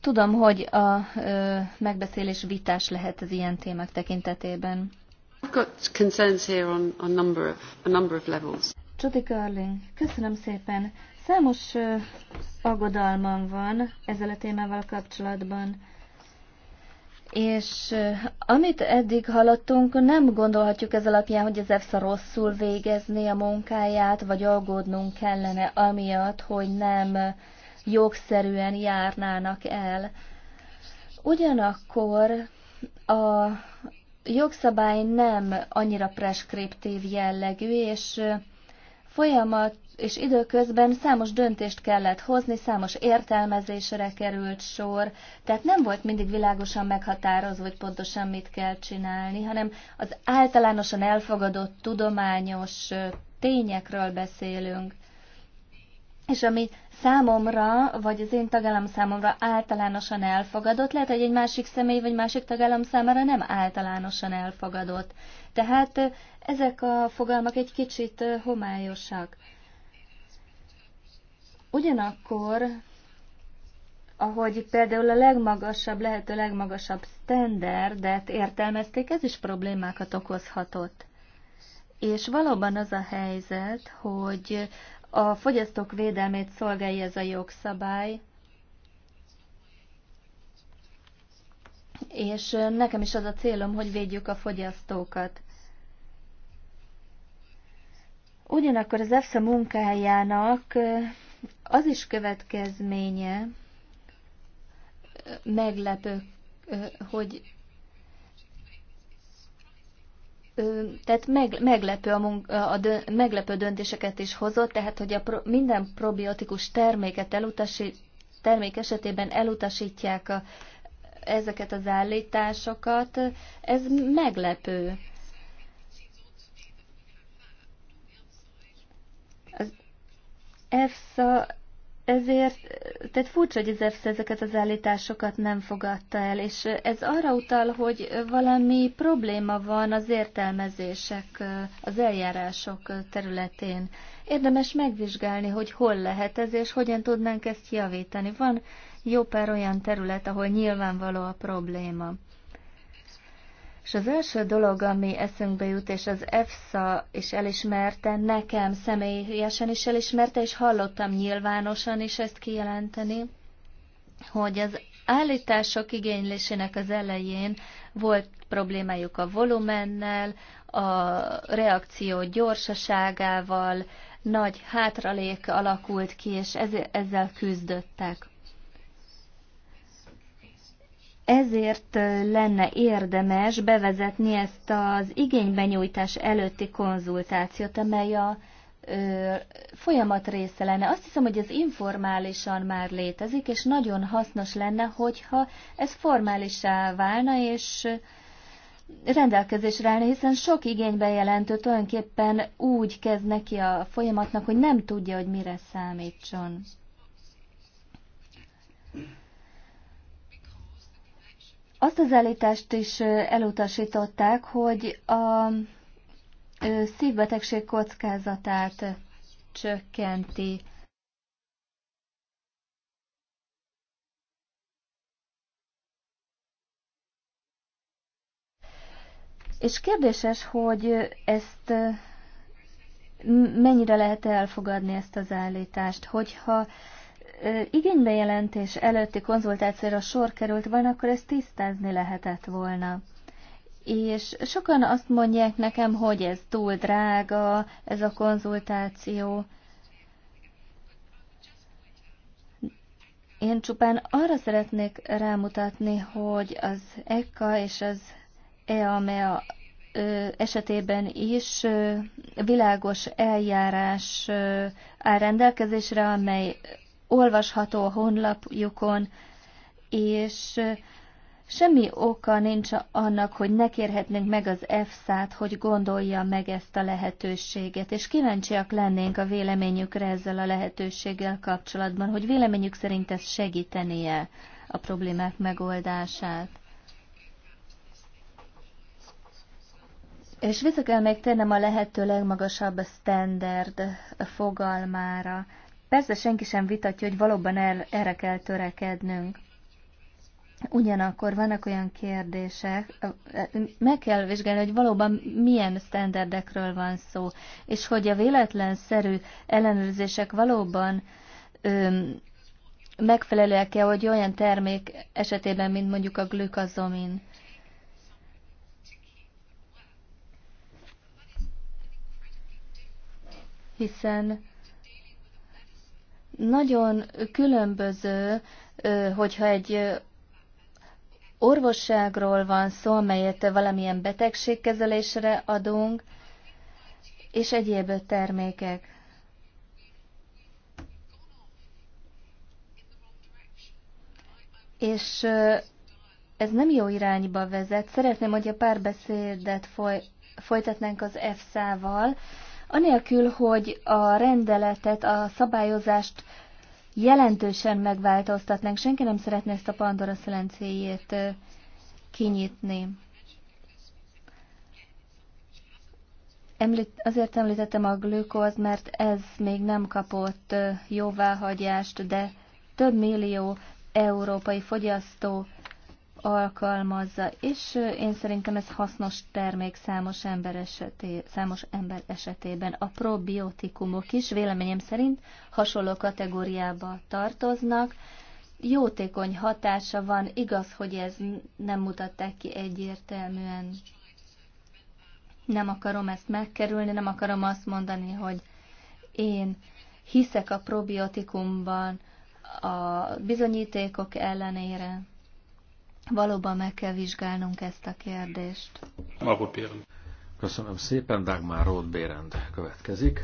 Tudom, hogy a ö, megbeszélés vitás lehet az ilyen témák tekintetében. Judy Garling, köszönöm szépen. Számos ö, aggodalmam van ezzel a témával kapcsolatban. És amit eddig hallottunk, nem gondolhatjuk ez alapján, hogy az EFSA rosszul végezné a munkáját, vagy aggódnunk kellene amiatt, hogy nem jogszerűen járnának el. Ugyanakkor a jogszabály nem annyira preskriptív jellegű, és folyamat és időközben számos döntést kellett hozni, számos értelmezésre került sor, tehát nem volt mindig világosan meghatározva, hogy pontosan mit kell csinálni, hanem az általánosan elfogadott tudományos tényekről beszélünk. És ami számomra, vagy az én tagállam számomra általánosan elfogadott, lehet, hogy egy másik személy, vagy másik tagállam számára nem általánosan elfogadott. Tehát ezek a fogalmak egy kicsit homályosak. Ugyanakkor, ahogy például a legmagasabb, lehető legmagasabb standardet értelmezték, ez is problémákat okozhatott. És valóban az a helyzet, hogy a fogyasztók védelmét szolgálja ez a jogszabály, és nekem is az a célom, hogy védjük a fogyasztókat. Ugyanakkor az EFSA munkájának az is következménye meglepő, hogy tehát meglepő, a munka, a dö, meglepő döntéseket is hozott, tehát hogy a pro, minden probiotikus terméket elutasít, termék esetében elutasítják a, ezeket az állításokat, ez meglepő. EFSA ezért, tehát furcsa, hogy az EFSA ezeket az állításokat nem fogadta el, és ez arra utal, hogy valami probléma van az értelmezések, az eljárások területén. Érdemes megvizsgálni, hogy hol lehet ez, és hogyan tudnánk ezt javítani. Van jó pár olyan terület, ahol nyilvánvaló a probléma. És az első dolog, ami eszünkbe jut, és az EFSA is elismerte, nekem személyesen is elismerte, és hallottam nyilvánosan is ezt kijelenteni, hogy az állítások igénylésének az elején volt problémájuk a volumennel, a reakció gyorsaságával, nagy hátralék alakult ki, és ezzel küzdöttek. Ezért lenne érdemes bevezetni ezt az igénybenyújtás előtti konzultációt, amely a ö, folyamat része lenne. Azt hiszem, hogy ez informálisan már létezik, és nagyon hasznos lenne, hogyha ez formálisá válna, és rendelkezésre állni, hiszen sok igénybejelentő tulajdonképpen úgy kezd neki a folyamatnak, hogy nem tudja, hogy mire számítson. Azt az állítást is elutasították, hogy a szívbetegség kockázatát csökkenti. És kérdéses, hogy ezt mennyire lehet elfogadni ezt az állítást, hogyha igénybejelentés előtti konzultációra sor került volna, akkor ezt tisztázni lehetett volna. És sokan azt mondják nekem, hogy ez túl drága, ez a konzultáció. Én csupán arra szeretnék rámutatni, hogy az EKA és az EAMEA e esetében is világos eljárás áll rendelkezésre, amely olvasható a honlapjukon, és semmi oka nincs annak, hogy ne kérhetnénk meg az EFSA-t, hogy gondolja meg ezt a lehetőséget, és kíváncsiak lennénk a véleményükre ezzel a lehetőséggel kapcsolatban, hogy véleményük szerint ez segítenie a problémák megoldását. És vissza kell még tennem a lehető legmagasabb standard fogalmára. Persze senki sem vitatja, hogy valóban el, erre kell törekednünk. Ugyanakkor vannak olyan kérdések, meg kell vizsgálni, hogy valóban milyen sztenderdekről van szó, és hogy a véletlenszerű ellenőrzések valóban öm, megfelelőek-e, hogy olyan termék esetében, mint mondjuk a glükazomin. Hiszen nagyon különböző, hogyha egy orvosságról van szó, amelyet valamilyen betegségkezelésre adunk, és egyéb termékek. És ez nem jó irányba vezet. Szeretném, hogy a párbeszédet foly, folytatnánk az EFSA-val, Anélkül, hogy a rendeletet, a szabályozást jelentősen megváltoztatnánk, senki nem szeretne ezt a Pandora szelencéjét kinyitni. Említ, azért említettem a glükóz, mert ez még nem kapott jóváhagyást, de több millió európai fogyasztó alkalmazza, és én szerintem ez hasznos termék számos ember, eseté, számos ember esetében. A probiotikumok is véleményem szerint hasonló kategóriába tartoznak. Jótékony hatása van, igaz, hogy ez nem mutatták ki egyértelműen. Nem akarom ezt megkerülni, nem akarom azt mondani, hogy én hiszek a probiotikumban a bizonyítékok ellenére Valóban meg kell vizsgálnunk ezt a kérdést. Köszönöm szépen, Dagmar Roth Bérend következik.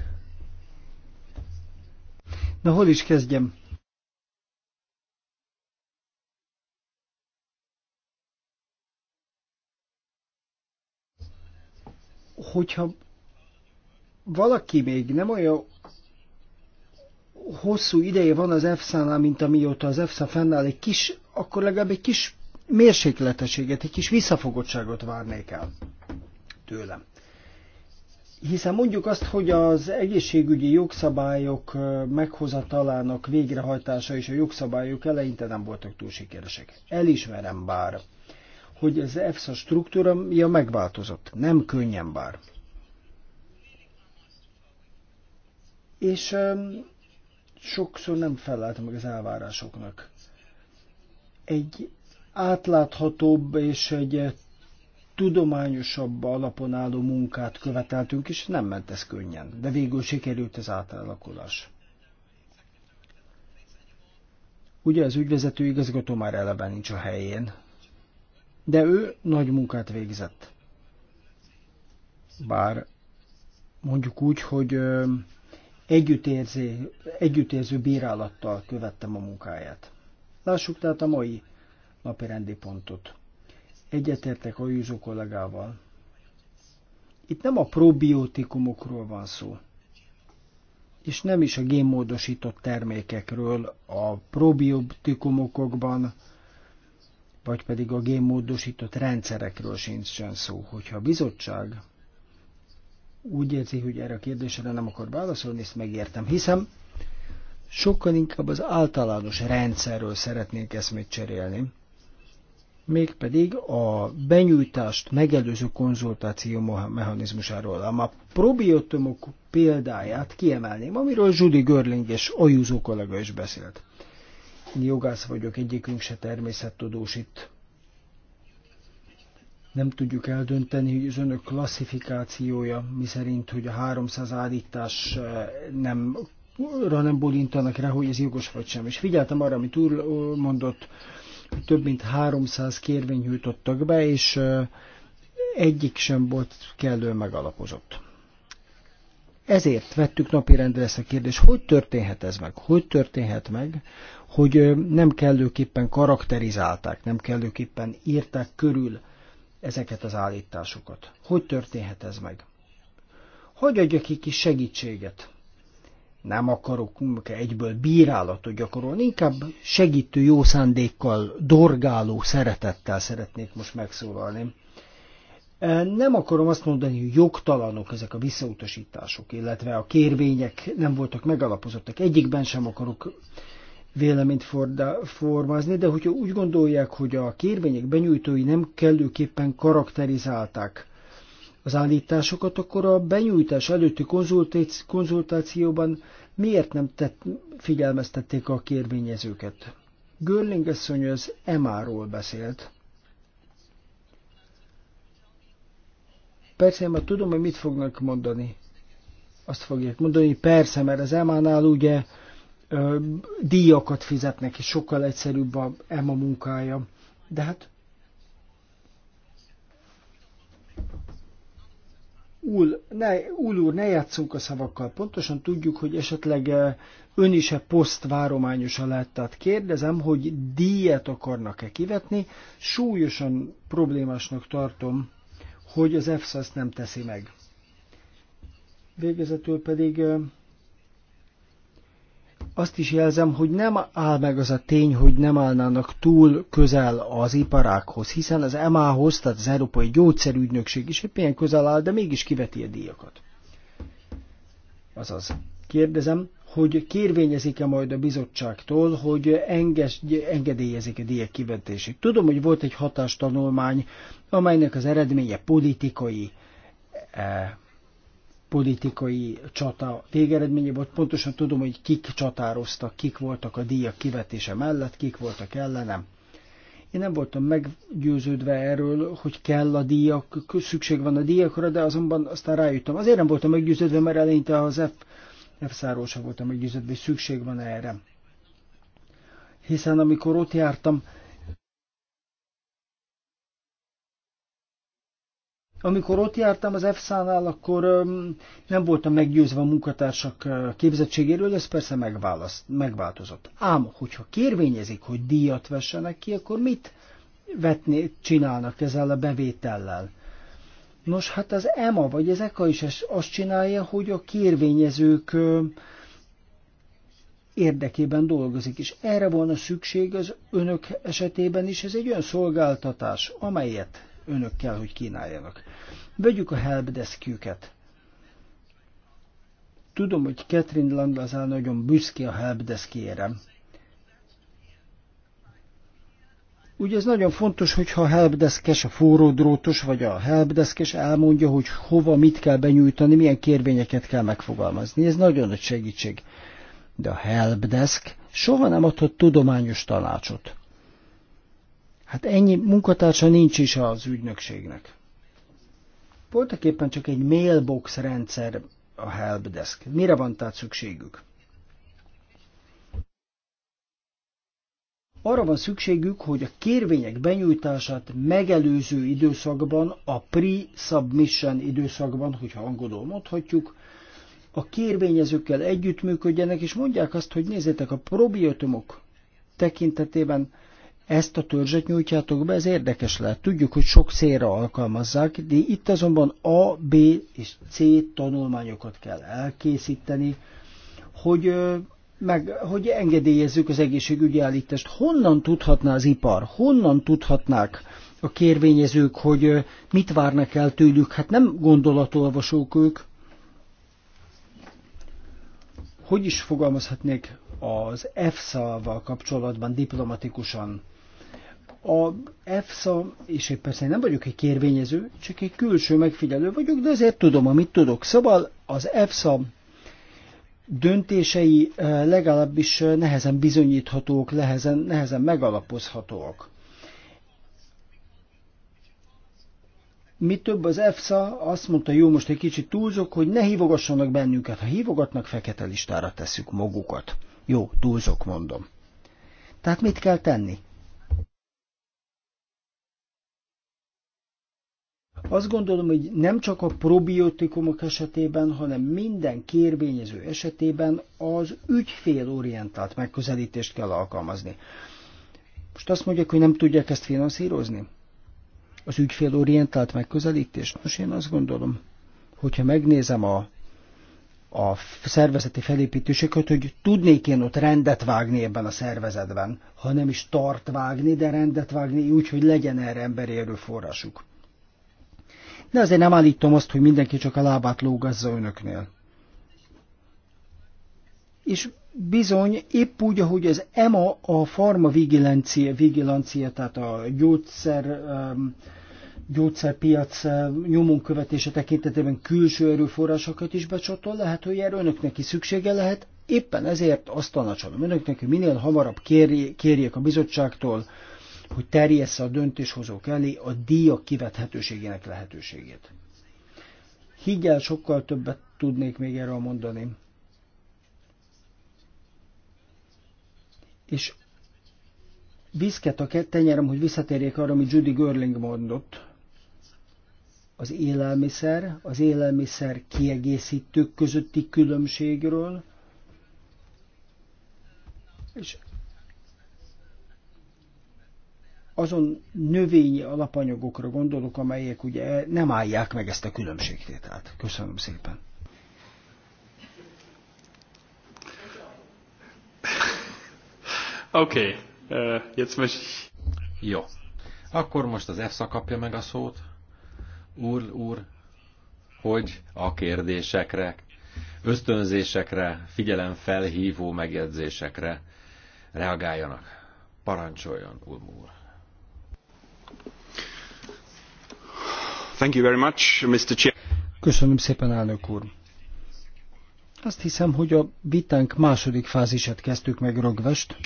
Na hol is kezdjem? Hogyha valaki még nem olyan hosszú ideje van az EFSA-nál, mint amióta az EFSA fennáll, egy kis, akkor legalább egy kis mérsékletességet, egy kis visszafogottságot várnék el tőlem. Hiszen mondjuk azt, hogy az egészségügyi jogszabályok meghozatalának végrehajtása és a jogszabályok eleinte nem voltak túl sikeresek. Elismerem bár, hogy az EFSA struktúra megváltozott. Nem könnyen bár. És um, sokszor nem felelt meg az elvárásoknak. Egy átláthatóbb és egy tudományosabb alapon álló munkát követeltünk, és nem ment ez könnyen, de végül sikerült az átalakulás. Ugye az ügyvezető igazgató már eleve nincs a helyén, de ő nagy munkát végzett. Bár mondjuk úgy, hogy együttérző, együttérző bírálattal követtem a munkáját. Lássuk tehát a mai napirendi pontot. Egyetértek a Júzó kollégával. Itt nem a probiotikumokról van szó, és nem is a génmódosított termékekről, a probiotikumokokban, vagy pedig a génmódosított rendszerekről sincsen szó. Hogyha a bizottság úgy érzi, hogy erre a kérdésre nem akar válaszolni, ezt megértem, hiszem sokkal inkább az általános rendszerről szeretnénk eszmét cserélni, mégpedig a benyújtást megelőző konzultáció mechanizmusáról. a probiotomok példáját kiemelném, amiről Judy Görling és Ajúzó kollega is beszélt. Én jogász vagyok, egyikünk se természettudós itt. Nem tudjuk eldönteni, hogy az önök klasszifikációja, szerint, hogy a 300 állítás eh, nem nem bolintanak rá, hogy ez jogos vagy sem. És figyeltem arra, amit úr eh, mondott, több mint 300 kérvény hűtöttek be, és egyik sem volt kellően megalapozott. Ezért vettük napirendre ezt a kérdést, hogy történhet ez meg? Hogy történhet meg, hogy nem kellőképpen karakterizálták, nem kellőképpen írták körül ezeket az állításokat? Hogy történhet ez meg? Hogy adjak ki segítséget nem akarok egyből bírálatot gyakorolni, inkább segítő jó szándékkal, dorgáló szeretettel szeretnék most megszólalni. E, nem akarom azt mondani, hogy jogtalanok ezek a visszautasítások, illetve a kérvények nem voltak megalapozottak. Egyikben sem akarok véleményt formázni, de hogyha úgy gondolják, hogy a kérvények benyújtói nem kellőképpen karakterizálták az állításokat, akkor a benyújtás előtti konzultációban miért nem tett, figyelmeztették a kérvényezőket? Görling asszony az EMA-ról beszélt. Persze, mert tudom, hogy mit fognak mondani. Azt fogják mondani, persze, mert az emma nál ugye ö, díjakat fizetnek, és sokkal egyszerűbb a Emma munkája. De hát Úl, ne, úl úr, ne játszunk a szavakkal. Pontosan tudjuk, hogy esetleg eh, ön is-e poszt várományosa lett. Tehát kérdezem, hogy díjat akarnak-e kivetni. Súlyosan problémásnak tartom, hogy az EFSA ezt nem teszi meg. Végezetül pedig eh, azt is jelzem, hogy nem áll meg az a tény, hogy nem állnának túl közel az iparákhoz, hiszen az ma hoz tehát az Európai Gyógyszerügynökség is egy ilyen közel áll, de mégis kiveti a díjakat. Azaz, kérdezem, hogy kérvényezik-e majd a bizottságtól, hogy engedélyezik a díjak kivetését. Tudom, hogy volt egy hatástanulmány, amelynek az eredménye politikai, eh, politikai csata végeredménye volt. Pontosan tudom, hogy kik csatároztak, kik voltak a díjak kivetése mellett, kik voltak ellenem. Én nem voltam meggyőződve erről, hogy kell a díjak, szükség van a díjakra, de azonban aztán rájöttem. Azért nem voltam meggyőződve, mert eleinte az F, F száról sem voltam meggyőződve, hogy szükség van erre. Hiszen amikor ott jártam, Amikor ott jártam az EFSA-nál, akkor nem voltam meggyőzve a munkatársak képzettségéről, ez persze megváltozott. Ám, hogyha kérvényezik, hogy díjat vessenek ki, akkor mit vetni, csinálnak ezzel a bevétellel? Nos, hát az EMA vagy az EKA is azt csinálja, hogy a kérvényezők érdekében dolgozik, és erre volna szükség az önök esetében is. Ez egy olyan szolgáltatás, amelyet önök kell, hogy kínáljanak. Vegyük a helpdeskjüket. Tudom, hogy Catherine Landlazán nagyon büszke a helpdeskjére. Ugye ez nagyon fontos, hogyha a helpdeskes, a forró drótos vagy a helpdeskes elmondja, hogy hova, mit kell benyújtani, milyen kérvényeket kell megfogalmazni. Ez nagyon nagy segítség. De a helpdesk soha nem adhat tudományos tanácsot. Hát ennyi munkatársa nincs is az ügynökségnek. Voltak éppen csak egy mailbox rendszer a helpdesk. Mire van tehát szükségük? Arra van szükségük, hogy a kérvények benyújtását megelőző időszakban, a pre-submission időszakban, hogyha angolul mondhatjuk, a kérvényezőkkel együttműködjenek, és mondják azt, hogy nézzétek, a probiotumok tekintetében ezt a törzset nyújtjátok be, ez érdekes lehet. Tudjuk, hogy sok célra alkalmazzák, de itt azonban A, B és C tanulmányokat kell elkészíteni, hogy meg, hogy engedélyezzük az egészségügyi állítást. Honnan tudhatná az ipar, honnan tudhatnák a kérvényezők, hogy mit várnak el tőlük? Hát nem gondolatolvasók ők. Hogy is fogalmazhatnék az EFSA-val kapcsolatban diplomatikusan? A EFSA, és én persze nem vagyok egy kérvényező, csak egy külső megfigyelő vagyok, de azért tudom, amit tudok. Szóval az EFSA döntései eh, legalábbis eh, nehezen bizonyíthatók, nehezen, nehezen megalapozhatóak. Mi több az EFSA azt mondta, jó, most egy kicsit túlzok, hogy ne hívogassanak bennünket. Ha hívogatnak, fekete listára tesszük magukat. Jó, túlzok, mondom. Tehát mit kell tenni? Azt gondolom, hogy nem csak a probiotikumok esetében, hanem minden kérvényező esetében az ügyfélorientált megközelítést kell alkalmazni. Most azt mondják, hogy nem tudják ezt finanszírozni? Az ügyfélorientált megközelítést? Most én azt gondolom, hogyha megnézem a, a szervezeti felépítéseket, hogy tudnék én ott rendet vágni ebben a szervezetben, ha nem is tart vágni, de rendet vágni úgy, hogy legyen erre emberi erőforrásuk de azért nem állítom azt, hogy mindenki csak a lábát lógazza önöknél. És bizony, épp úgy, ahogy az EMA a farma vigilancia, tehát a gyógyszer, gyógyszerpiac nyomon követése tekintetében külső erőforrásokat is becsatol, lehet, hogy erre önöknek is szüksége lehet. Éppen ezért azt tanácsolom önöknek, hogy minél hamarabb kérjék a bizottságtól, hogy terjessze a döntéshozók elé a díjak kivethetőségének lehetőségét. Higgyel, sokkal többet tudnék még erről mondani. És viszket a tenyerem, hogy visszatérjek arra, amit Judy Görling mondott. Az élelmiszer, az élelmiszer kiegészítők közötti különbségről, és azon növényi alapanyagokra gondolok, amelyek ugye nem állják meg ezt a különbségtételt. Köszönöm szépen. Oké, okay. uh, eh, jetzt möchte Jó. Akkor most az EFSA kapja meg a szót. Úr, úr, hogy a kérdésekre, ösztönzésekre, figyelemfelhívó megjegyzésekre reagáljanak. Parancsoljon, úr, úr. Köszönöm szépen, elnök úr. Azt hiszem, hogy a vitánk második fázisát kezdtük meg rögvest.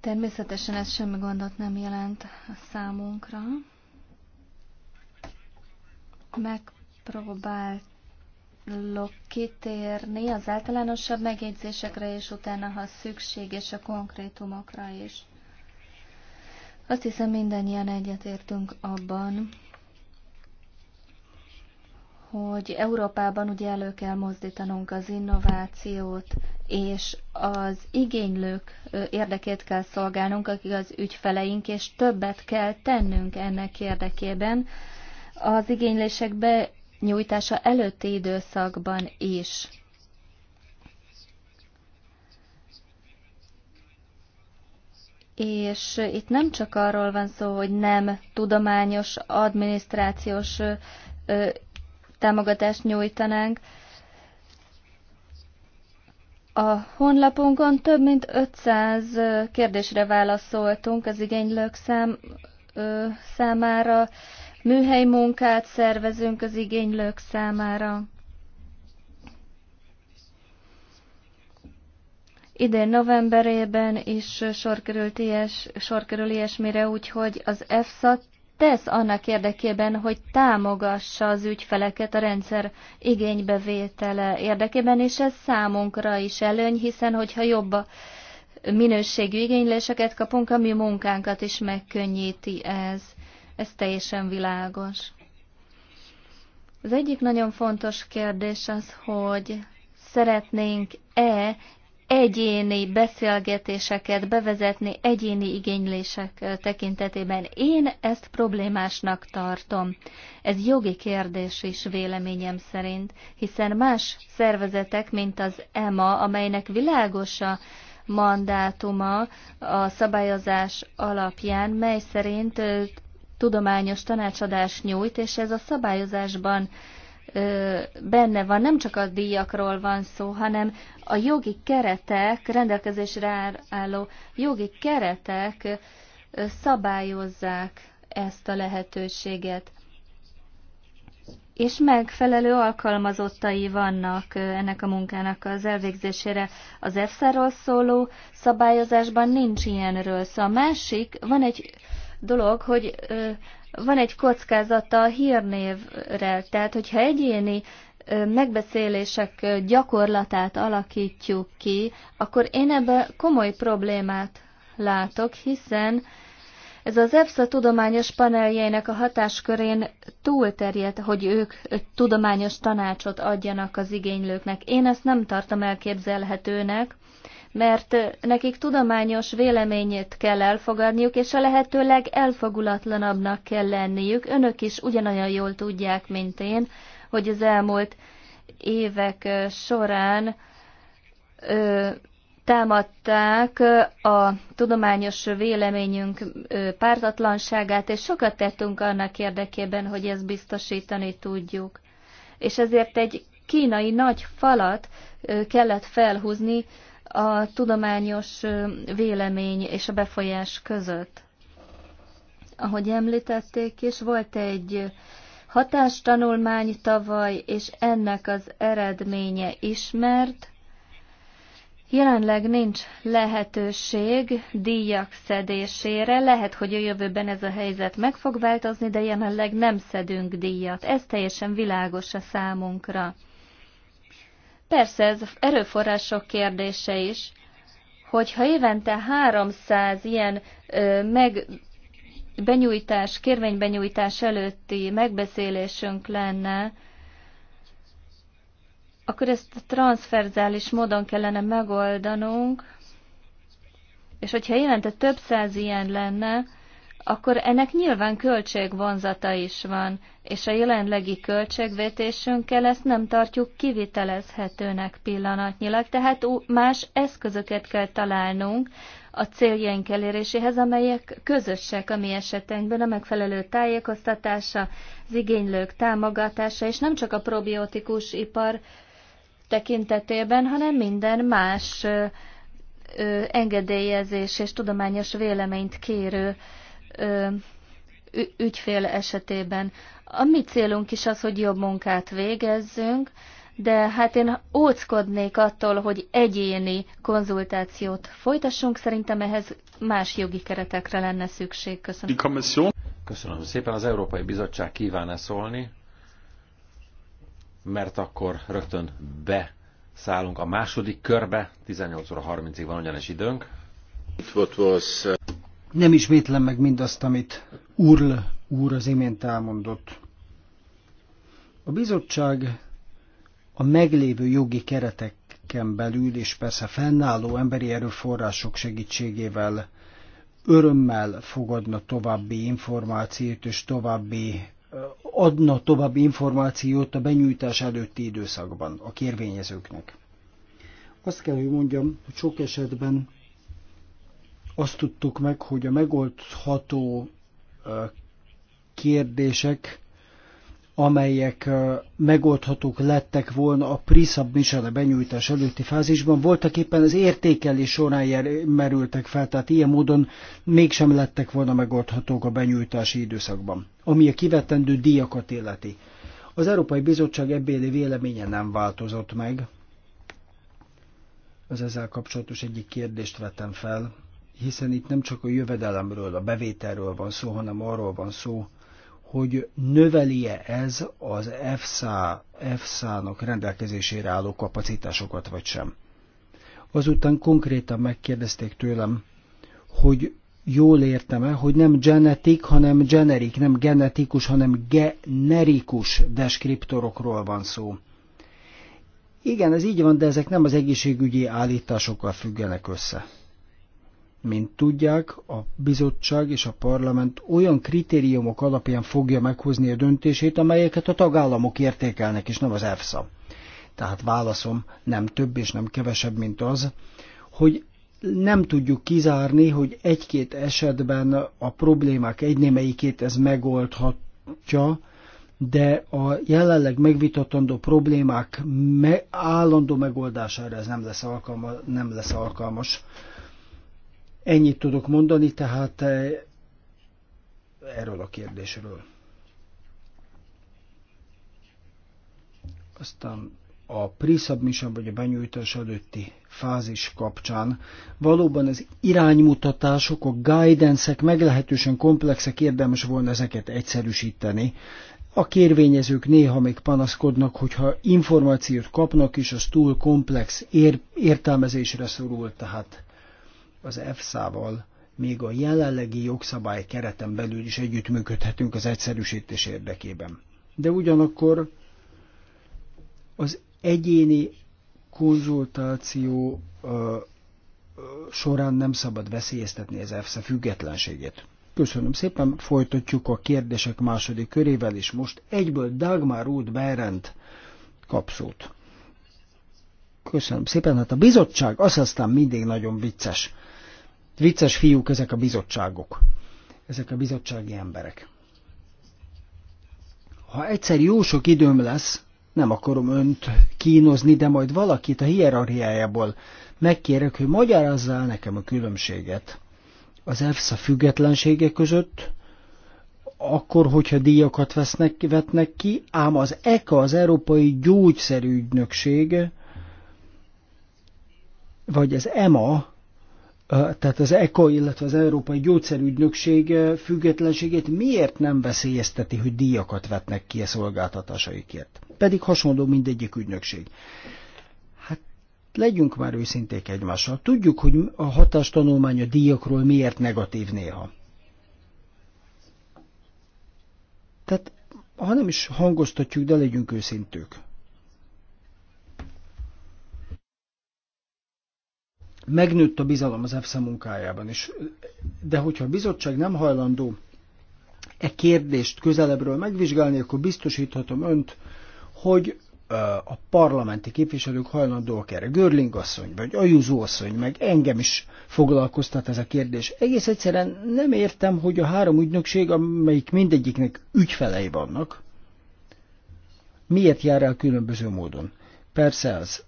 Természetesen ez semmi gondot nem jelent a számunkra. Megpróbálok kitérni az általánosabb megjegyzésekre, és utána, ha szükséges, a konkrétumokra is. Azt hiszem mindannyian egyetértünk abban, hogy Európában ugye elő kell mozdítanunk az innovációt, és az igénylők érdekét kell szolgálnunk, akik az ügyfeleink, és többet kell tennünk ennek érdekében az igénylések benyújtása előtti időszakban is. és itt nem csak arról van szó, hogy nem tudományos, adminisztrációs támogatást nyújtanánk. A honlapunkon több mint 500 kérdésre válaszoltunk az igénylők szám, ö, számára, műhely munkát szervezünk az igénylők számára. Idén novemberében is sor került, ilyes, sor kerül ilyesmire, úgyhogy az EFSA tesz annak érdekében, hogy támogassa az ügyfeleket a rendszer igénybevétele érdekében, és ez számunkra is előny, hiszen hogyha jobb a minőségű igényléseket kapunk, a mi munkánkat is megkönnyíti ez. Ez teljesen világos. Az egyik nagyon fontos kérdés az, hogy szeretnénk-e egyéni beszélgetéseket bevezetni egyéni igénylések tekintetében. Én ezt problémásnak tartom. Ez jogi kérdés is véleményem szerint, hiszen más szervezetek, mint az EMA, amelynek világos a mandátuma a szabályozás alapján, mely szerint tudományos tanácsadást nyújt, és ez a szabályozásban benne van, nem csak a díjakról van szó, hanem a jogi keretek, rendelkezésre álló jogi keretek szabályozzák ezt a lehetőséget. És megfelelő alkalmazottai vannak ennek a munkának az elvégzésére. Az EFSA-ról szóló szabályozásban nincs ilyenről. Szóval a másik, van egy dolog, hogy van egy kockázata a hírnévrel, tehát hogyha egyéni megbeszélések gyakorlatát alakítjuk ki, akkor én ebbe komoly problémát látok, hiszen ez az EFSA tudományos paneljeinek a hatáskörén túlterjedt, hogy ők tudományos tanácsot adjanak az igénylőknek. Én ezt nem tartom elképzelhetőnek, mert nekik tudományos véleményét kell elfogadniuk, és a lehető legelfogulatlanabbnak kell lenniük. Önök is ugyanolyan jól tudják, mint én, hogy az elmúlt évek során ö, támadták a tudományos véleményünk pártatlanságát, és sokat tettünk annak érdekében, hogy ezt biztosítani tudjuk. És ezért egy kínai nagy falat kellett felhúzni a tudományos vélemény és a befolyás között. Ahogy említették is, volt egy hatástanulmány tavaly, és ennek az eredménye ismert. Jelenleg nincs lehetőség díjak szedésére, lehet, hogy a jövőben ez a helyzet meg fog változni, de jelenleg nem szedünk díjat. Ez teljesen világos a számunkra. Persze ez erőforrások kérdése is, hogyha évente 300 ilyen ö, meg benyújtás, kérvénybenyújtás előtti megbeszélésünk lenne, akkor ezt transferzális módon kellene megoldanunk, és hogyha évente több száz ilyen lenne, akkor ennek nyilván költségvonzata is van, és a jelenlegi költségvetésünkkel ezt nem tartjuk kivitelezhetőnek pillanatnyilag, tehát más eszközöket kell találnunk a céljaink eléréséhez, amelyek közösek a mi esetünkben, a megfelelő tájékoztatása, az igénylők támogatása, és nem csak a probiotikus ipar tekintetében, hanem minden más engedélyezés és tudományos véleményt kérő ügyfél esetében. A mi célunk is az, hogy jobb munkát végezzünk, de hát én óckodnék attól, hogy egyéni konzultációt folytassunk, szerintem ehhez más jogi keretekre lenne szükség. Köszönöm. Köszönöm szépen. Az Európai Bizottság kíván-e szólni? Mert akkor rögtön szállunk a második körbe. 18 óra 30-ig van ugyanis időnk. Nem ismétlem meg mindazt, amit Url úr az imént elmondott. A bizottság a meglévő jogi kereteken belül, és persze fennálló emberi erőforrások segítségével örömmel fogadna további információt, és további eh, adna további információt a benyújtás előtti időszakban a kérvényezőknek. Azt kell, hogy mondjam, hogy sok esetben azt tudtuk meg, hogy a megoldható kérdések, amelyek megoldhatók lettek volna a pre-submission, a benyújtás előtti fázisban, voltak éppen az értékelés során merültek fel, tehát ilyen módon mégsem lettek volna megoldhatók a benyújtási időszakban, ami a kivetendő díjakat illeti. Az Európai Bizottság ebbéli véleménye nem változott meg, az ezzel kapcsolatos egyik kérdést vettem fel, hiszen itt nem csak a jövedelemről, a bevételről van szó, hanem arról van szó, hogy növelie ez az EFSA, EFSA-nak rendelkezésére álló kapacitásokat, vagy sem. Azután konkrétan megkérdezték tőlem, hogy jól értem-e, hogy nem genetik, hanem generik, nem genetikus, hanem generikus deskriptorokról van szó. Igen, ez így van, de ezek nem az egészségügyi állításokkal függenek össze. Mint tudják, a bizottság és a parlament olyan kritériumok alapján fogja meghozni a döntését, amelyeket a tagállamok értékelnek, és nem az EFSA. Tehát válaszom nem több és nem kevesebb, mint az, hogy nem tudjuk kizárni, hogy egy-két esetben a problémák egynémeikét ez megoldhatja, de a jelenleg megvitatandó problémák me állandó megoldására ez nem lesz, alkalma, nem lesz alkalmas. Ennyit tudok mondani, tehát eh, erről a kérdésről. Aztán a pre-submission vagy a benyújtás előtti fázis kapcsán valóban az iránymutatások, a guidance-ek meglehetősen komplexek, érdemes volna ezeket egyszerűsíteni. A kérvényezők néha még panaszkodnak, hogyha információt kapnak, és az túl komplex ér- értelmezésre szorul, tehát az EFSA-val még a jelenlegi jogszabály kereten belül is együttműködhetünk az egyszerűsítés érdekében. De ugyanakkor az egyéni konzultáció ö, ö, során nem szabad veszélyeztetni az EFSA függetlenségét. Köszönöm szépen, folytatjuk a kérdések második körével, és most egyből Dagmar Ruth Berend kapszót. Köszönöm szépen, hát a bizottság az aztán mindig nagyon vicces vicces fiúk ezek a bizottságok, ezek a bizottsági emberek. Ha egyszer jó sok időm lesz, nem akarom önt kínozni, de majd valakit a hierarchiájából megkérek, hogy magyarázza el nekem a különbséget az EFSA függetlensége között, akkor, hogyha díjakat vesznek, vetnek ki, ám az ECA, az Európai Gyógyszerügynökség, vagy az EMA, tehát az ECO, illetve az Európai Gyógyszerügynökség függetlenségét miért nem veszélyezteti, hogy díjakat vetnek ki a szolgáltatásaikért? Pedig hasonló mindegyik ügynökség. Hát legyünk már őszinték egymással. Tudjuk, hogy a hatástanulmány a díjakról miért negatív néha. Tehát ha nem is hangoztatjuk, de legyünk őszintők. megnőtt a bizalom az EFSA munkájában is. De hogyha a bizottság nem hajlandó e kérdést közelebbről megvizsgálni, akkor biztosíthatom önt, hogy a parlamenti képviselők hajlandóak erre. Görling asszony, vagy Ajuzó asszony, meg engem is foglalkoztat ez a kérdés. Egész egyszerűen nem értem, hogy a három ügynökség, amelyik mindegyiknek ügyfelei vannak, miért jár el különböző módon. Persze az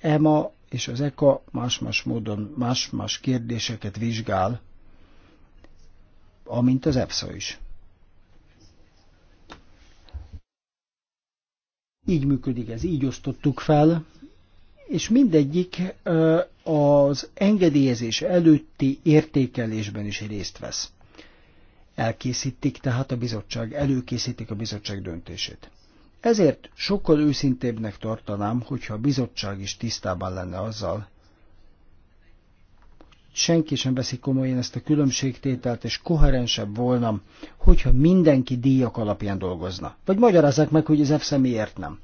EMA és az ECA más-más módon más-más kérdéseket vizsgál, amint az EFSA is. Így működik ez, így osztottuk fel, és mindegyik az engedélyezés előtti értékelésben is részt vesz. Elkészítik tehát a bizottság, előkészítik a bizottság döntését. Ezért sokkal őszintébbnek tartanám, hogyha a bizottság is tisztában lenne azzal, senki sem veszi komolyan ezt a különbségtételt, és koherensebb volna, hogyha mindenki díjak alapján dolgozna. Vagy magyarázzák meg, hogy az EFSZ miért nem.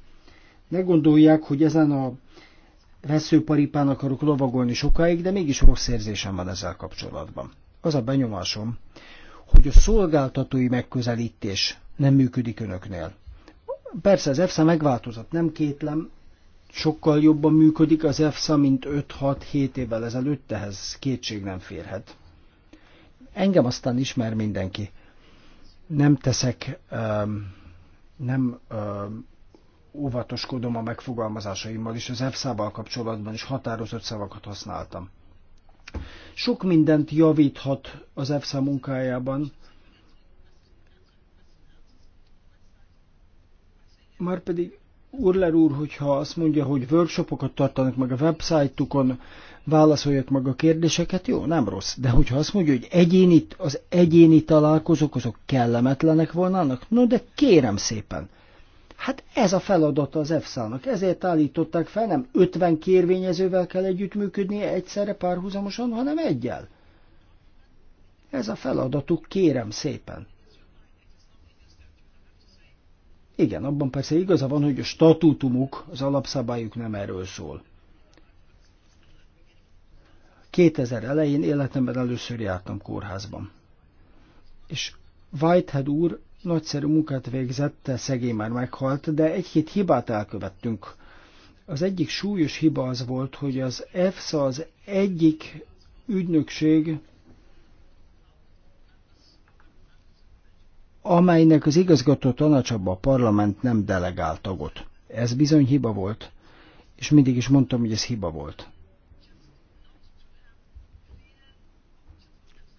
Ne gondolják, hogy ezen a veszőparipán akarok lovagolni sokáig, de mégis rossz érzésem van ezzel kapcsolatban. Az a benyomásom, hogy a szolgáltatói megközelítés nem működik önöknél. Persze az EFSA megváltozott, nem kétlem, sokkal jobban működik az EFSA, mint 5-6-7 évvel ezelőtt, ehhez kétség nem férhet. Engem aztán ismer mindenki. Nem teszek, nem óvatoskodom a megfogalmazásaimmal, és az EFSA-val kapcsolatban is határozott szavakat használtam. Sok mindent javíthat az EFSA munkájában, pedig Urler úr, hogyha azt mondja, hogy workshopokat tartanak meg a websájtukon, válaszoljak meg a kérdéseket, jó, nem rossz. De hogyha azt mondja, hogy egyéni, az egyéni találkozók azok kellemetlenek volnának, no de kérem szépen. Hát ez a feladata az EFSA-nak, ezért állították fel, nem 50 kérvényezővel kell együttműködnie egyszerre párhuzamosan, hanem egyel. Ez a feladatuk, kérem szépen. Igen, abban persze igaza van, hogy a statútumuk, az alapszabályuk nem erről szól. 2000 elején életemben először jártam kórházban. És Whitehead úr nagyszerű munkát végzett, szegény már meghalt, de egy-két hibát elkövettünk. Az egyik súlyos hiba az volt, hogy az EFSA az egyik ügynökség, amelynek az igazgató tanácsába a parlament nem delegált tagot. Ez bizony hiba volt, és mindig is mondtam, hogy ez hiba volt.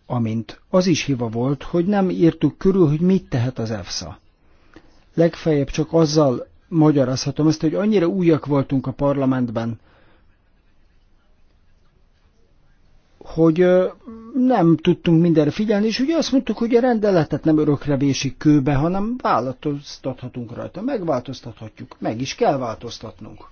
Amint az is hiba volt, hogy nem írtuk körül, hogy mit tehet az EFSA. Legfeljebb csak azzal magyarázhatom ezt, hogy annyira újak voltunk a parlamentben, hogy nem tudtunk mindenre figyelni, és ugye azt mondtuk, hogy a rendeletet nem örökre vésik kőbe, hanem változtathatunk rajta, megváltoztathatjuk, meg is kell változtatnunk.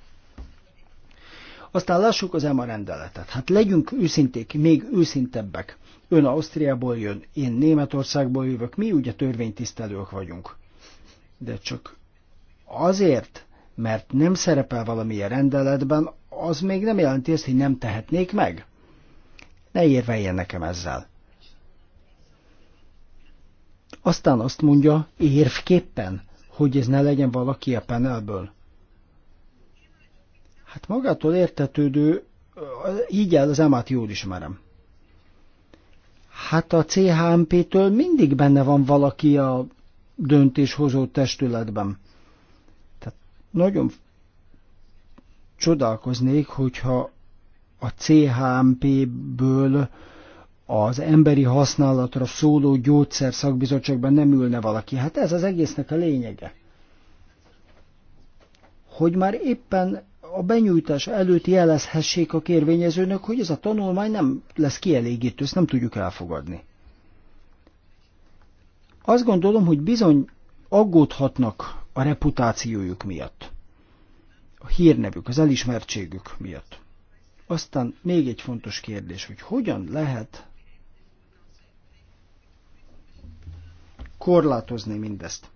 Aztán lássuk az EMA rendeletet. Hát legyünk őszinték, még őszintebbek. Ön Ausztriából jön, én Németországból jövök, mi ugye törvénytisztelők vagyunk. De csak azért, mert nem szerepel valamilyen rendeletben, az még nem jelenti ezt, hogy nem tehetnék meg. Ne érveljen nekem ezzel. Aztán azt mondja érvképpen, hogy ez ne legyen valaki a panelből. Hát magától értetődő, így el az emát jól ismerem. Hát a CHMP-től mindig benne van valaki a döntéshozó testületben. Tehát nagyon csodálkoznék, hogyha a CHMP-ből az emberi használatra szóló gyógyszer szakbizottságban nem ülne valaki. Hát ez az egésznek a lényege. Hogy már éppen a benyújtás előtt jelezhessék a kérvényezőnek, hogy ez a tanulmány nem lesz kielégítő, ezt nem tudjuk elfogadni. Azt gondolom, hogy bizony aggódhatnak a reputációjuk miatt, a hírnevük, az elismertségük miatt. Aztán még egy fontos kérdés, hogy hogyan lehet korlátozni mindezt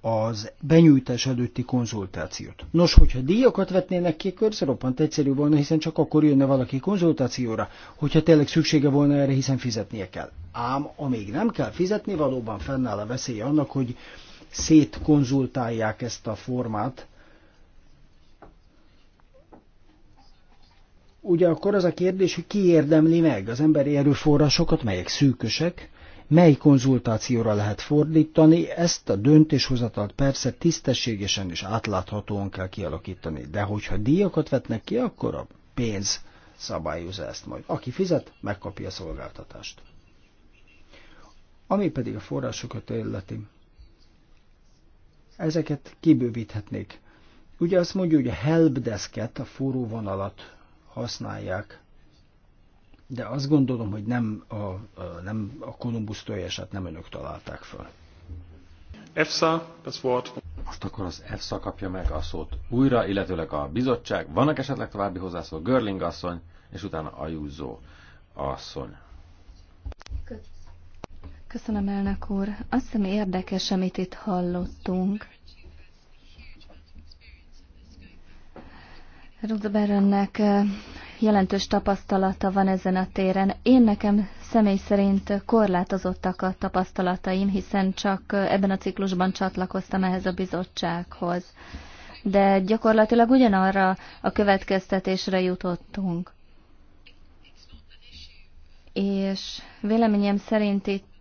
az benyújtás előtti konzultációt. Nos, hogyha díjakat vetnének ki, körszaroppant egyszerű volna, hiszen csak akkor jönne valaki konzultációra, hogyha tényleg szüksége volna erre, hiszen fizetnie kell. Ám amíg nem kell fizetni, valóban fennáll a veszély annak, hogy szétkonzultálják ezt a formát, Ugyanakkor az a kérdés, hogy ki érdemli meg az emberi erőforrásokat, melyek szűkösek, mely konzultációra lehet fordítani, ezt a döntéshozatalt persze tisztességesen és átláthatóan kell kialakítani. De hogyha díjakat vetnek ki, akkor a pénz szabályozza ezt majd. Aki fizet, megkapja a szolgáltatást. Ami pedig a forrásokat illeti, ezeket kibővíthetnék. Ugye azt mondja, hogy a helpdesket, a forró vonalat használják, de azt gondolom, hogy nem a, a, nem a Kolumbusz tojását nem önök találták fel. EFSA, ez volt. Most akkor az EFSA kapja meg a szót újra, illetőleg a bizottság. Vannak esetleg további hozzászól Görling asszony, és utána Ajúzó asszony. Köszönöm, elnök úr. Azt hiszem érdekes, amit itt hallottunk. Ruth Berönnek jelentős tapasztalata van ezen a téren. Én nekem személy szerint korlátozottak a tapasztalataim, hiszen csak ebben a ciklusban csatlakoztam ehhez a bizottsághoz. De gyakorlatilag ugyanarra a következtetésre jutottunk. És véleményem szerint itt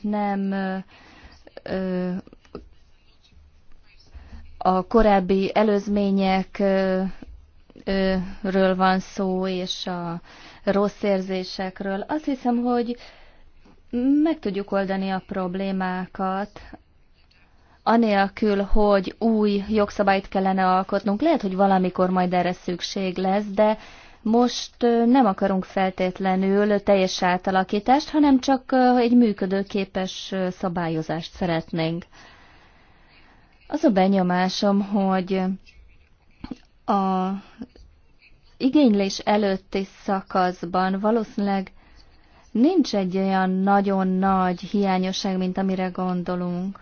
nem a korábbi előzmények ről van szó, és a rossz érzésekről. Azt hiszem, hogy meg tudjuk oldani a problémákat, anélkül, hogy új jogszabályt kellene alkotnunk. Lehet, hogy valamikor majd erre szükség lesz, de most nem akarunk feltétlenül teljes átalakítást, hanem csak egy működőképes szabályozást szeretnénk. Az a benyomásom, hogy a igénylés előtti szakaszban valószínűleg nincs egy olyan nagyon nagy hiányosság, mint amire gondolunk.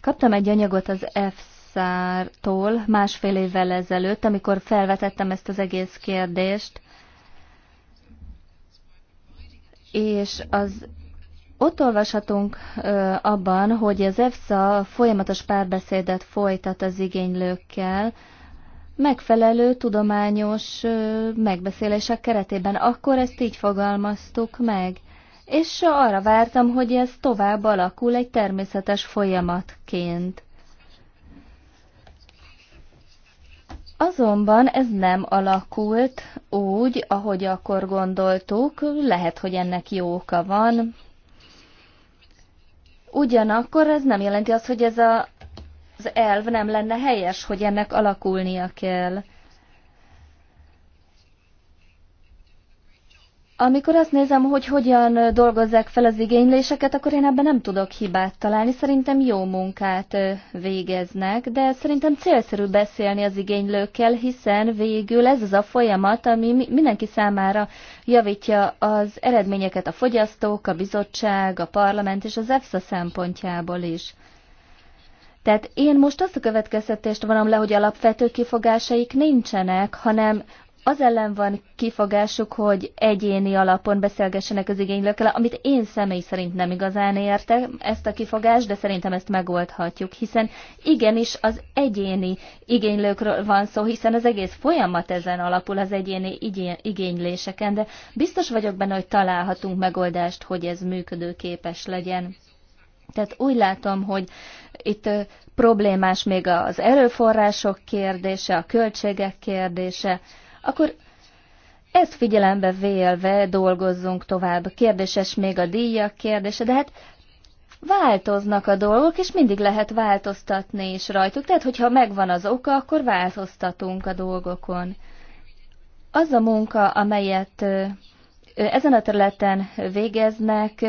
Kaptam egy anyagot az EFSA-tól másfél évvel ezelőtt, amikor felvetettem ezt az egész kérdést, és az ott olvashatunk ö, abban, hogy az EFSA folyamatos párbeszédet folytat az igénylőkkel, megfelelő tudományos megbeszélések keretében. Akkor ezt így fogalmaztuk meg. És arra vártam, hogy ez tovább alakul egy természetes folyamatként. Azonban ez nem alakult úgy, ahogy akkor gondoltuk, lehet, hogy ennek jó oka van. Ugyanakkor ez nem jelenti azt, hogy ez a az elv nem lenne helyes, hogy ennek alakulnia kell. Amikor azt nézem, hogy hogyan dolgozzák fel az igényléseket, akkor én ebben nem tudok hibát találni. Szerintem jó munkát végeznek, de szerintem célszerű beszélni az igénylőkkel, hiszen végül ez az a folyamat, ami mindenki számára javítja az eredményeket a fogyasztók, a bizottság, a parlament és az EFSA szempontjából is. Tehát én most azt a következtetést vonom le, hogy alapvető kifogásaik nincsenek, hanem az ellen van kifogásuk, hogy egyéni alapon beszélgessenek az igénylőkkel, amit én személy szerint nem igazán értem ezt a kifogást, de szerintem ezt megoldhatjuk, hiszen igenis az egyéni igénylőkről van szó, hiszen az egész folyamat ezen alapul az egyéni igényléseken, de biztos vagyok benne, hogy találhatunk megoldást, hogy ez működőképes legyen. Tehát úgy látom, hogy itt problémás még az erőforrások kérdése, a költségek kérdése, akkor ezt figyelembe vélve dolgozzunk tovább. Kérdéses még a díjak kérdése, de hát változnak a dolgok, és mindig lehet változtatni is rajtuk. Tehát, hogyha megvan az oka, akkor változtatunk a dolgokon. Az a munka, amelyet ezen a területen végeznek,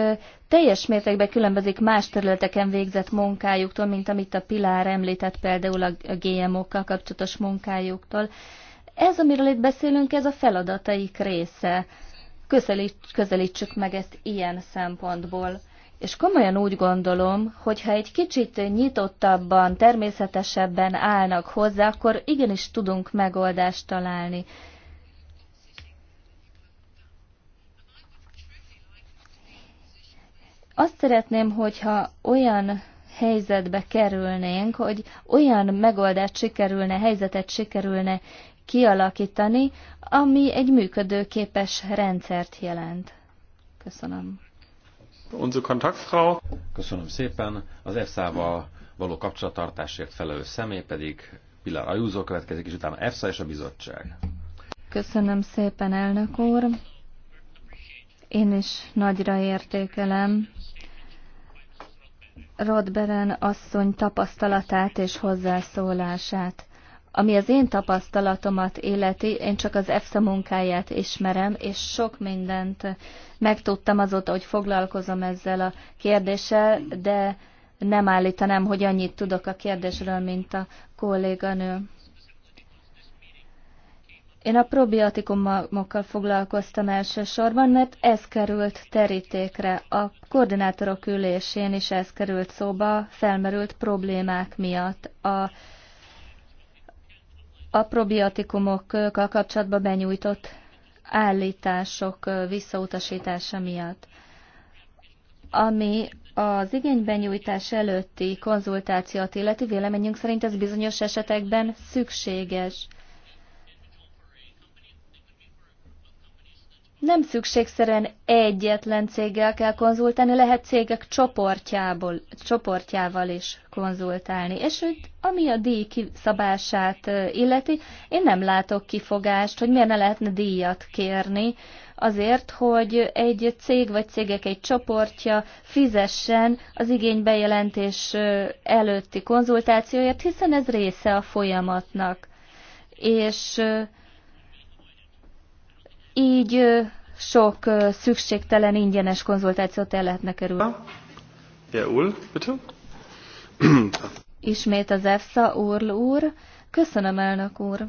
teljes mértékben különbözik más területeken végzett munkájuktól, mint amit a Pilár említett például a GMO-kkal kapcsolatos munkájuktól. Ez, amiről itt beszélünk, ez a feladataik része. Közelít, közelítsük meg ezt ilyen szempontból. És komolyan úgy gondolom, hogy ha egy kicsit nyitottabban, természetesebben állnak hozzá, akkor igenis tudunk megoldást találni. Azt szeretném, hogyha olyan helyzetbe kerülnénk, hogy olyan megoldást sikerülne, helyzetet sikerülne kialakítani, ami egy működőképes rendszert jelent. Köszönöm. Unsere Kontaktfrau. Köszönöm szépen. Az EFSA-val való kapcsolattartásért felelős személy pedig Pilar Ajúzó következik, és utána EFSA és a bizottság. Köszönöm szépen, elnök úr. Én is nagyra értékelem Rodberen asszony tapasztalatát és hozzászólását. Ami az én tapasztalatomat életi, én csak az EFSA munkáját ismerem, és sok mindent megtudtam azóta, hogy foglalkozom ezzel a kérdéssel, de nem állítanám, hogy annyit tudok a kérdésről, mint a kolléganő. Én a probiotikumokkal foglalkoztam elsősorban, mert ez került terítékre. A koordinátorok ülésén is ez került szóba, felmerült problémák miatt. A, a probiotikumokkal kapcsolatban benyújtott állítások visszautasítása miatt. Ami az igénybenyújtás előtti konzultációt illeti véleményünk szerint ez bizonyos esetekben szükséges nem szükségszerűen egyetlen céggel kell konzultálni, lehet cégek csoportjából, csoportjával is konzultálni. És hogy ami a díj kiszabását illeti, én nem látok kifogást, hogy miért ne lehetne díjat kérni azért, hogy egy cég vagy cégek egy csoportja fizessen az igénybejelentés előtti konzultációért, hiszen ez része a folyamatnak. És így sok szükségtelen ingyenes konzultációt el lehetne kerülni. Ja, Ul, Ismét az EFSA, Url úr. Köszönöm, elnök úr.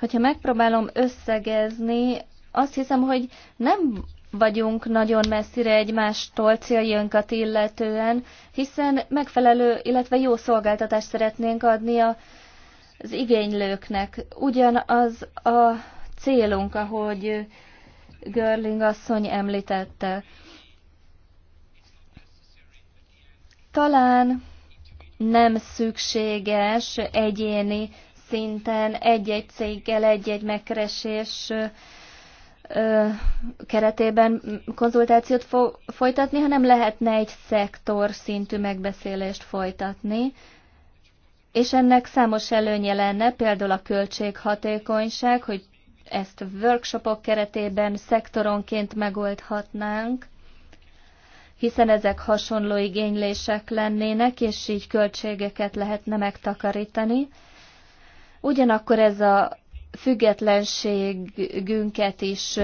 Hogyha megpróbálom összegezni, azt hiszem, hogy nem vagyunk nagyon messzire egymástól céljainkat illetően, hiszen megfelelő, illetve jó szolgáltatást szeretnénk adni az igénylőknek. Ugyanaz a célunk, ahogy Görling asszony említette. Talán nem szükséges egyéni szinten egy-egy céggel egy-egy megkeresés keretében konzultációt folytatni, hanem lehetne egy szektor szintű megbeszélést folytatni, és ennek számos előnye lenne, például a költséghatékonyság, hogy ezt workshopok keretében szektoronként megoldhatnánk, hiszen ezek hasonló igénylések lennének, és így költségeket lehetne megtakarítani. Ugyanakkor ez a függetlenségünket is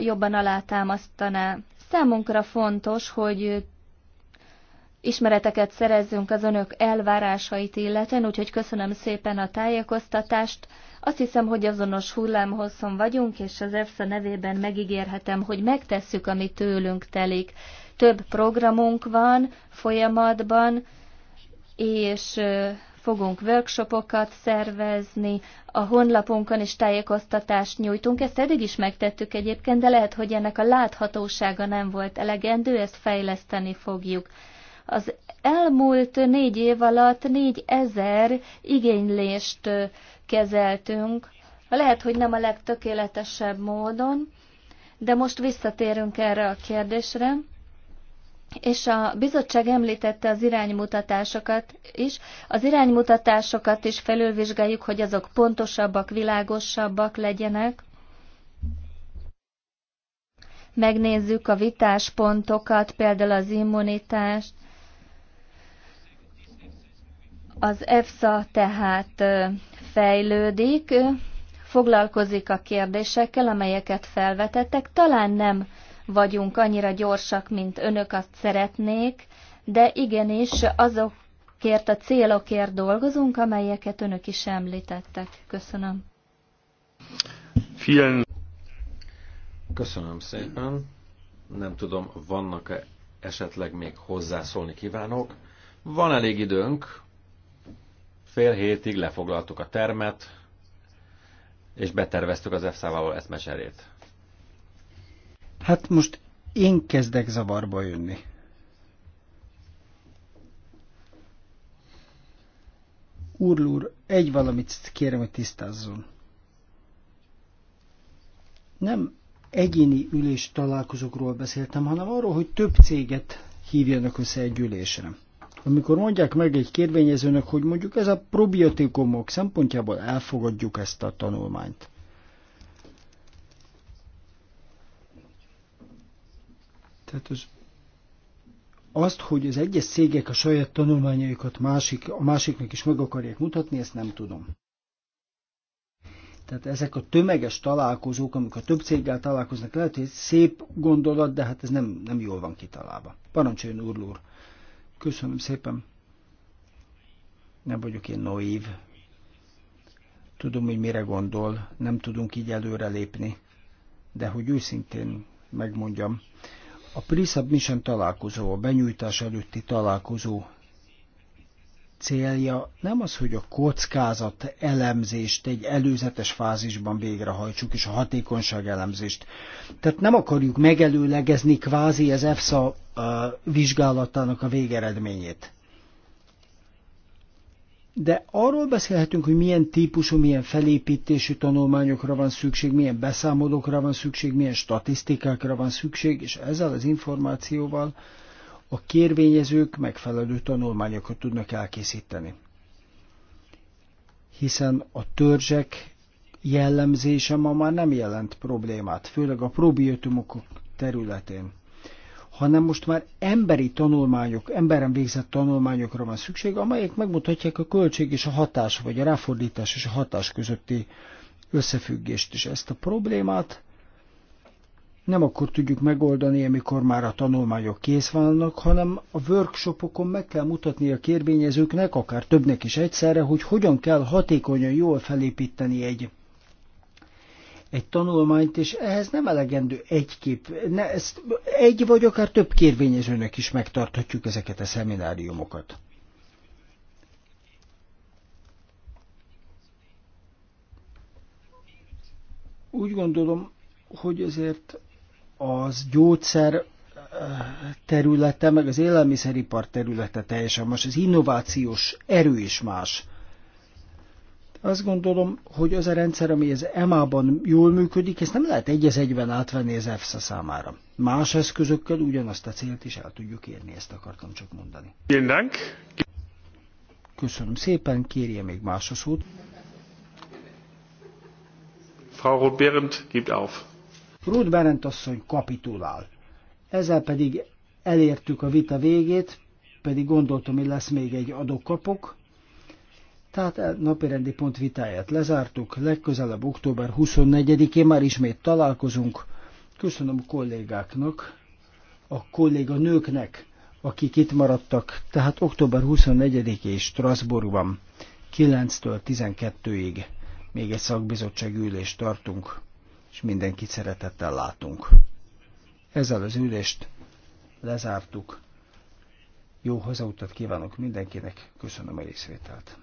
jobban alátámasztaná. Számunkra fontos, hogy ismereteket szerezzünk az önök elvárásait illetően, úgyhogy köszönöm szépen a tájékoztatást, azt hiszem, hogy azonos hullámhosszon vagyunk, és az EFSA nevében megígérhetem, hogy megtesszük, ami tőlünk telik. Több programunk van folyamatban, és fogunk workshopokat szervezni, a honlapunkon is tájékoztatást nyújtunk, ezt eddig is megtettük egyébként, de lehet, hogy ennek a láthatósága nem volt elegendő, ezt fejleszteni fogjuk. Az elmúlt négy év alatt négy ezer igénylést kezeltünk. Lehet, hogy nem a legtökéletesebb módon, de most visszatérünk erre a kérdésre. És a bizottság említette az iránymutatásokat is. Az iránymutatásokat is felülvizsgáljuk, hogy azok pontosabbak, világosabbak legyenek. Megnézzük a vitáspontokat, például az immunitást. Az EFSA tehát fejlődik, foglalkozik a kérdésekkel, amelyeket felvetettek. Talán nem vagyunk annyira gyorsak, mint önök azt szeretnék, de igenis azokért a célokért dolgozunk, amelyeket önök is említettek. Köszönöm. Fien. Köszönöm szépen. Nem tudom, vannak-e esetleg még hozzászólni kívánok. Van elég időnk, Fél hétig lefoglaltuk a termet, és beterveztük az EFSA-val eszmeserét. Hát most én kezdek zavarba jönni. Úrlúr, egy valamit kérem, hogy tisztázzon. Nem egyéni ülés találkozókról beszéltem, hanem arról, hogy több céget hívjanak össze egy ülésre amikor mondják meg egy kérvényezőnek, hogy mondjuk ez a probiotikumok szempontjából elfogadjuk ezt a tanulmányt. Tehát az azt, hogy az egyes cégek a saját tanulmányaikat másik, a másiknak is meg akarják mutatni, ezt nem tudom. Tehát ezek a tömeges találkozók, amik a több céggel találkoznak, lehet, hogy szép gondolat, de hát ez nem, nem jól van kitalálva. Parancsoljon úr, úr! Köszönöm szépen. Nem vagyok én noív. Tudom, hogy mire gondol, nem tudunk így előrelépni, de hogy őszintén megmondjam, a Prisab Mission találkozó, a benyújtás előtti találkozó célja nem az, hogy a kockázat elemzést egy előzetes fázisban végrehajtsuk, és a hatékonyság elemzést. Tehát nem akarjuk megelőlegezni kvázi az EFSA uh, vizsgálatának a végeredményét. De arról beszélhetünk, hogy milyen típusú, milyen felépítésű tanulmányokra van szükség, milyen beszámolókra van szükség, milyen statisztikákra van szükség, és ezzel az információval uh, a kérvényezők megfelelő tanulmányokat tudnak elkészíteni. Hiszen a törzsek jellemzése ma már nem jelent problémát, főleg a probiotumok területén hanem most már emberi tanulmányok, emberen végzett tanulmányokra van szükség, amelyek megmutatják a költség és a hatás, vagy a ráfordítás és a hatás közötti összefüggést. És ezt a problémát nem akkor tudjuk megoldani, amikor már a tanulmányok kész vannak, hanem a workshopokon meg kell mutatni a kérvényezőknek, akár többnek is egyszerre, hogy hogyan kell hatékonyan jól felépíteni egy egy tanulmányt, és ehhez nem elegendő egy kép, ne, ezt egy vagy akár több kérvényezőnek is megtarthatjuk ezeket a szemináriumokat. Úgy gondolom, hogy ezért az gyógyszer eh, területe, meg az élelmiszeripar területe teljesen más, az innovációs erő is más. Azt gondolom, hogy az a rendszer, ami az EMA-ban jól működik, ezt nem lehet egy egyben átvenni az EFSA számára. Más eszközökkel ugyanazt a célt is el tudjuk érni, ezt akartam csak mondani. Köszönöm szépen, kérje még más a szót. Frau roth gibt auf. Ruth Berent asszony kapitulál. Ezzel pedig elértük a vita végét, pedig gondoltam, hogy lesz még egy adókapok. Tehát e napirendi pont vitáját lezártuk, legközelebb október 24-én már ismét találkozunk. Köszönöm a kollégáknak, a kolléga nőknek, akik itt maradtak, tehát október 24-én Strasbourgban 9-től 12-ig még egy szakbizottság ülést tartunk és mindenkit szeretettel látunk. Ezzel az ülést lezártuk. Jó hazautat kívánok mindenkinek, köszönöm a részvételt.